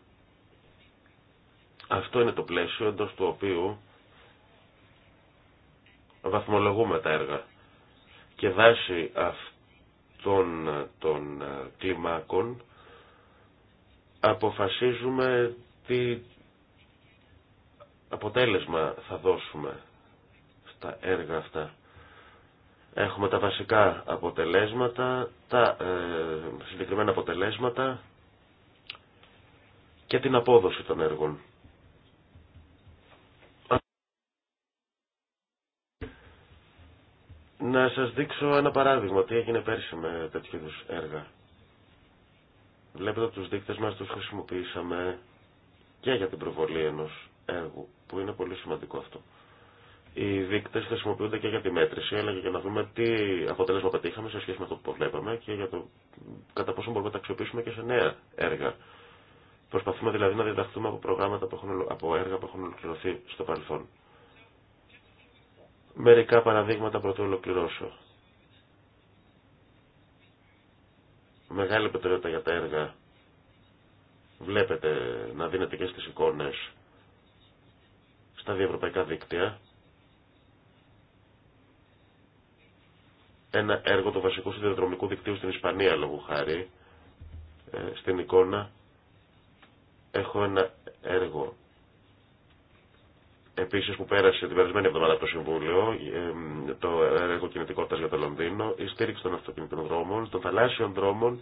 C: Αυτό είναι το πλαίσιο εντός του οποίου βαθμολογούμε τα έργα. Και βάσει αυτού των των ε, κλιμάκων αποφασίζουμε τι αποτέλεσμα θα δώσουμε στα έργα αυτά. Έχουμε τα βασικά αποτελέσματα, τα ε, συγκεκριμένα αποτελέσματα και την απόδοση των έργων. Να σας δείξω ένα παράδειγμα, τι έγινε πέρσι με τέτοιου είδους έργα. Βλέπετε ότι τους δείκτες μας τους χρησιμοποιήσαμε και για την προβολή ενός έργου, που είναι πολύ σημαντικό αυτό. Οι δείκτες χρησιμοποιούνται και για τη μέτρηση, αλλά και για να δούμε τι αποτέλεσμα πετύχαμε σε σχέση με αυτό που βλέπαμε και για το κατά πόσο μπορούμε να τα αξιοποιήσουμε και σε νέα έργα. Προσπαθούμε δηλαδή να διδαχθούμε από, προγράμματα που έχουν, από έργα που έχουν ολοκληρωθεί στο παρελθόν. Μερικά παραδείγματα πρωτού ολοκληρώσω. Μεγάλη προτεραιότητα για τα έργα. Βλέπετε να δίνετε και στις εικόνες στα διευρωπαϊκά δίκτυα. Ένα έργο του βασικού σιδηροδρομικού δικτύου στην Ισπανία, λόγω χάρη, ε, στην εικόνα έχω ένα έργο επίσης που πέρασε την περασμένη εβδομάδα από το Συμβούλιο, το έργο κινητικότητας για το Λονδίνο, η στήριξη των αυτοκινητών δρόμων, των θαλάσσιων δρόμων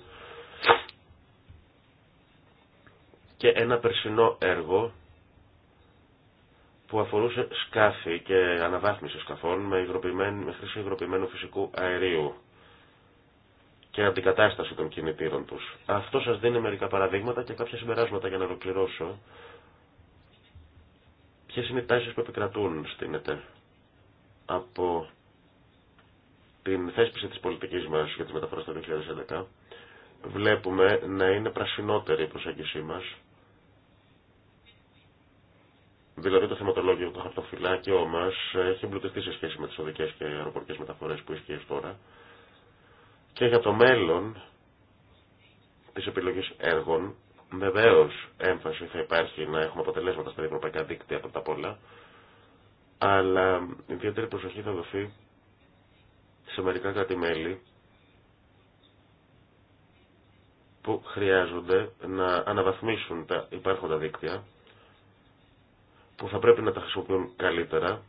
C: και ένα περσινό έργο που αφορούσε σκάφη και αναβάθμιση σκαφών με, με χρήση υγροποιημένου φυσικού αερίου και αντικατάσταση των κινητήρων τους. Αυτό σας δίνει μερικά παραδείγματα και κάποια συμπεράσματα για να ολοκληρώσω ποιε είναι οι τάσει που επικρατούν στην ΕΤΕ από την θέσπιση της πολιτικής μα για τι μεταφορέ το 2011 βλέπουμε να είναι πρασινότερη η προσέγγιση μα, Δηλαδή το θεματολόγιο, το χαρτοφυλάκιό μα έχει εμπλουτιστεί σε σχέση με τι οδικέ και αεροπορικέ μεταφορέ που ισχύει τώρα. Και για το μέλλον τη επιλογή έργων Βεβαίω έμφαση θα υπάρχει να έχουμε αποτελέσματα στα ευρωπαϊκά δίκτυα από τα πολλά, αλλά ιδιαίτερη προσοχή θα δοθεί σε μερικά κράτη-μέλη που χρειάζονται να αναβαθμίσουν τα υπάρχοντα δίκτυα που θα πρέπει να τα χρησιμοποιούν καλύτερα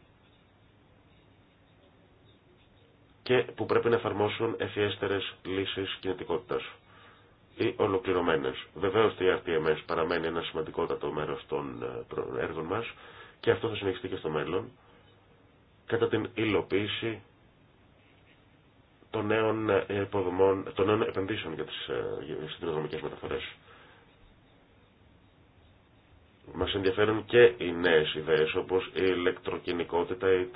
C: και που πρέπει να εφαρμόσουν ευφιέστερες λύσεις κινητικότητας ή ολοκληρωμένες. Βεβαίως το ERTMS παραμένει ένα σημαντικότατο μέρος των ε, έργων μας και αυτό θα συνεχιστεί και στο μέλλον κατά την υλοποίηση των νέων, ε, επενδύσεων για τις ε, συνδρομικές μεταφορές. Μας ενδιαφέρουν και οι νέες ιδέες όπως η ηλεκτροκινικότητα ή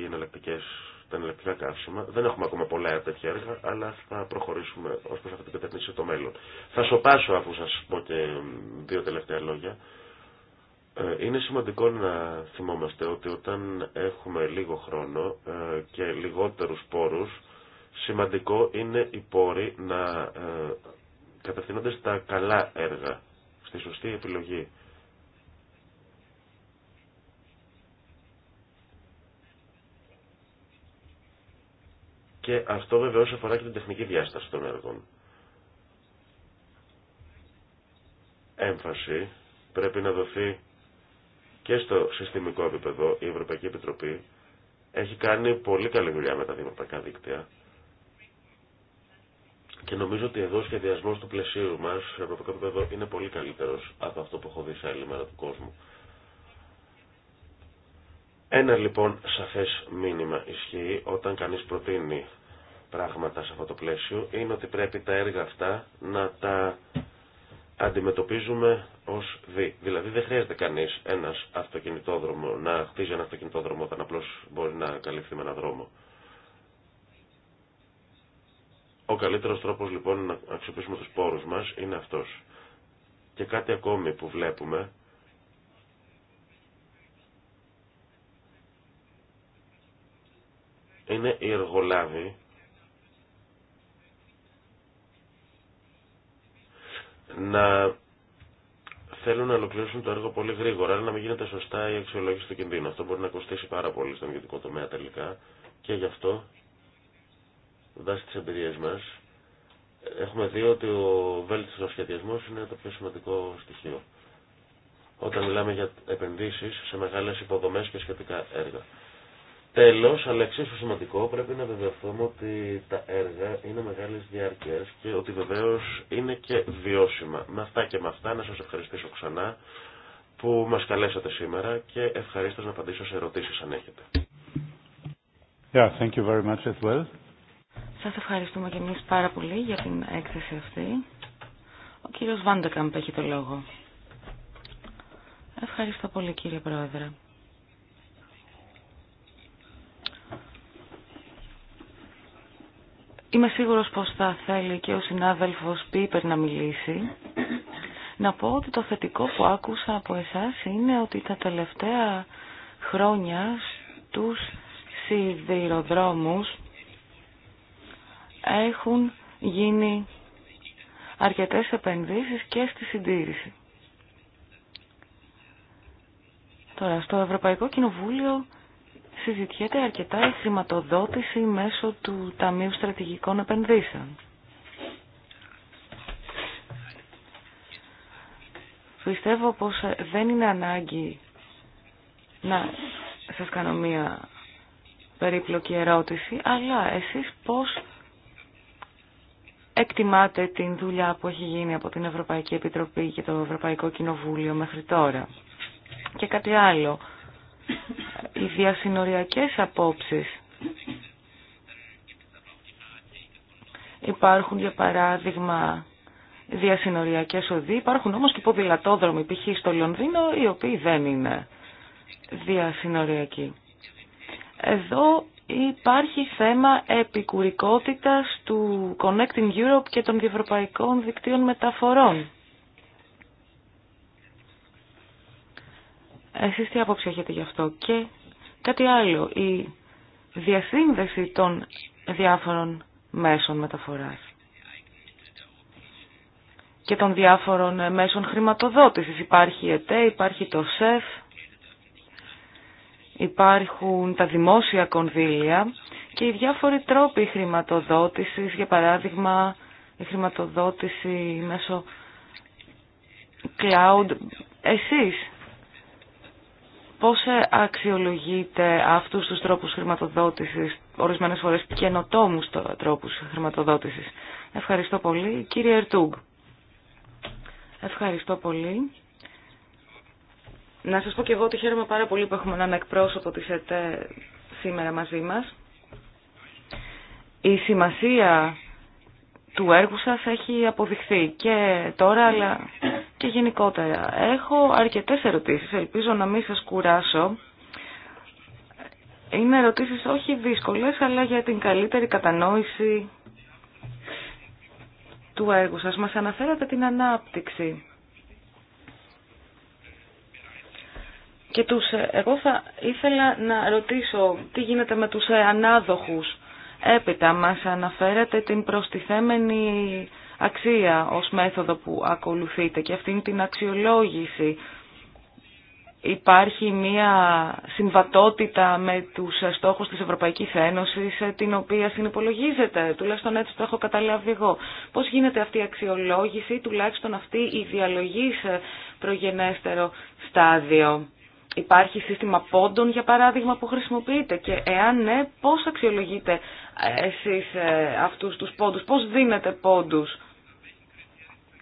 C: οι εναλλακτικές τα εναλλακτικά καύσιμα. Δεν έχουμε ακόμα πολλά τέτοια έργα, αλλά θα προχωρήσουμε ω προ αυτή την κατεύθυνση στο μέλλον. Θα σοπάσω αφού σα πω και δύο τελευταία λόγια. Ε, είναι σημαντικό να θυμόμαστε ότι όταν έχουμε λίγο χρόνο ε, και λιγότερους πόρους, σημαντικό είναι οι πόροι να ε, κατευθύνονται στα καλά έργα, στη σωστή επιλογή. Και αυτό βεβαίω αφορά και την τεχνική διάσταση των έργων. Έμφαση πρέπει να δοθεί και στο συστημικό επίπεδο. Η Ευρωπαϊκή Επιτροπή έχει κάνει πολύ καλή δουλειά με τα δημοτικά δίκτυα. Και νομίζω ότι εδώ ο σχεδιασμό του πλαισίου μα σε ευρωπαϊκό επίπεδο είναι πολύ καλύτερο από αυτό που έχω δει σε άλλη μέρα του κόσμου. Ένα λοιπόν σαφές μήνυμα ισχύει όταν κανείς προτείνει πράγματα σε αυτό το πλαίσιο είναι ότι πρέπει τα έργα αυτά να τα αντιμετωπίζουμε ως δι. Δηλαδή δεν χρειάζεται κανείς ένας αυτοκινητόδρομο να χτίζει ένα αυτοκινητόδρομο όταν απλώς μπορεί να καλυφθεί με έναν δρόμο. Ο καλύτερος τρόπος λοιπόν να αξιοποιήσουμε τους πόρους μας είναι αυτός. Και κάτι ακόμη που βλέπουμε είναι οι εργολάβοι να θέλουν να ολοκληρώσουν το έργο πολύ γρήγορα, αλλά να μην γίνεται σωστά η αξιολόγηση του κινδύνου. Αυτό μπορεί να κοστίσει πάρα πολύ στον ιδιωτικό τομέα τελικά και γι' αυτό, βάσει τι εμπειρίε μα, έχουμε δει ότι ο βέλτιστο σχεδιασμό είναι το πιο σημαντικό στοιχείο. Όταν μιλάμε για επενδύσει σε μεγάλε υποδομέ και σχετικά έργα. Τέλος, αλλά εξίσου σημαντικό, πρέπει να βεβαιωθούμε ότι τα έργα είναι μεγάλες διάρκειες και ότι βεβαίως είναι και βιώσιμα. Με αυτά και με αυτά να σας ευχαριστήσω ξανά που μας καλέσατε σήμερα και ευχαρίστως να απαντήσω σε ερωτήσεις αν έχετε. Yeah, thank you very much as well.
A: Σας ευχαριστούμε και εμείς πάρα πολύ για την έκθεση αυτή. Ο κύριος Βάντεκαμπ έχει το λόγο. Ευχαριστώ πολύ κύριε Πρόεδρε. Είμαι σίγουρος πως θα θέλει και ο συνάδελφος Πίπερ να μιλήσει. Να πω ότι το θετικό που άκουσα από εσάς είναι ότι τα τελευταία χρόνια στους σιδηροδρόμους έχουν γίνει αρκετές επενδύσεις και στη συντήρηση. Τώρα, στο Ευρωπαϊκό Κοινοβούλιο συζητιέται αρκετά η χρηματοδότηση μέσω του Ταμείου Στρατηγικών Επενδύσεων. Πιστεύω πως ε, δεν είναι ανάγκη να σας κάνω μία περίπλοκη ερώτηση, αλλά εσείς πώς εκτιμάτε την δουλειά που έχει γίνει από την Ευρωπαϊκή Επιτροπή και το Ευρωπαϊκό Κοινοβούλιο μέχρι τώρα. Και κάτι άλλο, οι διασυνοριακές απόψεις. Υπάρχουν για παράδειγμα διασυνοριακές οδοί, υπάρχουν όμως και ποδηλατόδρομοι π.χ. στο Λονδίνο οι οποίοι δεν είναι διασυνοριακοί. Εδώ υπάρχει θέμα επικουρικότητας του Connecting Europe και των διευρωπαϊκών δικτύων μεταφορών. Εσείς τι άποψη έχετε γι' αυτό. Και κάτι άλλο, η διασύνδεση των διάφορων μέσων μεταφοράς και των διάφορων μέσων χρηματοδότησης. Υπάρχει η ΕΤΕ, υπάρχει το ΣΕΦ, υπάρχουν τα δημόσια κονδύλια και οι διάφοροι τρόποι χρηματοδότησης, για παράδειγμα η χρηματοδότηση μέσω cloud. Εσείς Πώς ε, αξιολογείτε αυτούς τους τρόπους χρηματοδότησης, ορισμένες φορές καινοτόμους τρόπους χρηματοδότησης. Ευχαριστώ πολύ. Κύριε Ερτούγκ. Ευχαριστώ πολύ. Να σας πω και εγώ ότι χαίρομαι πάρα πολύ που έχουμε έναν εκπρόσωπο της ΕΤΕ σήμερα μαζί μας. Η σημασία του έργου σας έχει αποδειχθεί και τώρα αλλά και γενικότερα. Έχω αρκετές ερωτήσεις, ελπίζω να μην σας κουράσω. Είναι ερωτήσεις όχι δύσκολες, αλλά για την καλύτερη κατανόηση του έργου σας. Μας αναφέρατε την ανάπτυξη. Και τους, ε, εγώ θα ήθελα να ρωτήσω τι γίνεται με τους ε, ανάδοχους. Έπειτα μας αναφέρατε την προστιθέμενη αξία ως μέθοδο που ακολουθείτε και αυτήν την αξιολόγηση. Υπάρχει μία συμβατότητα με τους στόχους της Ευρωπαϊκής Ένωσης την οποία συνυπολογίζεται, τουλάχιστον έτσι το έχω καταλάβει εγώ. Πώς γίνεται αυτή η αξιολόγηση, τουλάχιστον αυτή η διαλογή σε προγενέστερο στάδιο. Υπάρχει σύστημα πόντων, για παράδειγμα, που χρησιμοποιείτε και εάν ναι, πώς αξιολογείτε εσείς ε, αυτούς τους πόντους, πώς δίνετε πόντους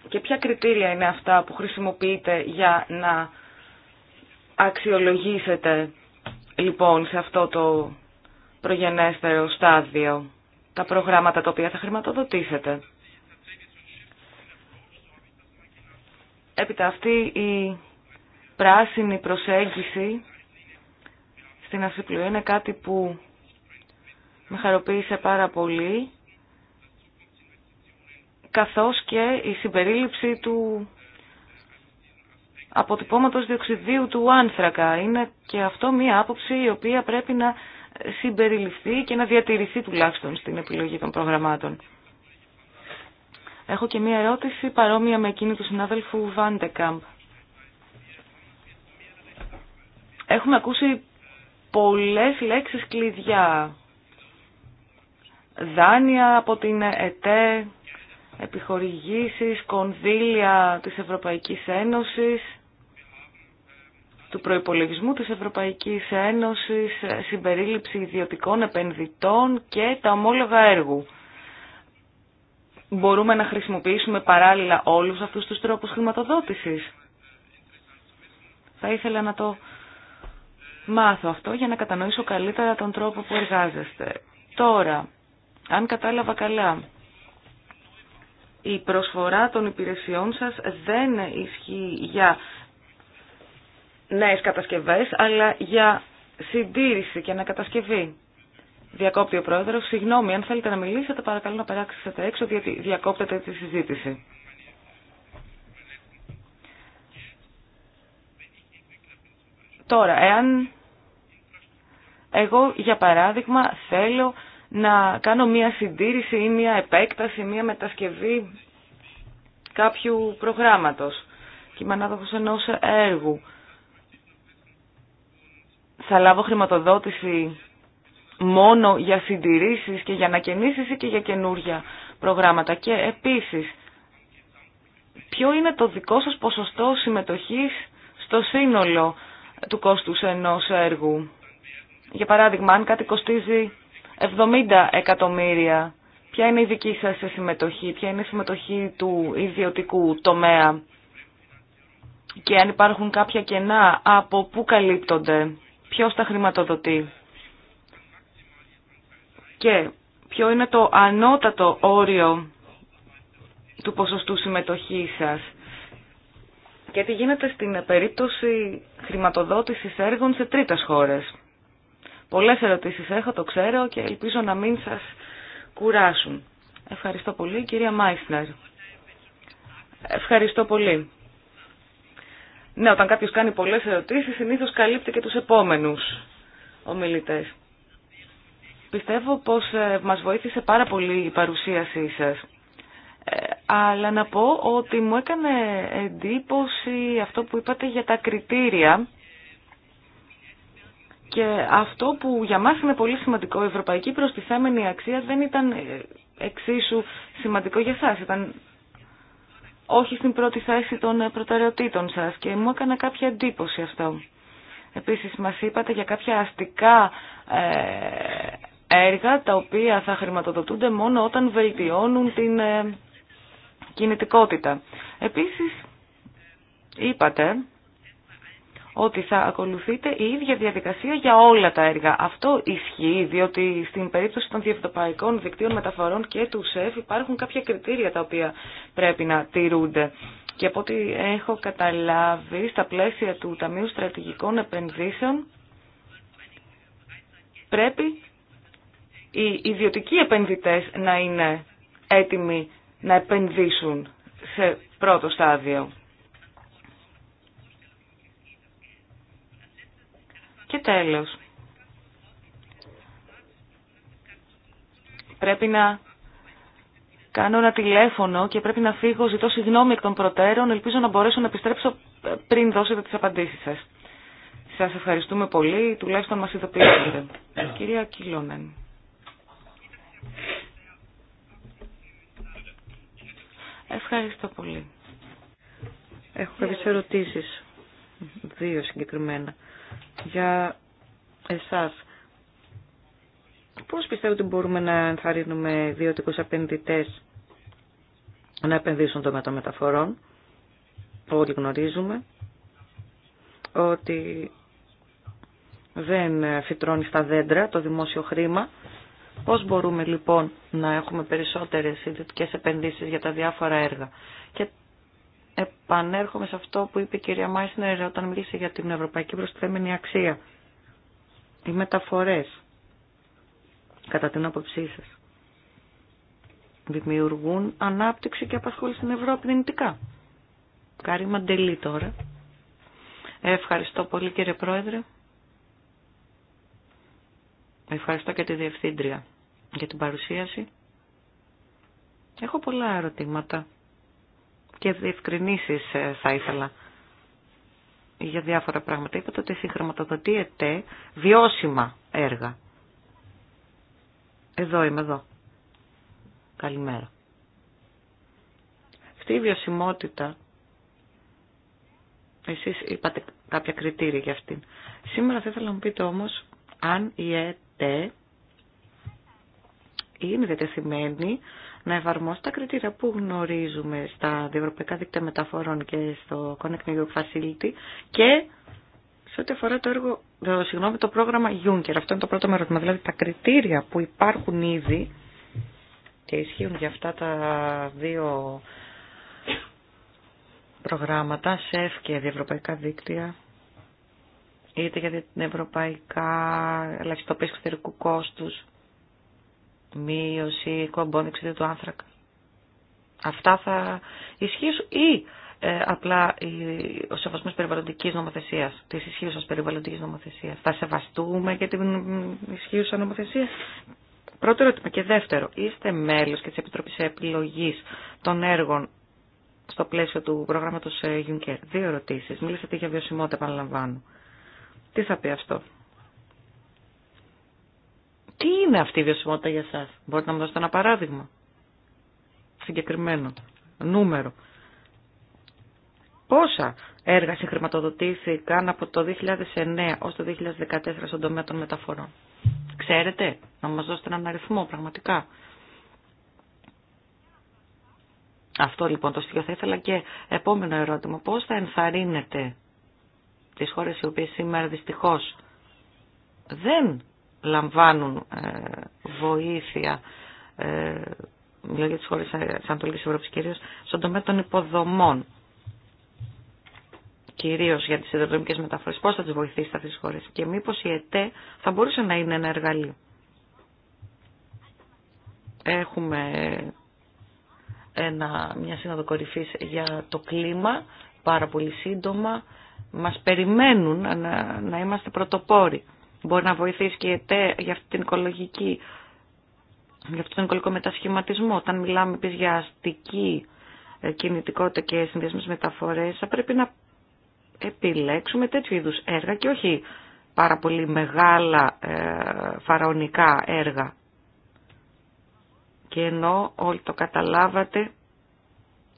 A: και ποια κριτήρια είναι αυτά που χρησιμοποιείτε για να αξιολογήσετε λοιπόν σε αυτό το προγενέστερο στάδιο τα προγράμματα τα οποία θα χρηματοδοτήσετε. Έπειτα αυτή η πράσινη προσέγγιση στην Ασυπλού είναι κάτι που με χαροποίησε πάρα πολύ καθώς και η συμπερίληψη του αποτυπώματος διοξιδίου του άνθρακα. Είναι και αυτό μία άποψη η οποία πρέπει να συμπεριληφθεί και να διατηρηθεί τουλάχιστον στην επιλογή των προγραμμάτων. Έχω και μία ερώτηση παρόμοια με εκείνη του συνάδελφου Βάντεκαμπ. Έχουμε ακούσει πολλές λέξεις κλειδιά. Δάνεια από την ΕΤΕ, επιχορηγήσεις, κονδύλια της Ευρωπαϊκής Ένωσης, του προϋπολογισμού της Ευρωπαϊκής Ένωσης, συμπερίληψη ιδιωτικών επενδυτών και τα ομόλογα έργου. Μπορούμε να χρησιμοποιήσουμε παράλληλα όλους αυτούς τους τρόπους χρηματοδότησης. Θα ήθελα να το μάθω αυτό για να κατανοήσω καλύτερα τον τρόπο που εργάζεστε. Τώρα, αν κατάλαβα καλά, η προσφορά των υπηρεσιών σας δεν ισχύει για νέες κατασκευές, αλλά για συντήρηση και ανακατασκευή. Διακόπτει ο πρόεδρος. Συγγνώμη, αν θέλετε να μιλήσετε, παρακαλώ να περάξετε έξω, γιατί διακόπτεται τη συζήτηση. Τώρα, εάν εγώ, για παράδειγμα, θέλω να κάνω μία συντήρηση ή μία επέκταση, μία μετασκευή κάποιου προγράμματος και είμαι ανάδοχος ενός έργου. Θα λάβω χρηματοδότηση μόνο για συντηρήσεις και για ανακαινήσεις ή και για καινούργια προγράμματα. Και επίσης, ποιο είναι το δικό σας ποσοστό συμμετοχής στο σύνολο του κόστους ενός έργου. Για παράδειγμα, αν κάτι κοστίζει 70 εκατομμύρια. Ποια είναι η δική σας συμμετοχή, ποια είναι η συμμετοχή του ιδιωτικού τομέα και αν υπάρχουν κάποια κενά, από πού καλύπτονται, ποιος τα χρηματοδοτεί και ποιο είναι το ανώτατο όριο του ποσοστού συμμετοχή σας. Και τι γίνεται στην περίπτωση χρηματοδότησης έργων σε τρίτες χώρες. Πολλές ερωτήσεις έχω, το ξέρω και ελπίζω να μην σας κουράσουν. Ευχαριστώ πολύ, κυρία Μάισνερ. Ευχαριστώ πολύ. Ναι, όταν κάποιος κάνει πολλές ερωτήσεις, συνήθως καλύπτει και τους επόμενους ομιλητές. Πιστεύω πως ε, μας βοήθησε πάρα πολύ η παρουσίασή σας. Ε, αλλά να πω ότι μου έκανε εντύπωση αυτό που είπατε για τα κριτήρια και αυτό που για μας είναι πολύ σημαντικό, η ευρωπαϊκή προστιθέμενη αξία δεν ήταν ε, εξίσου σημαντικό για σας. Ήταν όχι στην πρώτη θέση των ε, προτεραιοτήτων σας και μου έκανα κάποια εντύπωση αυτό. Επίσης μας είπατε για κάποια αστικά ε, έργα τα οποία θα χρηματοδοτούνται μόνο όταν βελτιώνουν την κινητικότητα. Επίσης είπατε ότι θα ακολουθείται η ίδια διαδικασία για όλα τα έργα. Αυτό ισχύει, διότι στην περίπτωση των διευρωπαϊκών δικτύων μεταφορών και του ΣΕΦ υπάρχουν κάποια κριτήρια τα οποία πρέπει να τηρούνται. Και από ό,τι έχω καταλάβει, στα πλαίσια του Ταμείου Στρατηγικών Επενδύσεων πρέπει οι ιδιωτικοί επενδυτές να είναι έτοιμοι να επενδύσουν σε πρώτο στάδιο. Και τέλος, πρέπει να κάνω ένα τηλέφωνο και πρέπει να φύγω, ζητώ συγγνώμη εκ των προτέρων, ελπίζω να μπορέσω να επιστρέψω πριν δώσετε τις απαντήσεις σας. Σας ευχαριστούμε πολύ, τουλάχιστον μας ειδοποιήσατε. Κυρία Κιλόνεν. Ευχαριστώ πολύ. Έχω κάποιες ερωτήσεις, δύο συγκεκριμένα για εσάς. Πώς πιστεύετε ότι μπορούμε να ενθαρρύνουμε ιδιωτικούς επενδυτές να επενδύσουν το μεταμεταφορών. Όλοι γνωρίζουμε ότι δεν φυτρώνει στα δέντρα το δημόσιο χρήμα. Πώς μπορούμε λοιπόν να έχουμε περισσότερες ιδιωτικές επενδύσεις για τα διάφορα έργα επανέρχομαι σε αυτό που είπε η κυρία Μάισνερ όταν μίλησε για την ευρωπαϊκή προσθέμενη αξία. Οι μεταφορές, κατά την άποψή σα δημιουργούν ανάπτυξη και απασχόληση στην Ευρώπη δυνητικά. Καρή Μαντελή τώρα. Ευχαριστώ πολύ κύριε Πρόεδρε. Ευχαριστώ και τη Διευθύντρια για την παρουσίαση. Έχω πολλά ερωτήματα και διευκρινήσεις ε, θα ήθελα για διάφορα πράγματα. Είπατε ότι συγχρηματοδοτείται βιώσιμα έργα. Εδώ είμαι, εδώ. Καλημέρα. Αυτή η βιωσιμότητα, εσείς είπατε κάποια κριτήρια για αυτήν. Σήμερα θα ήθελα να μου πείτε όμως αν η ΕΤΕ είναι διατεθειμένη να εφαρμόσει τα κριτήρια που γνωρίζουμε στα διευρωπαϊκά δίκτυα μεταφορών και στο Connecting Europe Facility και σε ό,τι αφορά το, έργο, το, το πρόγραμμα Juncker. Αυτό είναι το πρώτο μέρο, δηλαδή τα κριτήρια που υπάρχουν ήδη και ισχύουν για αυτά τα δύο προγράμματα, ΣΕΦ και διευρωπαϊκά δίκτυα, είτε για την ευρωπαϊκά ελαχιστοποίηση εξωτερικού κόστους, μείωση κομπών εξαιτία του άνθρακα. Αυτά θα ισχύσουν ή ε, απλά ο σεβασμός περιβαλλοντικής νομοθεσίας, της ισχύουσας περιβαλλοντικής νομοθεσίας. Θα σεβαστούμε για την ισχύουσα νομοθεσία. Πρώτο ερώτημα και δεύτερο, είστε μέλος και της Επιτροπής Επιλογής των έργων στο πλαίσιο του προγράμματος ε, Juncker. Δύο ερωτήσεις. Μίλησατε για βιωσιμότητα, επαναλαμβάνω. Τι θα πει αυτό. Τι είναι αυτή η βιωσιμότητα για σας. Μπορείτε να μου δώσετε ένα παράδειγμα. Συγκεκριμένο. Νούμερο. Πόσα έργα συγχρηματοδοτήθηκαν από το 2009 ως το 2014 στον τομέα των μεταφορών. Ξέρετε, να μας δώσετε έναν αριθμό πραγματικά. Αυτό λοιπόν το στοιχείο θα ήθελα και επόμενο ερώτημα. Πώς θα ενθαρρύνετε τις χώρες οι οποίες σήμερα δυστυχώς δεν λαμβάνουν ε, βοήθεια ε, μιλάω για τις χώρες της Ανατολικής Ευρώπης κυρίως, στον τομέα των υποδομών. Κυρίω για τις ιδεοδρομικέ μεταφορές πώ θα τι βοηθήσει αυτέ τι χώρε και μήπω η ΕΤΕ θα μπορούσε να είναι ένα εργαλείο. Έχουμε ένα, μια σύνοδο κορυφή για το κλίμα, πάρα πολύ σύντομα. Μας περιμένουν να, να είμαστε πρωτοπόροι. Μπορεί να βοηθήσει και η ΕΤΕ για την οικολογική, για αυτόν τον οικολογικό μετασχηματισμό. Όταν μιλάμε επίση για αστική ε, κινητικότητα και συνδυασμού μεταφορές, θα πρέπει να επιλέξουμε τέτοιου είδους έργα και όχι πάρα πολύ μεγάλα ε, φαραωνικά έργα. Και ενώ όλοι το καταλάβατε,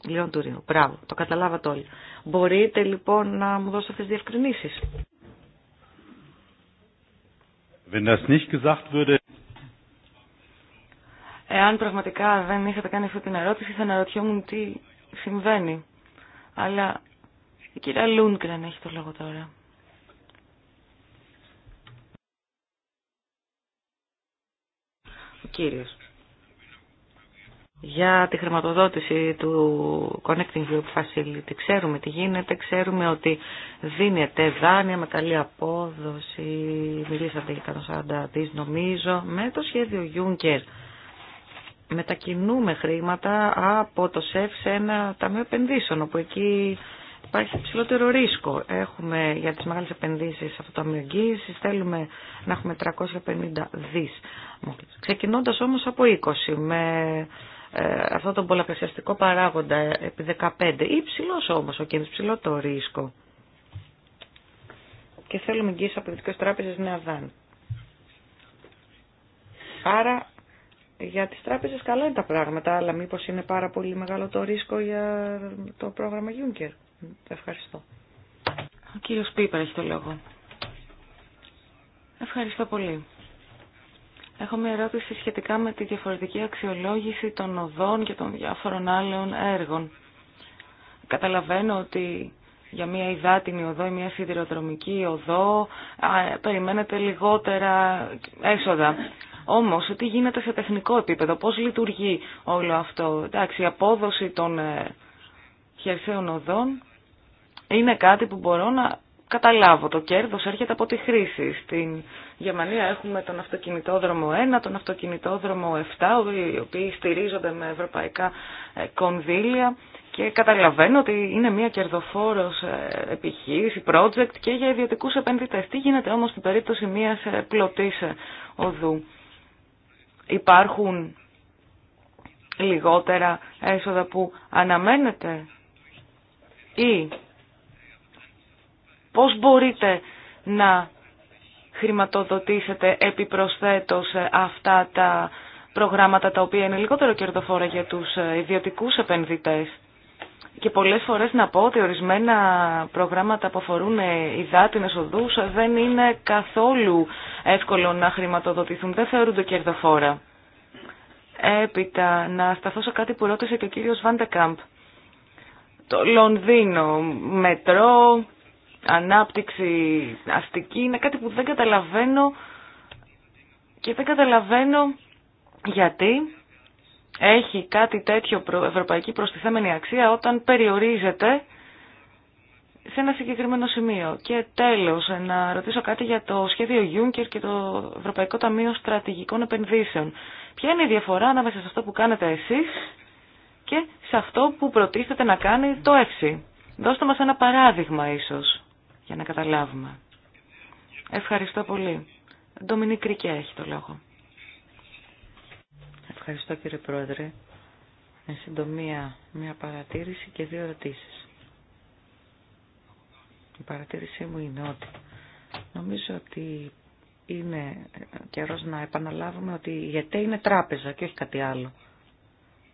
A: Λιόν μπράβο, το καταλάβατε όλοι. Μπορείτε λοιπόν να μου δώσετε τις διευκρινήσεις. Wenn Εάν πραγματικά δεν είχατε κάνει αυτή την ερώτηση, θα αναρωτιόμουν τι συμβαίνει. Αλλά η κυρία Λούνγκραν έχει το λόγο τώρα. Ο κύριος για τη χρηματοδότηση του Connecting Europe Facility. Ξέρουμε τι γίνεται, ξέρουμε ότι δίνεται δάνεια με καλή απόδοση, μιλήσατε για 140 δις νομίζω, με το σχέδιο Juncker. Μετακινούμε χρήματα από το ΣΕΦ σε ένα ταμείο επενδύσεων, όπου εκεί υπάρχει ψηλότερο ρίσκο. Έχουμε για τις μεγάλες επενδύσεις αυτό το ταμείο θέλουμε να έχουμε 350 δις. Ξεκινώντας όμως από 20, με ε, αυτό τον πολλαπλασιαστικό παράγοντα ε, επί 15 ή όμως ο κίνδυνο, ψηλό το ρίσκο. Και θέλουμε εγγύηση από τι τράπεζες νέα Δάν. Άρα για τις τράπεζες καλά είναι τα πράγματα, αλλά μήπως είναι πάρα πολύ μεγάλο το ρίσκο για το πρόγραμμα Juncker. Ευχαριστώ. Ο κύριος Πίπερ έχει το λόγο. Ευχαριστώ πολύ. Έχω μια ερώτηση σχετικά με τη διαφορετική αξιολόγηση των οδών και των διάφορων άλλων έργων. Καταλαβαίνω ότι για μια υδάτινη οδό ή μια σιδηροδρομική οδό α, περιμένετε λιγότερα έσοδα. Όμως, τι γίνεται σε τεχνικό επίπεδο, πώς λειτουργεί όλο αυτό. Εντάξει, η απόδοση των ε, χερσαίων οδών είναι κάτι που μπορώ να καταλάβω. Το κέρδος έρχεται από τη χρήση. Στην Γερμανία έχουμε τον αυτοκινητόδρομο 1, τον αυτοκινητόδρομο 7, οι οποίοι στηρίζονται με ευρωπαϊκά ε, κονδύλια και καταλαβαίνω ότι είναι μια κερδοφόρος ε, επιχείρηση, project και για ιδιωτικούς επενδυτές. Τι γίνεται όμως στην περίπτωση μιας ε, πλωτής οδού. Υπάρχουν λιγότερα έσοδα που αναμένεται ή Πώς μπορείτε να χρηματοδοτήσετε επιπροσθέτως ε, αυτά τα προγράμματα τα οποία είναι λιγότερο κερδοφόρα για τους ε, ιδιωτικούς επενδυτές. Και πολλές φορές να πω ότι ορισμένα προγράμματα που αφορούν υδάτινες ε, οδούς δεν είναι καθόλου εύκολο να χρηματοδοτηθούν, δεν θεωρούνται κερδοφόρα. Έπειτα, να σταθώ σε κάτι που ρώτησε και ο κύριος Βάντεκαμπ. Το Λονδίνο, μετρό, ανάπτυξη αστική είναι κάτι που δεν καταλαβαίνω και δεν καταλαβαίνω γιατί έχει κάτι τέτοιο ευρωπαϊκή προστιθέμενη αξία όταν περιορίζεται σε ένα συγκεκριμένο σημείο. Και τέλος, να ρωτήσω κάτι για το σχέδιο Juncker και το Ευρωπαϊκό Ταμείο Στρατηγικών Επενδύσεων. Ποια είναι η διαφορά ανάμεσα σε αυτό που κάνετε εσείς και σε αυτό που προτίθεται να κάνει το ΕΦΣΥ. Δώστε μας ένα παράδειγμα ίσως για να καταλάβουμε. Ευχαριστώ πολύ. Ντομινίκ Κρικέ έχει το λόγο. Ευχαριστώ κύριε Πρόεδρε. Με συντομία, μια παρατήρηση και δύο ερωτήσεις. Η παρατήρησή μου είναι ότι νομίζω ότι είναι καιρός να επαναλάβουμε ότι η ΕΤΕ είναι τράπεζα και όχι κάτι άλλο.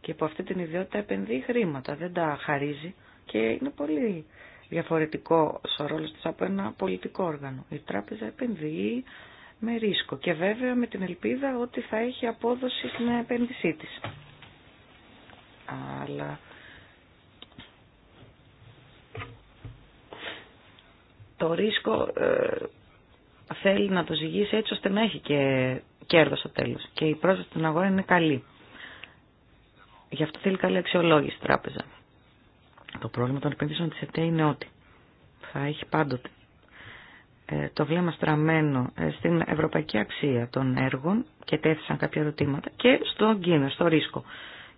A: Και από αυτή την ιδιότητα επενδύει χρήματα, δεν τα χαρίζει και είναι πολύ διαφορετικό ο ρόλο από ένα πολιτικό όργανο. Η τράπεζα επενδύει με ρίσκο και βέβαια με την ελπίδα ότι θα έχει απόδοση στην επένδυσή της. Αλλά το ρίσκο ε, θέλει να το ζυγίσει έτσι ώστε να έχει και κέρδος στο τέλος. Και η πρόσβαση στην αγορά είναι καλή. Γι' αυτό θέλει καλή αξιολόγηση τράπεζα. Το πρόβλημα των επενδύσεων της ΕΤΕ είναι ότι θα έχει πάντοτε ε, το βλέμμα στραμμένο ε, στην ευρωπαϊκή αξία των έργων και τέθησαν κάποια ερωτήματα και στον κίνδυνο, στο ρίσκο.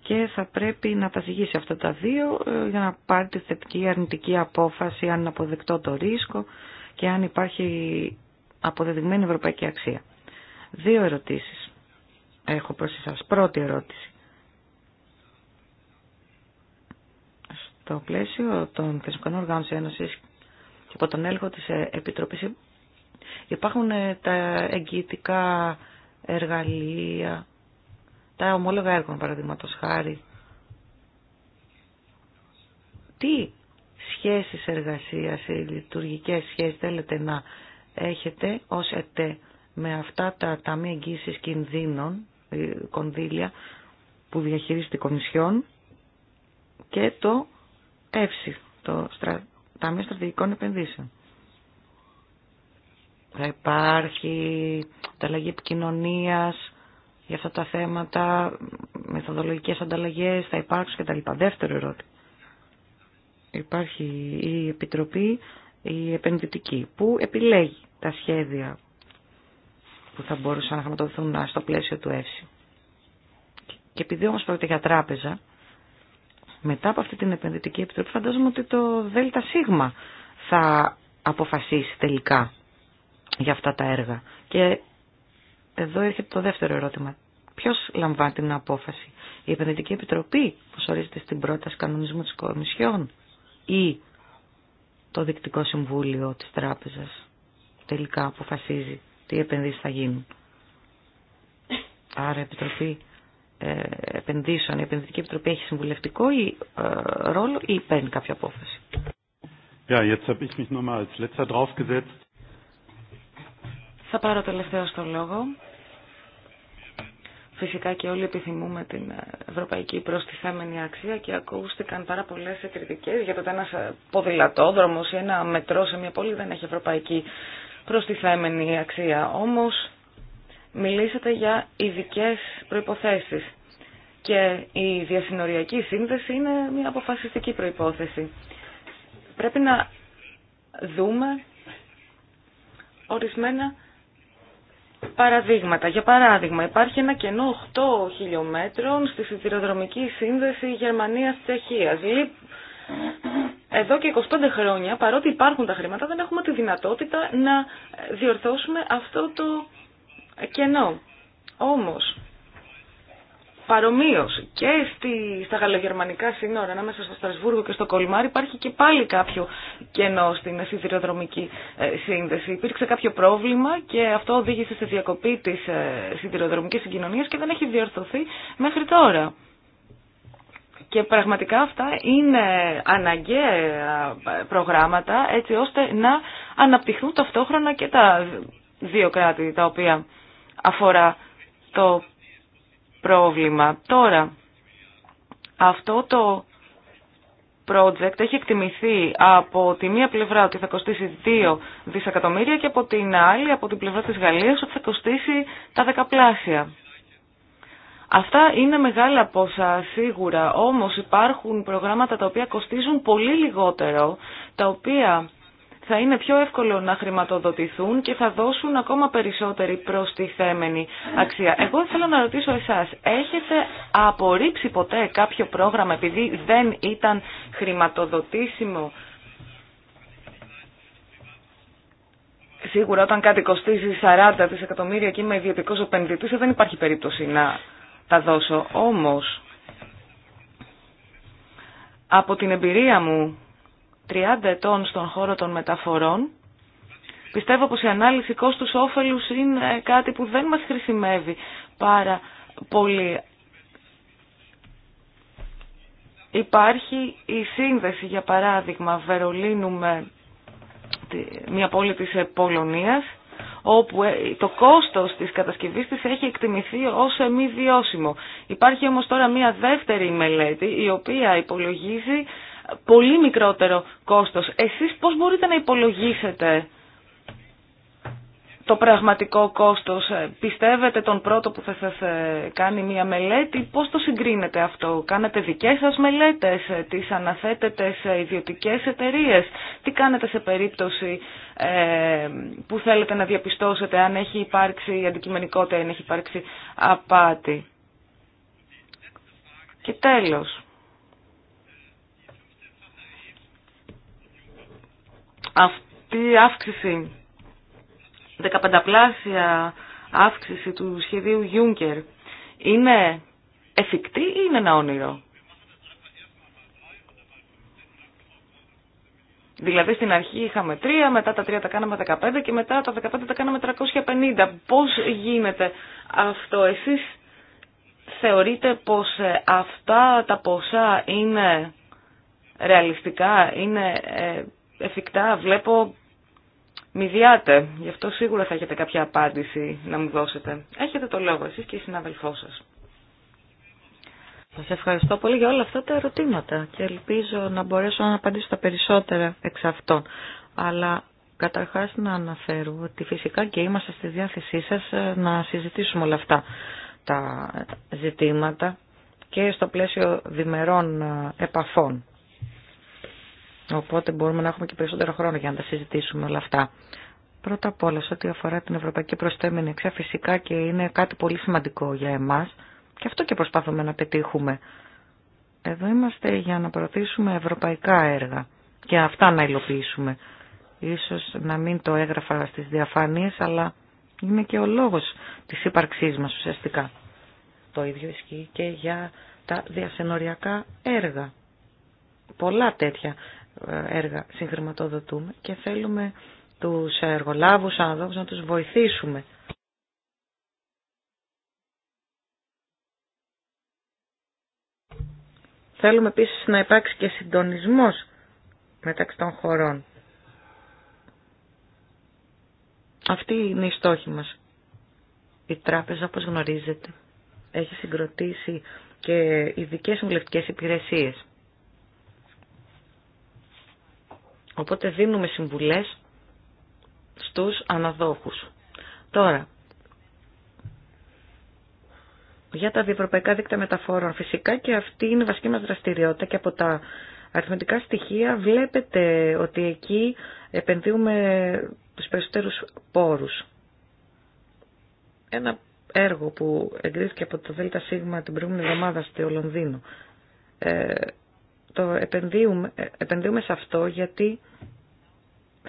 A: Και θα πρέπει να τα ζυγίσει αυτά τα δύο ε, για να πάρει τη θετική αρνητική απόφαση αν είναι αποδεκτό το ρίσκο και αν υπάρχει αποδεδειγμένη ευρωπαϊκή αξία. Δύο ερωτήσεις έχω προς εσάς. Πρώτη ερώτηση. το πλαίσιο των θεσμικών οργάνωσης Ένωσης και από τον έλεγχο της ε, Επιτροπής υπάρχουν ε, τα εγγυητικά εργαλεία, τα ομόλογα έργων παραδείγματο χάρη. Τι σχέσεις εργασίας, ή λειτουργικές σχέσεις θέλετε να έχετε ως ΕΤΕ με αυτά τα ταμεία εγγύησης κινδύνων, ε, κονδύλια που διαχειρίζεται η Κομισιόν και το έψι το Στρα... Ταμείο Στρατηγικών Επενδύσεων. Θα υπάρχει ανταλλαγή επικοινωνία για αυτά τα θέματα, μεθοδολογικές ανταλλαγές θα υπάρξουν κτλ. Δεύτερο ερώτημα. Υπάρχει η Επιτροπή η επενδυτική που επιλέγει τα σχέδια που θα μπορούσαν να χρηματοδοθούν στο πλαίσιο του ΕΦΣΙ. Και επειδή όμως πρόκειται για τράπεζα, μετά από αυτή την επενδυτική επιτροπή φαντάζομαι ότι το ΔΣ θα αποφασίσει τελικά για αυτά τα έργα. Και εδώ έρχεται το δεύτερο ερώτημα. Ποιο λαμβάνει την απόφαση, η Επενδυτική Επιτροπή, που ορίζεται στην πρόταση κανονισμού τη Κομισιόν, ή το Δικτικό Συμβούλιο τη Τράπεζα τελικά αποφασίζει τι επενδύσει θα γίνουν. Άρα η το δικτικο συμβουλιο τη τραπεζα τελικα αποφασιζει τι επενδυσει θα γινουν αρα επιτροπη ε, επενδύσεων, η Επενδυτική Επιτροπή έχει συμβουλευτικό ε, ρόλο ή παίρνει κάποια απόφαση.
D: Ja, jetzt habe ich mich nochmal als letzter
A: Θα πάρω τελευταίο στο λόγο. Φυσικά και όλοι επιθυμούμε την ε, ευρωπαϊκή προστιθέμενη αξία και ακούστηκαν πάρα πολλέ κριτικέ για το ότι ένα ποδηλατόδρομο ή ένα μετρό σε μια πόλη δεν έχει ευρωπαϊκή προστιθέμενη αξία. Όμω μιλήσατε για ειδικέ προϋποθέσεις και η διασυνοριακή σύνδεση είναι μια αποφασιστική προϋπόθεση. Πρέπει να δούμε ορισμένα παραδείγματα. Για παράδειγμα, υπάρχει ένα κενό 8 χιλιόμετρων στη σιδηροδρομική σύνδεση Γερμανίας-Τσεχίας. Εδώ και 25 χρόνια, παρότι υπάρχουν τα χρήματα, δεν έχουμε τη δυνατότητα να διορθώσουμε αυτό το κενό. Όμως, παρομοίως και στη, στα γαλλογερμανικά σύνορα ανάμεσα στο Στρασβούργο και στο Κολμάρ υπάρχει και πάλι κάποιο κενό στην σιδηροδρομική ε, σύνδεση. Υπήρξε κάποιο πρόβλημα και αυτό οδήγησε στη διακοπή της ε, σιδηροδρομικής συγκοινωνίας και δεν έχει διορθωθεί μέχρι τώρα. Και πραγματικά αυτά είναι αναγκαία ε, προγράμματα έτσι ώστε να αναπτυχθούν ταυτόχρονα και τα δύο κράτη τα οποία αφορά το πρόβλημα. Τώρα, αυτό το project έχει εκτιμηθεί από τη μία πλευρά ότι θα κοστίσει 2 δισεκατομμύρια και από την άλλη, από την πλευρά της Γαλλίας, ότι θα κοστίσει τα δεκαπλάσια. Αυτά είναι μεγάλα ποσά σίγουρα, όμως υπάρχουν προγράμματα τα οποία κοστίζουν πολύ λιγότερο, τα οποία θα είναι πιο εύκολο να χρηματοδοτηθούν και θα δώσουν ακόμα περισσότερη προστιθέμενη αξία. Εγώ θέλω να ρωτήσω εσάς, έχετε απορρίψει ποτέ κάποιο πρόγραμμα επειδή δεν ήταν χρηματοδοτήσιμο Σίγουρα όταν κάτι κοστίζει 40 δισεκατομμύρια και είμαι ιδιωτικό επενδυτή, δεν υπάρχει περίπτωση να τα δώσω. Όμως, από την εμπειρία μου 30 ετών στον χώρο των μεταφορών, πιστεύω πως η ανάλυση κόστους όφελους είναι κάτι που δεν μας χρησιμεύει πάρα πολύ. Υπάρχει η σύνδεση, για παράδειγμα, Βερολίνου με μια πόλη της Πολωνίας, όπου ε, το κόστος της κατασκευής της έχει εκτιμηθεί ως μη βιώσιμο. Υπάρχει όμως τώρα μια δεύτερη μελέτη η οποία υπολογίζει πολύ μικρότερο κόστος. Εσείς πώς μπορείτε να υπολογίσετε το πραγματικό κόστος. Ε, πιστεύετε τον πρώτο που θα σας ε, κάνει μια μελέτη, πώς το συγκρίνετε αυτό. Κάνετε δικές σας μελέτες, ε, τις αναθέτετε σε ιδιωτικές εταιρείες. Τι κάνετε σε περίπτωση που θέλετε να διαπιστώσετε αν έχει υπάρξει αντικειμενικότητα, αν έχει υπάρξει απάτη. Και τέλος. Αυτή η αύξηση, 15πλάσια αύξηση του σχεδίου Juncker, είναι εφικτή ή είναι ένα όνειρο. Δηλαδή στην αρχή είχαμε 3, μετά τα 3 τα κάναμε 15 και μετά τα 15 τα κάναμε 350. Πώς γίνεται αυτό. Εσείς θεωρείτε πως ε, αυτά τα ποσά είναι ρεαλιστικά, είναι ε, εφικτά βλέπω μηδιάτε. Γι' αυτό σίγουρα θα έχετε κάποια απάντηση να μου δώσετε. Έχετε το λόγο εσείς και η συναδελφό σας. Σας ευχαριστώ πολύ για όλα αυτά τα ερωτήματα και ελπίζω να μπορέσω να απαντήσω τα περισσότερα εξ αυτών. Αλλά καταρχάς να αναφέρω ότι φυσικά και είμαστε στη διάθεσή σας ε, να συζητήσουμε όλα αυτά τα ζητήματα και στο πλαίσιο διμερών ε, επαφών Οπότε μπορούμε να έχουμε και περισσότερο χρόνο για να τα συζητήσουμε όλα αυτά. Πρώτα απ' όλα, σε ό,τι αφορά την ευρωπαϊκή προστέμενη αξία, φυσικά και είναι κάτι πολύ σημαντικό για εμά. και αυτό και προσπάθουμε να πετύχουμε. Εδώ είμαστε για να προωθήσουμε ευρωπαϊκά έργα και αυτά να υλοποιήσουμε. Ίσως να μην το έγραφα στις διαφάνειες, αλλά είναι και ο λόγος της ύπαρξής μας ουσιαστικά. Το ίδιο ισχύει και για τα διασενοριακά έργα. Πολλά τέτοια ε, έργα συγχρηματοδοτούμε και θέλουμε τους εργολάβους άνθρωπους να τους βοηθήσουμε. Θέλουμε επίσης να υπάρξει και συντονισμός μεταξύ των χωρών. Αυτή είναι η στόχη μας. Η τράπεζα, όπως γνωρίζετε, έχει συγκροτήσει και ειδικές συμβουλευτικές υπηρεσίες. Οπότε δίνουμε συμβουλές στους αναδόχους. Τώρα, για τα διευρωπαϊκά δίκτυα μεταφόρων. Φυσικά και αυτή είναι η βασική μας δραστηριότητα και από τα αριθμητικά στοιχεία βλέπετε ότι εκεί επενδύουμε τους περισσότερους πόρους. Ένα έργο που εγκρίθηκε από το ΔΣ την προηγούμενη εβδομάδα στο Λονδίνο. Ε, το επενδύουμε, ε, επενδύουμε σε αυτό γιατί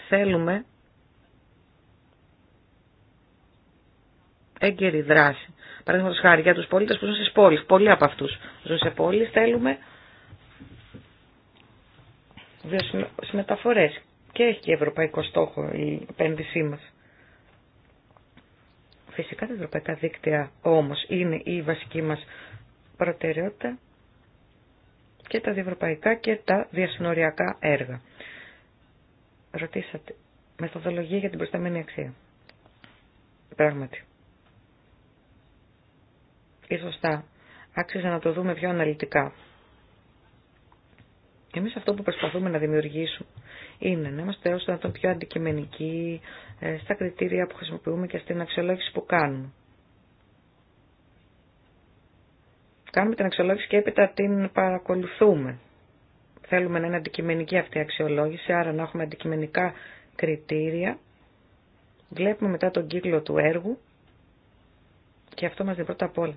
A: θέλουμε έγκαιρη δράση. Παραδείγματο χάρη για του πολίτε που ζουν στι πόλει. Πολλοί από αυτού ζουν σε πόλει. Θέλουμε δύο Και έχει και ευρωπαϊκό στόχο η επένδυσή μα. Φυσικά τα ευρωπαϊκά δίκτυα όμω είναι η βασική μα προτεραιότητα και τα διευρωπαϊκά και τα διασυνοριακά έργα. Ρωτήσατε. Μεθοδολογία για την προσταμένη αξία. Πράγματι. Ίσως θα άξιζε να το δούμε πιο αναλυτικά. Εμείς αυτό που προσπαθούμε να δημιουργήσουμε είναι να είμαστε όσο να τον πιο αντικειμενικοί ε, στα κριτήρια που χρησιμοποιούμε και στην αξιολόγηση που κάνουμε. κάνουμε την αξιολόγηση και έπειτα την παρακολουθούμε. Θέλουμε να είναι αντικειμενική αυτή η αξιολόγηση, άρα να έχουμε αντικειμενικά κριτήρια. Βλέπουμε μετά τον κύκλο του έργου και αυτό μας δίνει πρώτα απ' όλα.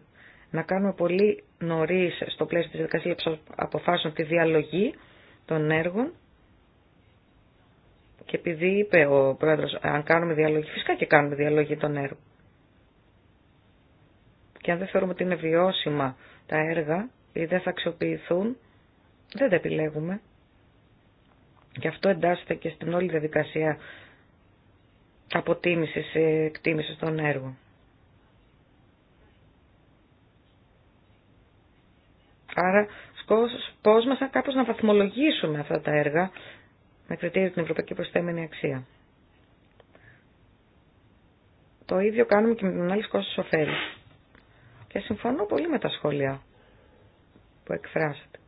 A: Να κάνουμε πολύ νωρί στο πλαίσιο της δικασίας αποφάσεων τη διαλογή των έργων και επειδή είπε ο πρόεδρος αν κάνουμε διαλογή, φυσικά και κάνουμε διαλογή των έργων. Και αν δεν θεωρούμε ότι είναι βιώσιμα τα έργα ή δεν θα αξιοποιηθούν, δεν τα επιλέγουμε. Γι' αυτό εντάσσεται και στην όλη διαδικασία αποτίμησης, εκτίμησης των έργων. Άρα, πώς μας κάπως να βαθμολογήσουμε αυτά τα έργα με κριτήρια την ευρωπαϊκή προσθέμενη αξία. Το ίδιο κάνουμε και με την ανάλυση κόστος ωφέλης. Και συμφωνώ πολύ με τα σχόλια που εκφράσατε.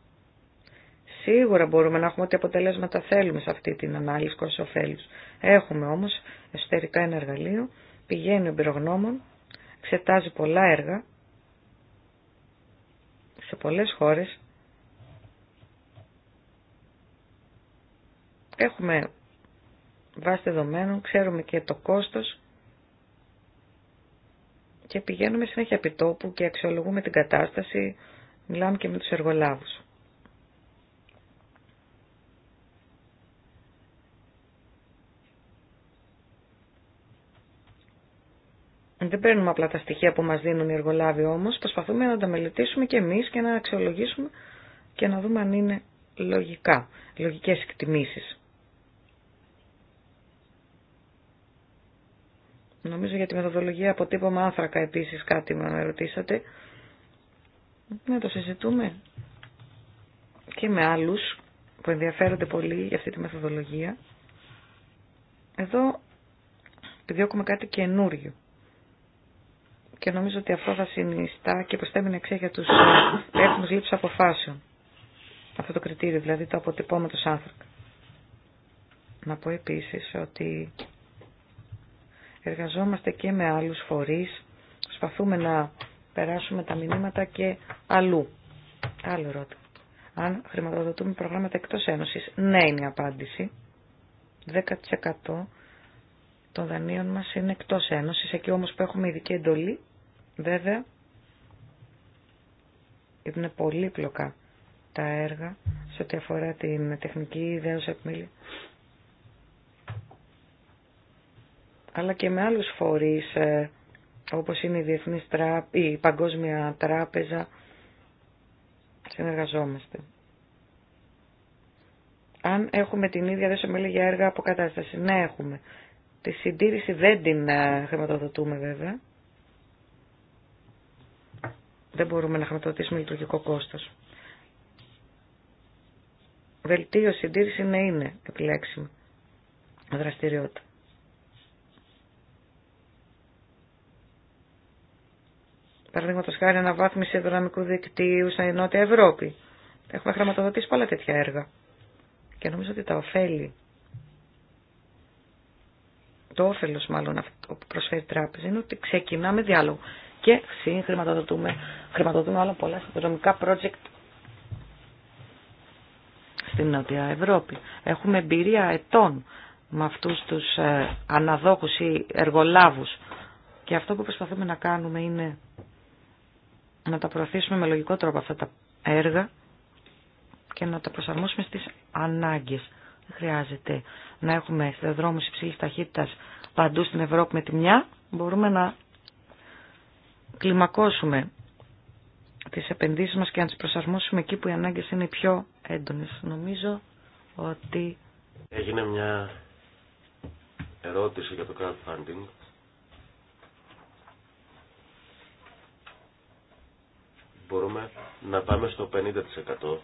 A: Σίγουρα μπορούμε να έχουμε ό,τι αποτελέσματα θέλουμε σε αυτή την ανάλυση κόστος-οφέλους. Έχουμε όμως εσωτερικά ένα εργαλείο, πηγαίνει ο εμπειρογνώμων, εξετάζει πολλά έργα σε πολλές χώρες. Έχουμε βάση δεδομένων, ξέρουμε και το κόστος και πηγαίνουμε συνέχεια επί τόπου και αξιολογούμε την κατάσταση, μιλάμε και με τους εργολάβους. Δεν παίρνουμε απλά τα στοιχεία που μας δίνουν οι εργολάβοι όμως, προσπαθούμε να τα μελετήσουμε και εμείς και να αξιολογήσουμε και να δούμε αν είναι λογικά, λογικές εκτιμήσεις. Νομίζω για τη μεθοδολογία αποτύπωμα άνθρακα επίσης κάτι με ρωτήσατε. να το συζητούμε και με άλλους που ενδιαφέρονται πολύ για αυτή τη μεθοδολογία. Εδώ επιδιώκουμε κάτι καινούριο. Και νομίζω ότι αυτό θα συνιστά και προσθέμενη εξέ για τους υπεύθυνους λήψη αποφάσεων. Αυτό το κριτήριο, δηλαδή το αποτυπώματος άνθρακα. Να πω επίσης ότι Εργαζόμαστε και με άλλους φορείς. Σπαθούμε να περάσουμε τα μηνύματα και αλλού. Άλλο ερώτημα. Αν χρηματοδοτούμε προγράμματα εκτός Ένωσης, ναι είναι η απάντηση. 10% των δανείων μας είναι εκτός Ένωσης, εκεί όμως που έχουμε ειδική εντολή, βέβαια, είναι πολύπλοκα τα έργα σε ό,τι αφορά την τεχνική ιδέα. επιμήλεια αλλά και με άλλους φορείς ε, όπως είναι η, Διεθνής η Παγκόσμια Τράπεζα συνεργαζόμαστε. Αν έχουμε την ίδια δέσομελή για έργα αποκατάσταση, ναι έχουμε. Τη συντήρηση δεν την ε, χρηματοδοτούμε βέβαια. Δεν μπορούμε να χρηματοδοτήσουμε λειτουργικό κόστος. Βελτίωση, συντήρηση ναι είναι επιλέξιμη δραστηριότητα. Παραδείγματο χάρη αναβάθμιση δυναμικού δικτύου στην Νότια Ευρώπη. Έχουμε χρηματοδοτήσει πολλά τέτοια έργα. Και νομίζω ότι τα ωφέλη, το όφελο μάλλον αυτό που προσφέρει η τράπεζα είναι ότι ξεκινάμε διάλογο και χρηματοδοτούμε, χρηματοδοτούμε άλλα πολλά συνδρομικά project στην Νότια Ευρώπη. Έχουμε εμπειρία ετών με αυτούς τους ε, αναδόχους ή εργολάβους και αυτό που προσπαθούμε να κάνουμε είναι να τα προωθήσουμε με λογικό τρόπο αυτά τα έργα και να τα προσαρμόσουμε στις ανάγκες. Δεν χρειάζεται να έχουμε στεδρόμους υψηλής ταχύτητας παντού στην Ευρώπη με τη μια. Μπορούμε να κλιμακώσουμε τις επενδύσεις μας και να τις προσαρμόσουμε εκεί που οι ανάγκες είναι πιο έντονες. Νομίζω ότι...
C: Έγινε μια ερώτηση για το crowdfunding μπορούμε να πάμε στο 50%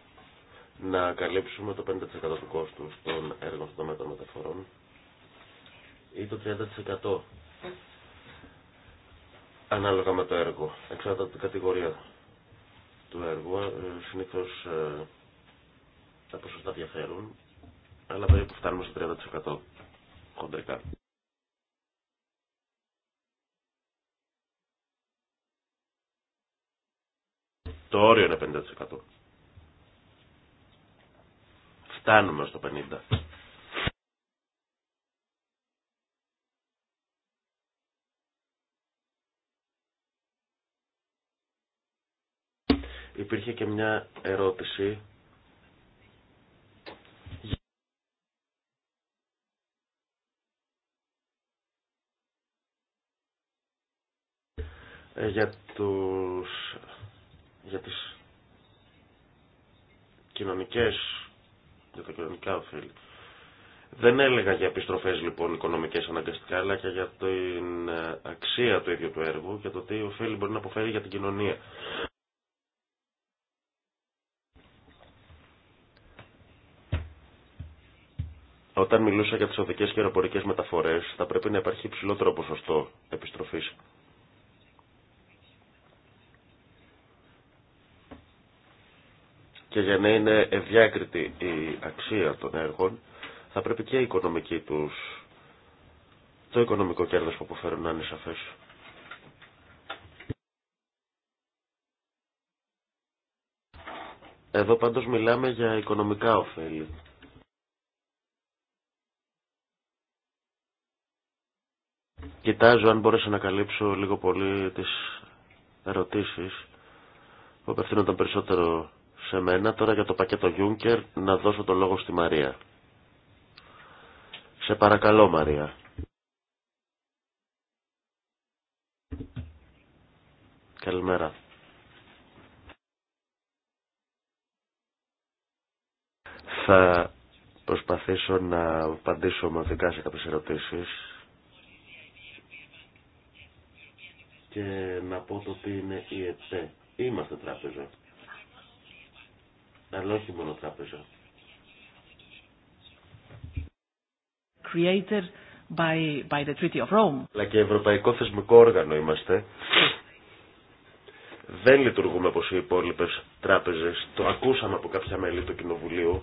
C: να καλύψουμε το 50% του κόστου των έργων στον τομέα των μεταφορών ή το 30% ανάλογα με το έργο, εξάρτητα από την κατηγορία του έργου. Ε, Συνήθω ε, τα ποσοστά διαφέρουν,
D: αλλά περίπου φτάνουμε στο 30% χοντρικά. Το
C: όριο είναι 50%. Φτάνουμε στο 50%. Υπήρχε και μια ερώτηση
D: ε, για τους για
C: τις κοινωνικές, για τα κοινωνικά ωφέλη. Δεν έλεγα για επιστροφές λοιπόν οικονομικές αναγκαστικά, αλλά και για την ε, αξία του ίδιου του έργου και το τι ωφέλη μπορεί να αποφέρει για την κοινωνία. Όταν μιλούσα για τις οδικές και αεροπορικές μεταφορές, θα πρέπει να υπάρχει υψηλότερο ποσοστό επιστροφής Και για να είναι ευδιάκριτη η αξία των έργων, θα πρέπει και η οικονομική τους, το οικονομικό κέρδος που αποφέρουν να είναι σαφές. Εδώ πάντως μιλάμε για οικονομικά ωφέλη. Κοιτάζω αν μπορέσω να καλύψω λίγο πολύ τις ερωτήσεις που απευθύνονταν περισσότερο σε μένα. Τώρα για το πακέτο Juncker να δώσω το λόγο στη Μαρία. Σε παρακαλώ Μαρία.
D: Καλημέρα. Θα
C: προσπαθήσω να απαντήσω μαθηκά σε κάποιες ερωτήσεις και να πω το τι είναι η ΕΤΕ. Είμαστε τράπεζα αλλά όχι μόνο τράπεζα.
A: Created by, by the Treaty of Rome.
C: Αλλά και ευρωπαϊκό θεσμικό όργανο είμαστε. Δεν λειτουργούμε όπως οι υπόλοιπε τράπεζες. Το ακούσαμε από κάποια μέλη του Κοινοβουλίου.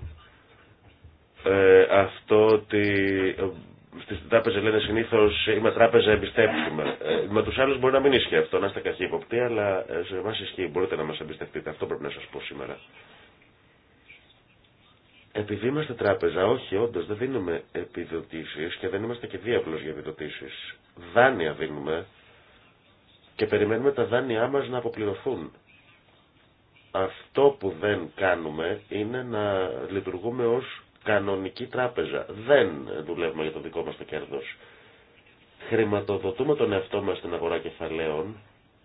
C: Ε, αυτό ότι ε, στις τράπεζες λένε συνήθως είμαι τράπεζα, εμπιστέψουμε. με τους άλλους μπορεί να μην ισχύει αυτό, να είστε καχύποπτοι, αλλά σε εμάς ισχύει. Μπορείτε να μας εμπιστευτείτε. Αυτό πρέπει να σας πω σήμερα. Επειδή είμαστε τράπεζα, όχι, όντω δεν δίνουμε επιδοτήσει και δεν είμαστε και διάβλο για επιδοτήσει. Δάνεια δίνουμε και περιμένουμε τα δάνειά μα να αποπληρωθούν. Αυτό που δεν κάνουμε είναι να λειτουργούμε ω κανονική τράπεζα. Δεν δουλεύουμε για το δικό μα το κέρδο. Χρηματοδοτούμε τον εαυτό μα στην αγορά κεφαλαίων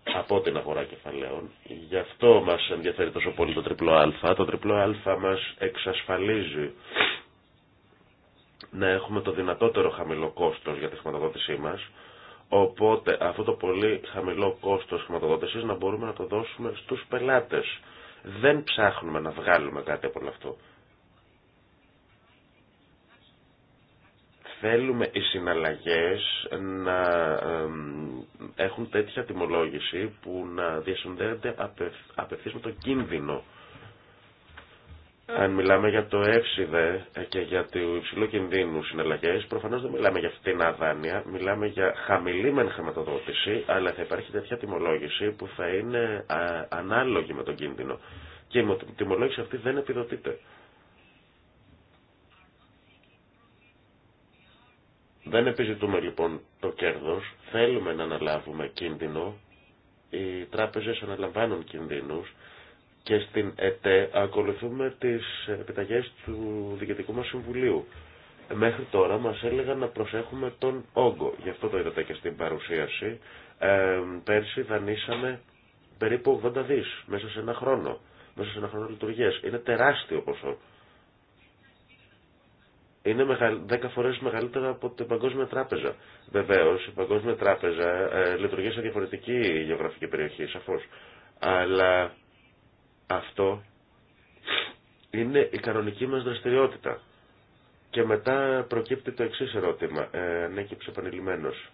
C: από την αγορά κεφαλαίων. Γι' αυτό μας ενδιαφέρει τόσο πολύ το τριπλό α. Το τριπλό α μας εξασφαλίζει να έχουμε το δυνατότερο χαμηλό κόστος για τη χρηματοδότησή μας. Οπότε αυτό το πολύ χαμηλό κόστος χρηματοδότησης να μπορούμε να το δώσουμε στους πελάτες. Δεν ψάχνουμε να βγάλουμε κάτι από όλο αυτό. θέλουμε οι συναλλαγές να έχουν τέτοια τιμολόγηση που να διασυνδέονται απευθείας με το κίνδυνο. Αν μιλάμε για το εύσιδε και για το υψηλό κινδύνου συναλλαγές, προφανώς δεν μιλάμε για την αδάνεια. μιλάμε για χαμηλή μεν χρηματοδότηση, αλλά θα υπάρχει τέτοια τιμολόγηση που θα είναι ανάλογη με τον κίνδυνο. Και η τιμολόγηση αυτή δεν επιδοτείται. Δεν επιζητούμε λοιπόν το κέρδος, θέλουμε να αναλάβουμε κίνδυνο, οι τράπεζες αναλαμβάνουν κινδύνους και στην ΕΤΕ ακολουθούμε τις επιταγές του Διοικητικού μας Συμβουλίου. Μέχρι τώρα μας έλεγαν να προσέχουμε τον όγκο, γι' αυτό το είδατε και στην παρουσίαση. Ε, πέρσι δανείσαμε περίπου 80 δις μέσα σε ένα χρόνο, μέσα σε ένα χρόνο λειτουργίας. Είναι τεράστιο ποσό είναι 10 φορέ μεγαλύτερα από την Παγκόσμια Τράπεζα. Βεβαίω, η Παγκόσμια Τράπεζα ε, λειτουργεί σε διαφορετική γεωγραφική περιοχή, σαφώ. Αλλά αυτό είναι η κανονική μα δραστηριότητα. Και μετά προκύπτει το εξή ερώτημα, ε, ανέκυψε ναι επανειλημμένος.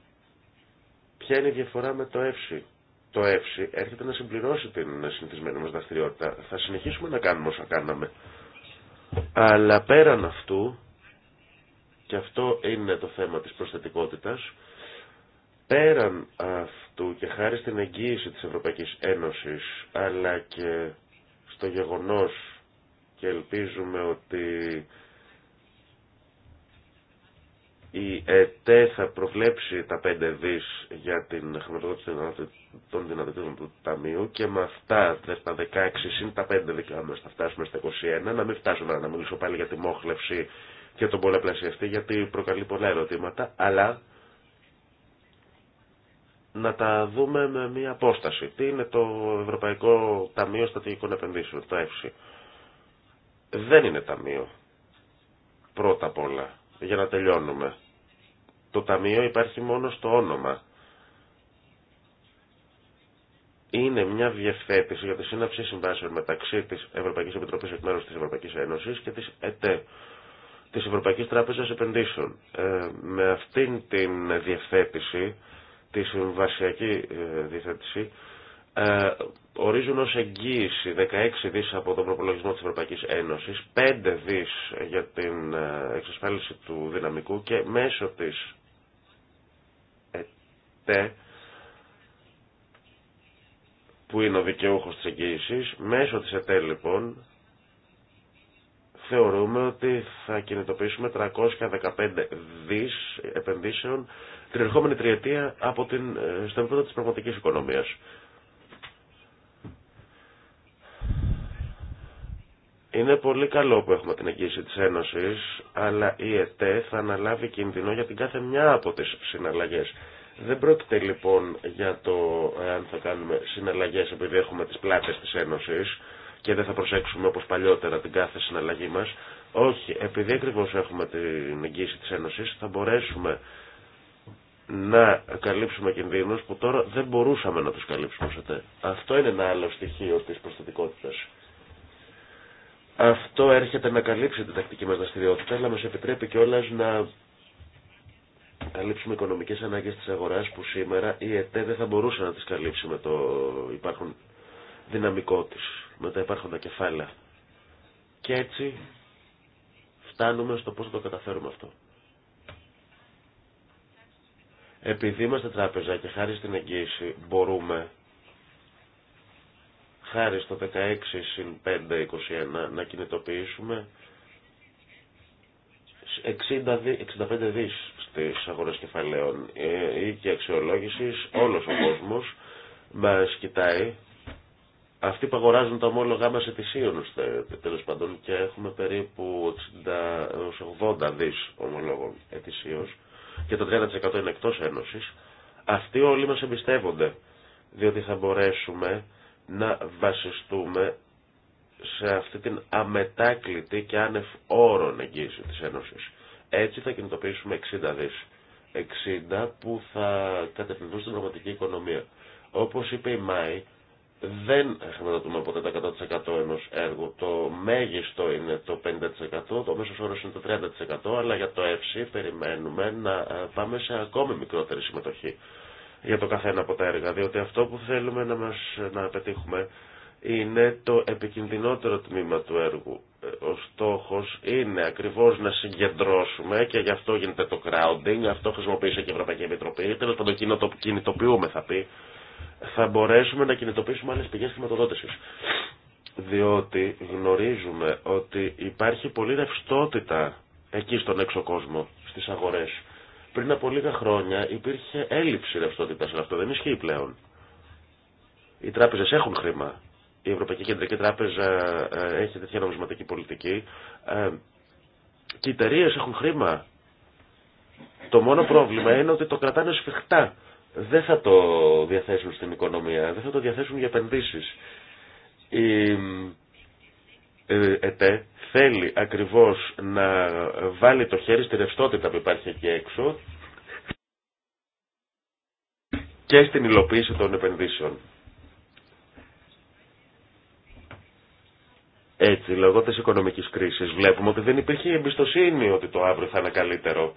C: Ποια είναι η διαφορά με το ΕΦΣΥ. Το ΕΦΣΥ έρχεται να συμπληρώσει την συνηθισμένη μα δραστηριότητα. Θα συνεχίσουμε να κάνουμε όσα κάναμε. Αλλά πέραν αυτού και αυτό είναι το θέμα της προσθετικότητας. Πέραν αυτού και χάρη στην εγγύηση της Ευρωπαϊκής Ένωσης, αλλά και στο γεγονός και ελπίζουμε ότι η ΕΤΕ θα προβλέψει τα 5 δις για την χρηματοδότηση των δυνατοτήτων του Ταμείου και με αυτά τα 16 συν τα 5 μας θα φτάσουμε στα 21, να μην φτάσουμε να μιλήσω πάλι για τη μόχλευση και τον πολλαπλασιαστή γιατί προκαλεί πολλά ερωτήματα, αλλά να τα δούμε με μία απόσταση. Τι είναι το Ευρωπαϊκό Ταμείο Στατηγικών Επενδύσεων, το ΕΦΣΥ. Δεν είναι ταμείο. Πρώτα απ' όλα, για να τελειώνουμε. Το ταμείο υπάρχει μόνο στο όνομα. Είναι μια διευθέτηση για τη σύναψη συμβάσεων μεταξύ της Ευρωπαϊκής Επιτροπής εκ μέρους της Ευρωπαϊκής Ένωσης και της ΕΤΕ της Ευρωπαϊκής Τράπεζας Επενδύσεων. Ε, με αυτήν την διευθέτηση, τη συμβασιακή ε, διευθέτηση, ε, ορίζουν ως εγγύηση 16 δις από τον προπολογισμό της Ευρωπαϊκής Ένωσης, 5 δις για την εξασφάλιση του δυναμικού και μέσω της ΕΤΕ, που είναι ο δικαιούχος της εγγύησης, μέσω της ΕΤΕ λοιπόν, θεωρούμε ότι θα κινητοποιήσουμε 315 δις επενδύσεων την ερχόμενη τριετία από την, ε, στο επίπεδο της πραγματικής οικονομίας. Είναι πολύ καλό που έχουμε την εγγύηση της Ένωσης, αλλά η ΕΤΕ θα αναλάβει κίνδυνο για την κάθε μια από τις συναλλαγές. Δεν πρόκειται λοιπόν για το ε, αν θα κάνουμε συναλλαγές επειδή έχουμε τις πλάτες της Ένωσης, και δεν θα προσέξουμε όπως παλιότερα την κάθε συναλλαγή μας. Όχι, επειδή ακριβώ έχουμε την εγγύηση της Ένωσης θα μπορέσουμε να καλύψουμε κινδύνους που τώρα δεν μπορούσαμε να τους καλύψουμε Αυτό είναι ένα άλλο στοιχείο της προστατικότητα. Αυτό έρχεται να καλύψει την τακτική μας δραστηριότητα, αλλά μας επιτρέπει κιόλα να καλύψουμε οικονομικές ανάγκες της αγοράς που σήμερα η ΕΤΕ δεν θα μπορούσε να τις καλύψει με το υπάρχον δυναμικό της με τα υπάρχοντα κεφάλαια. Και έτσι φτάνουμε στο πώς θα το καταφέρουμε αυτό. Επειδή είμαστε τράπεζα και χάρη στην εγγύηση μπορούμε χάρη στο 16 συν 5 21 να κινητοποιήσουμε 60 65 δις στις αγορές κεφαλαίων ε, ή και αξιολόγησης όλος ο κόσμος μας κοιτάει αυτοί που αγοράζουν τα ομόλογά μα ετησίων τέλος πάντων και έχουμε περίπου 80 δι ομολόγων ετησίω και το 30% είναι εκτό Ένωσης, αυτοί όλοι μα εμπιστεύονται διότι θα μπορέσουμε να βασιστούμε σε αυτή την αμετάκλητη και άνευ όρων εγγύηση της Ένωσης. Έτσι θα κινητοποιήσουμε 60 δι 60 που θα κατευθυνθούν στην πραγματική οικονομία. όπω είπε η Μάη, δεν χρηματοδοτούμε ποτέ τα 100% ενός έργου. Το μέγιστο είναι το 50%, το μέσος όρος είναι το 30%, αλλά για το ΕΦΣΥ περιμένουμε να ε, πάμε σε ακόμη μικρότερη συμμετοχή για το καθένα από τα έργα, διότι αυτό που θέλουμε να, μας, να πετύχουμε είναι το επικινδυνότερο τμήμα του έργου. Ε, ο στόχος είναι ακριβώς να συγκεντρώσουμε και γι' αυτό γίνεται το crowding, αυτό χρησιμοποίησε και η Ευρωπαϊκή Επιτροπή, τέλος πάντων κινητοποιούμε θα πει, θα μπορέσουμε να κινητοποιήσουμε άλλες πηγές χρηματοδότησης. Διότι γνωρίζουμε ότι υπάρχει πολύ ρευστότητα εκεί στον έξω κόσμο, στις αγορές. Πριν από λίγα χρόνια υπήρχε έλλειψη ρευστότητας, αυτό δεν ισχύει πλέον. Οι τράπεζες έχουν χρήμα. Η Ευρωπαϊκή Κεντρική Τράπεζα ε, έχει τέτοια νομισματική πολιτική. Ε, και οι εταιρείε έχουν χρήμα. Το μόνο πρόβλημα είναι ότι το κρατάνε σφιχτά δεν θα το διαθέσουν στην οικονομία, δεν θα το διαθέσουν για επενδύσεις. Η ε, ΕΤΕ θέλει ακριβώς να βάλει το χέρι στη ρευστότητα που υπάρχει εκεί έξω και στην υλοποίηση των επενδύσεων. Έτσι, λόγω της οικονομικής κρίσης βλέπουμε ότι δεν υπήρχε εμπιστοσύνη ότι το αύριο θα είναι καλύτερο.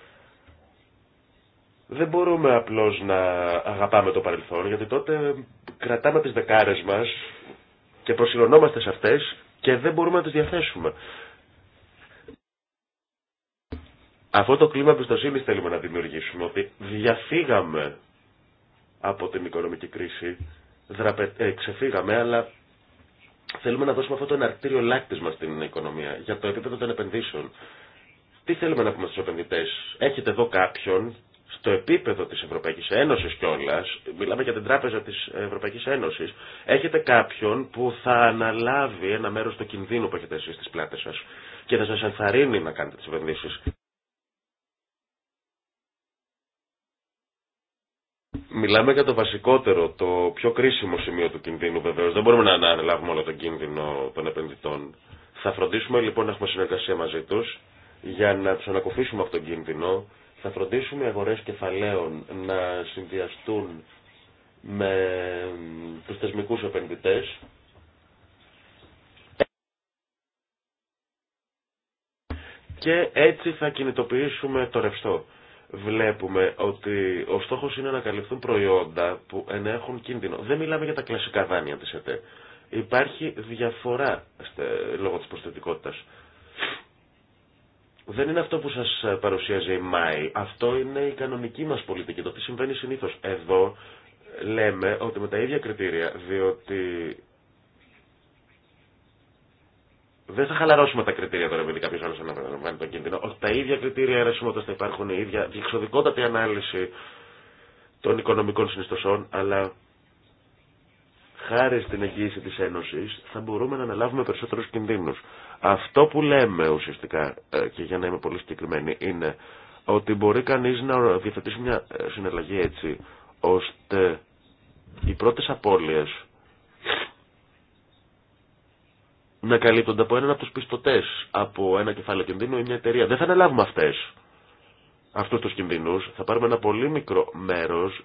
C: Δεν μπορούμε απλώς να αγαπάμε το παρελθόν, γιατί τότε κρατάμε τις δεκάρες μας και προσιλωνόμαστε σε αυτές και δεν μπορούμε να τις διαθέσουμε. Αυτό το κλίμα εμπιστοσύνη θέλουμε να δημιουργήσουμε, ότι διαφύγαμε από την οικονομική κρίση, δραπε... Ε, ξεφύγαμε, αλλά θέλουμε να δώσουμε αυτό το εναρκτήριο λάκτισμα στην οικονομία, για το επίπεδο των επενδύσεων. Τι θέλουμε να πούμε στους επενδυτές. Έχετε εδώ κάποιον στο επίπεδο της Ευρωπαϊκής Ένωσης κιόλα, μιλάμε για την Τράπεζα της Ευρωπαϊκής Ένωσης, έχετε κάποιον που θα αναλάβει ένα μέρος του κινδύνου που έχετε εσείς στις πλάτες σας και θα σας ενθαρρύνει να κάνετε τις επενδύσεις. Μιλάμε για το βασικότερο, το πιο κρίσιμο σημείο του κινδύνου βεβαίω. Δεν μπορούμε να αναλάβουμε όλο τον κίνδυνο των επενδυτών. Θα φροντίσουμε λοιπόν να έχουμε συνεργασία μαζί του για να του ανακουφίσουμε αυτόν τον κίνδυνο θα φροντίσουμε οι αγορές κεφαλαίων να συνδυαστούν με τους θεσμικούς επενδυτές και έτσι θα κινητοποιήσουμε το ρευστό. Βλέπουμε ότι ο στόχος είναι να καλυφθούν προϊόντα που ενέχουν κίνδυνο. Δεν μιλάμε για τα κλασικά δάνεια της ΕΤΕ. Υπάρχει διαφορά λόγω της προσθετικότητας δεν είναι αυτό που σα παρουσίαζε η ΜΑΗ. Αυτό είναι η κανονική μα πολιτική, το τι συμβαίνει συνήθω. Εδώ λέμε ότι με τα ίδια κριτήρια, διότι δεν θα χαλαρώσουμε τα κριτήρια τώρα επειδή κάποιο άλλο αναλαμβάνει τον κίνδυνο. Ότι τα ίδια κριτήρια αρέσουμε θα υπάρχουν, η ίδια διεξοδικότατη ανάλυση των οικονομικών συνιστοσών, αλλά χάρη στην εγγύηση τη Ένωση θα μπορούμε να αναλάβουμε περισσότερου κινδύνου. Αυτό που λέμε ουσιαστικά, ε, και για να είμαι πολύ συγκεκριμένη, είναι ότι μπορεί κανείς να διαθετήσει μια ε, συναλλαγή έτσι, ώστε οι πρώτες απώλειες να καλύπτονται από έναν από τους πιστωτές, από ένα κεφάλαιο κινδύνου ή μια εταιρεία. Δεν θα αναλάβουμε αυτές αυτούς τους κινδυνούς, θα πάρουμε ένα πολύ μικρό μέρος,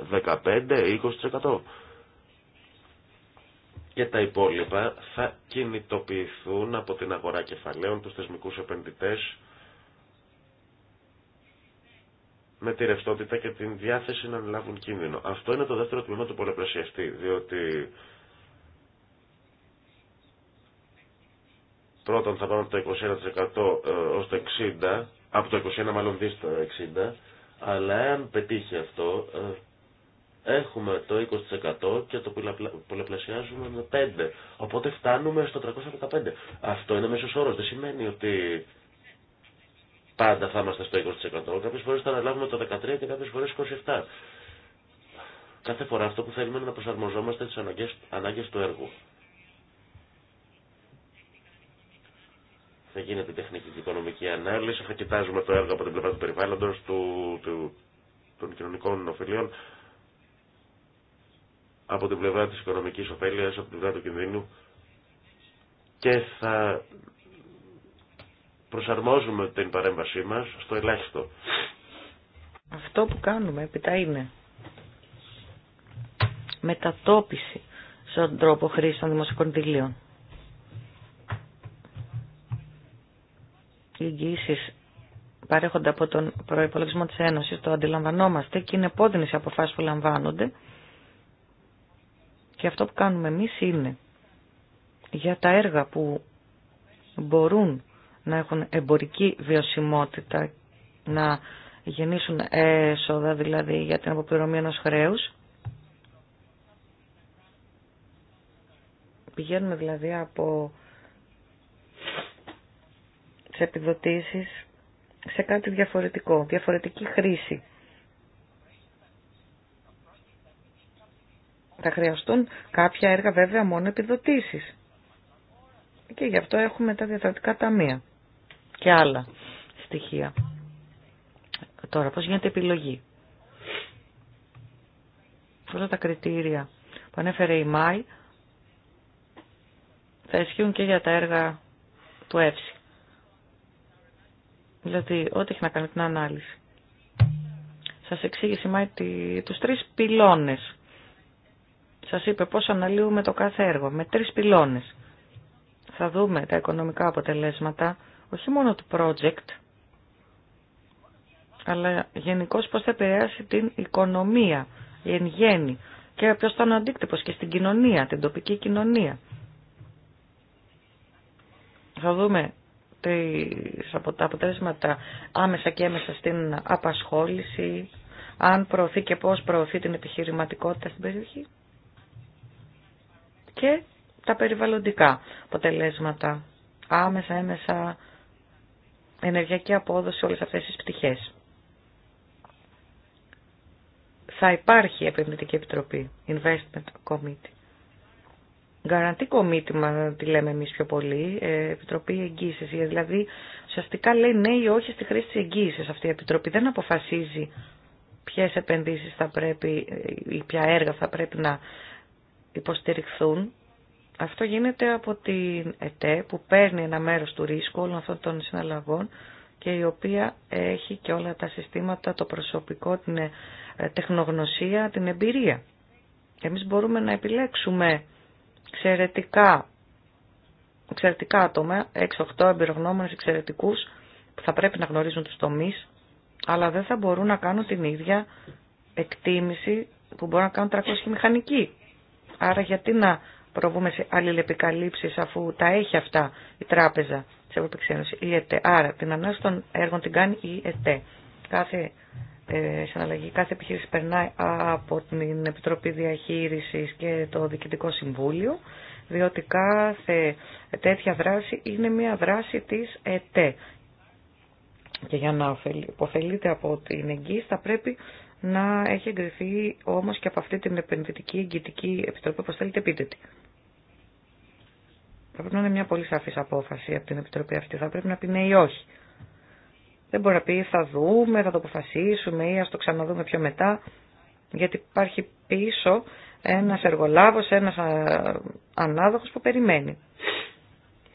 C: 15-20% και τα υπόλοιπα θα κινητοποιηθούν από την αγορά κεφαλαίων, τους θεσμικούς επενδυτές, με τη ρευστότητα και την διάθεση να λάβουν κίνδυνο. Αυτό είναι το δεύτερο τμήμα του πολλαπλασιαστή, διότι πρώτον θα πάμε από το 21% ε, ως το 60%, από το 21% μάλλον δις το 60%, αλλά αν πετύχει αυτό ε, έχουμε το 20% και το πολλαπλασιάζουμε με 5. Οπότε φτάνουμε στο 315. Αυτό είναι μέσος όρος. Δεν σημαίνει ότι πάντα θα είμαστε στο 20%. Κάποιες φορές θα αναλάβουμε το 13% και κάποιες φορές 27%. Κάθε φορά αυτό που θέλουμε είναι να προσαρμοζόμαστε στις ανάγκες, ανάγκες του έργου. Θα γίνεται τεχνική και οικονομική ανάλυση, θα κοιτάζουμε το έργο από την πλευρά του περιβάλλοντος, του, του των κοινωνικών οφειλίων, από την πλευρά της οικονομικής ωφέλειας, από την πλευρά του κινδύνου και θα προσαρμόζουμε την παρέμβασή μας στο ελάχιστο.
A: Αυτό που κάνουμε επίτα είναι μετατόπιση στον τρόπο χρήση των δημοσιοκοντιλίων. Οι εγγυήσεις παρέχονται από τον προϋπολογισμό της Ένωσης, το αντιλαμβανόμαστε και είναι πόδινες οι αποφάσεις που λαμβάνονται και αυτό που κάνουμε εμείς είναι για τα έργα που μπορούν να έχουν εμπορική βιωσιμότητα, να γεννήσουν έσοδα δηλαδή για την αποπληρωμή ενός χρέους. Πηγαίνουμε δηλαδή από τις επιδοτήσεις σε κάτι διαφορετικό, διαφορετική χρήση. Θα χρειαστούν κάποια έργα βέβαια μόνο επιδοτήσεις. Και γι' αυτό έχουμε τα διαδρατικά ταμεία και άλλα στοιχεία. Τώρα, πώς γίνεται επιλογή. Όλα τα κριτήρια που ανέφερε η ΜΑΙ θα ισχύουν και για τα έργα του ΕΦΣΙ. Δηλαδή, ό,τι έχει να κάνει την ανάλυση. Σας εξήγησε η ΜΑΙ τους τρεις πυλώνες σας είπε πώς αναλύουμε το κάθε έργο με τρεις πυλώνες. Θα δούμε τα οικονομικά αποτελέσματα όχι μόνο του project, αλλά γενικώ πώς θα επηρεάσει την οικονομία εν γέννη και ποιος θα είναι ο αντίκτυπος και στην κοινωνία, την τοπική κοινωνία. Θα δούμε τα αποτέλεσματα άμεσα και έμεσα στην απασχόληση, αν προωθεί και πώς προωθεί την επιχειρηματικότητα στην περιοχή και τα περιβαλλοντικά αποτελέσματα, άμεσα, έμεσα, ενεργειακή απόδοση, όλες αυτές τις πτυχές. Θα υπάρχει επενδυτική επιτροπή, Investment Committee. Guarantee Committee, μα, τη λέμε εμείς πιο πολύ, ε, Επιτροπή Εγγύησης. Δηλαδή, ουσιαστικά λέει ναι ή όχι στη χρήση της εγγύησης αυτή η Επιτροπή. Δεν αποφασίζει ποιες επενδύσεις θα πρέπει ε, ή ποια έργα θα πρέπει να υποστηριχθούν. Αυτό γίνεται από την ΕΤΕ που παίρνει ένα μέρος του ρίσκου όλων αυτών των συναλλαγών και η οποία έχει και όλα τα συστήματα, το προσωπικό, την ε, τεχνογνωσία, την εμπειρία. Εμείς μπορούμε να επιλέξουμε εξαιρετικά, εξαιρετικά άτομα, 6-8 εμπειρογνώμονες εξαιρετικούς που θα πρέπει να γνωρίζουν τους τομείς, αλλά δεν θα μπορούν να κάνουν την ίδια εκτίμηση που μπορούν να κάνουν 300 μηχανικοί. Άρα γιατί να προβούμε σε αλληλεπικαλύψεις αφού τα έχει αυτά η τράπεζα της Ευρωπαϊκής Ένωσης, η ΕΤΕ. Άρα την ανάλυση των έργων την κάνει η ΕΤΕ. Κάθε ε, συναλλαγή, κάθε επιχείρηση περνάει από την Επιτροπή Διαχείρισης και το Διοικητικό Συμβούλιο, διότι κάθε τέτοια δράση είναι μια δράση της ΕΤΕ. Και για να υποφελείται από την εγγύηση θα πρέπει να έχει εγκριθεί όμως και από αυτή την επενδυτική εγκυτική επιτροπή, όπως θέλετε πείτε τη. Θα πρέπει να είναι μια πολύ σαφής απόφαση από την επιτροπή αυτή. Θα πρέπει να πει ναι ή όχι. Δεν μπορεί να πει θα δούμε, θα το αποφασίσουμε ή ας το ξαναδούμε πιο μετά. Γιατί υπάρχει πίσω ένας εργολάβος, ένας ανάδοχος που περιμένει.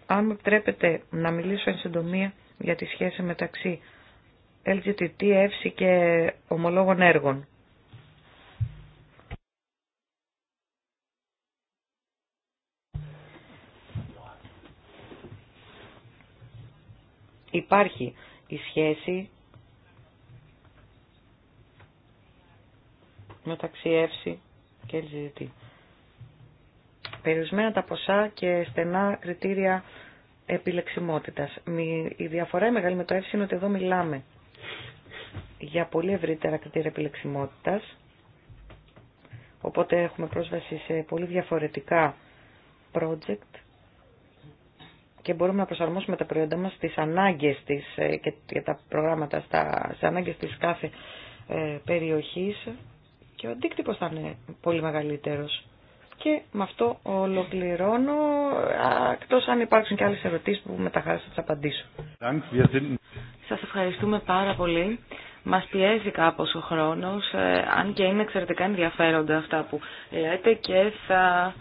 A: Αν με επιτρέπετε να μιλήσω εν συντομία για τη σχέση μεταξύ LGTT, εύση και ομολόγων έργων. Υπάρχει η σχέση μεταξύ εύση και LGTT. Περιορισμένα τα ποσά και στενά κριτήρια επιλεξιμότητας. Η διαφορά η μεγάλη με το ΕΦΣΙ είναι ότι εδώ μιλάμε για πολύ ευρύτερα κριτήρια επιλεξιμότητας. Οπότε έχουμε πρόσβαση σε πολύ διαφορετικά project και μπορούμε να προσαρμόσουμε τα προϊόντα μας στις ανάγκες της ε, και, τα προγράμματα στα, ανάγκες της κάθε ε, περιοχής και ο αντίκτυπος θα είναι πολύ μεγαλύτερος. Και με αυτό ολοκληρώνω, εκτό αν υπάρξουν και άλλες ερωτήσεις που με τα χάρη θα απαντήσω. Σας ευχαριστούμε πάρα πολύ. Μας πιέζει κάπως ο χρόνος, ε, αν και είναι εξαιρετικά ενδιαφέροντα αυτά που λέτε και θα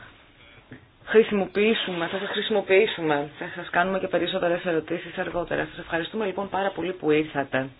A: χρησιμοποιήσουμε, θα σας χρησιμοποιήσουμε. Θα σας κάνουμε και περισσότερες ερωτήσεις αργότερα. Σας ευχαριστούμε λοιπόν πάρα πολύ που ήρθατε.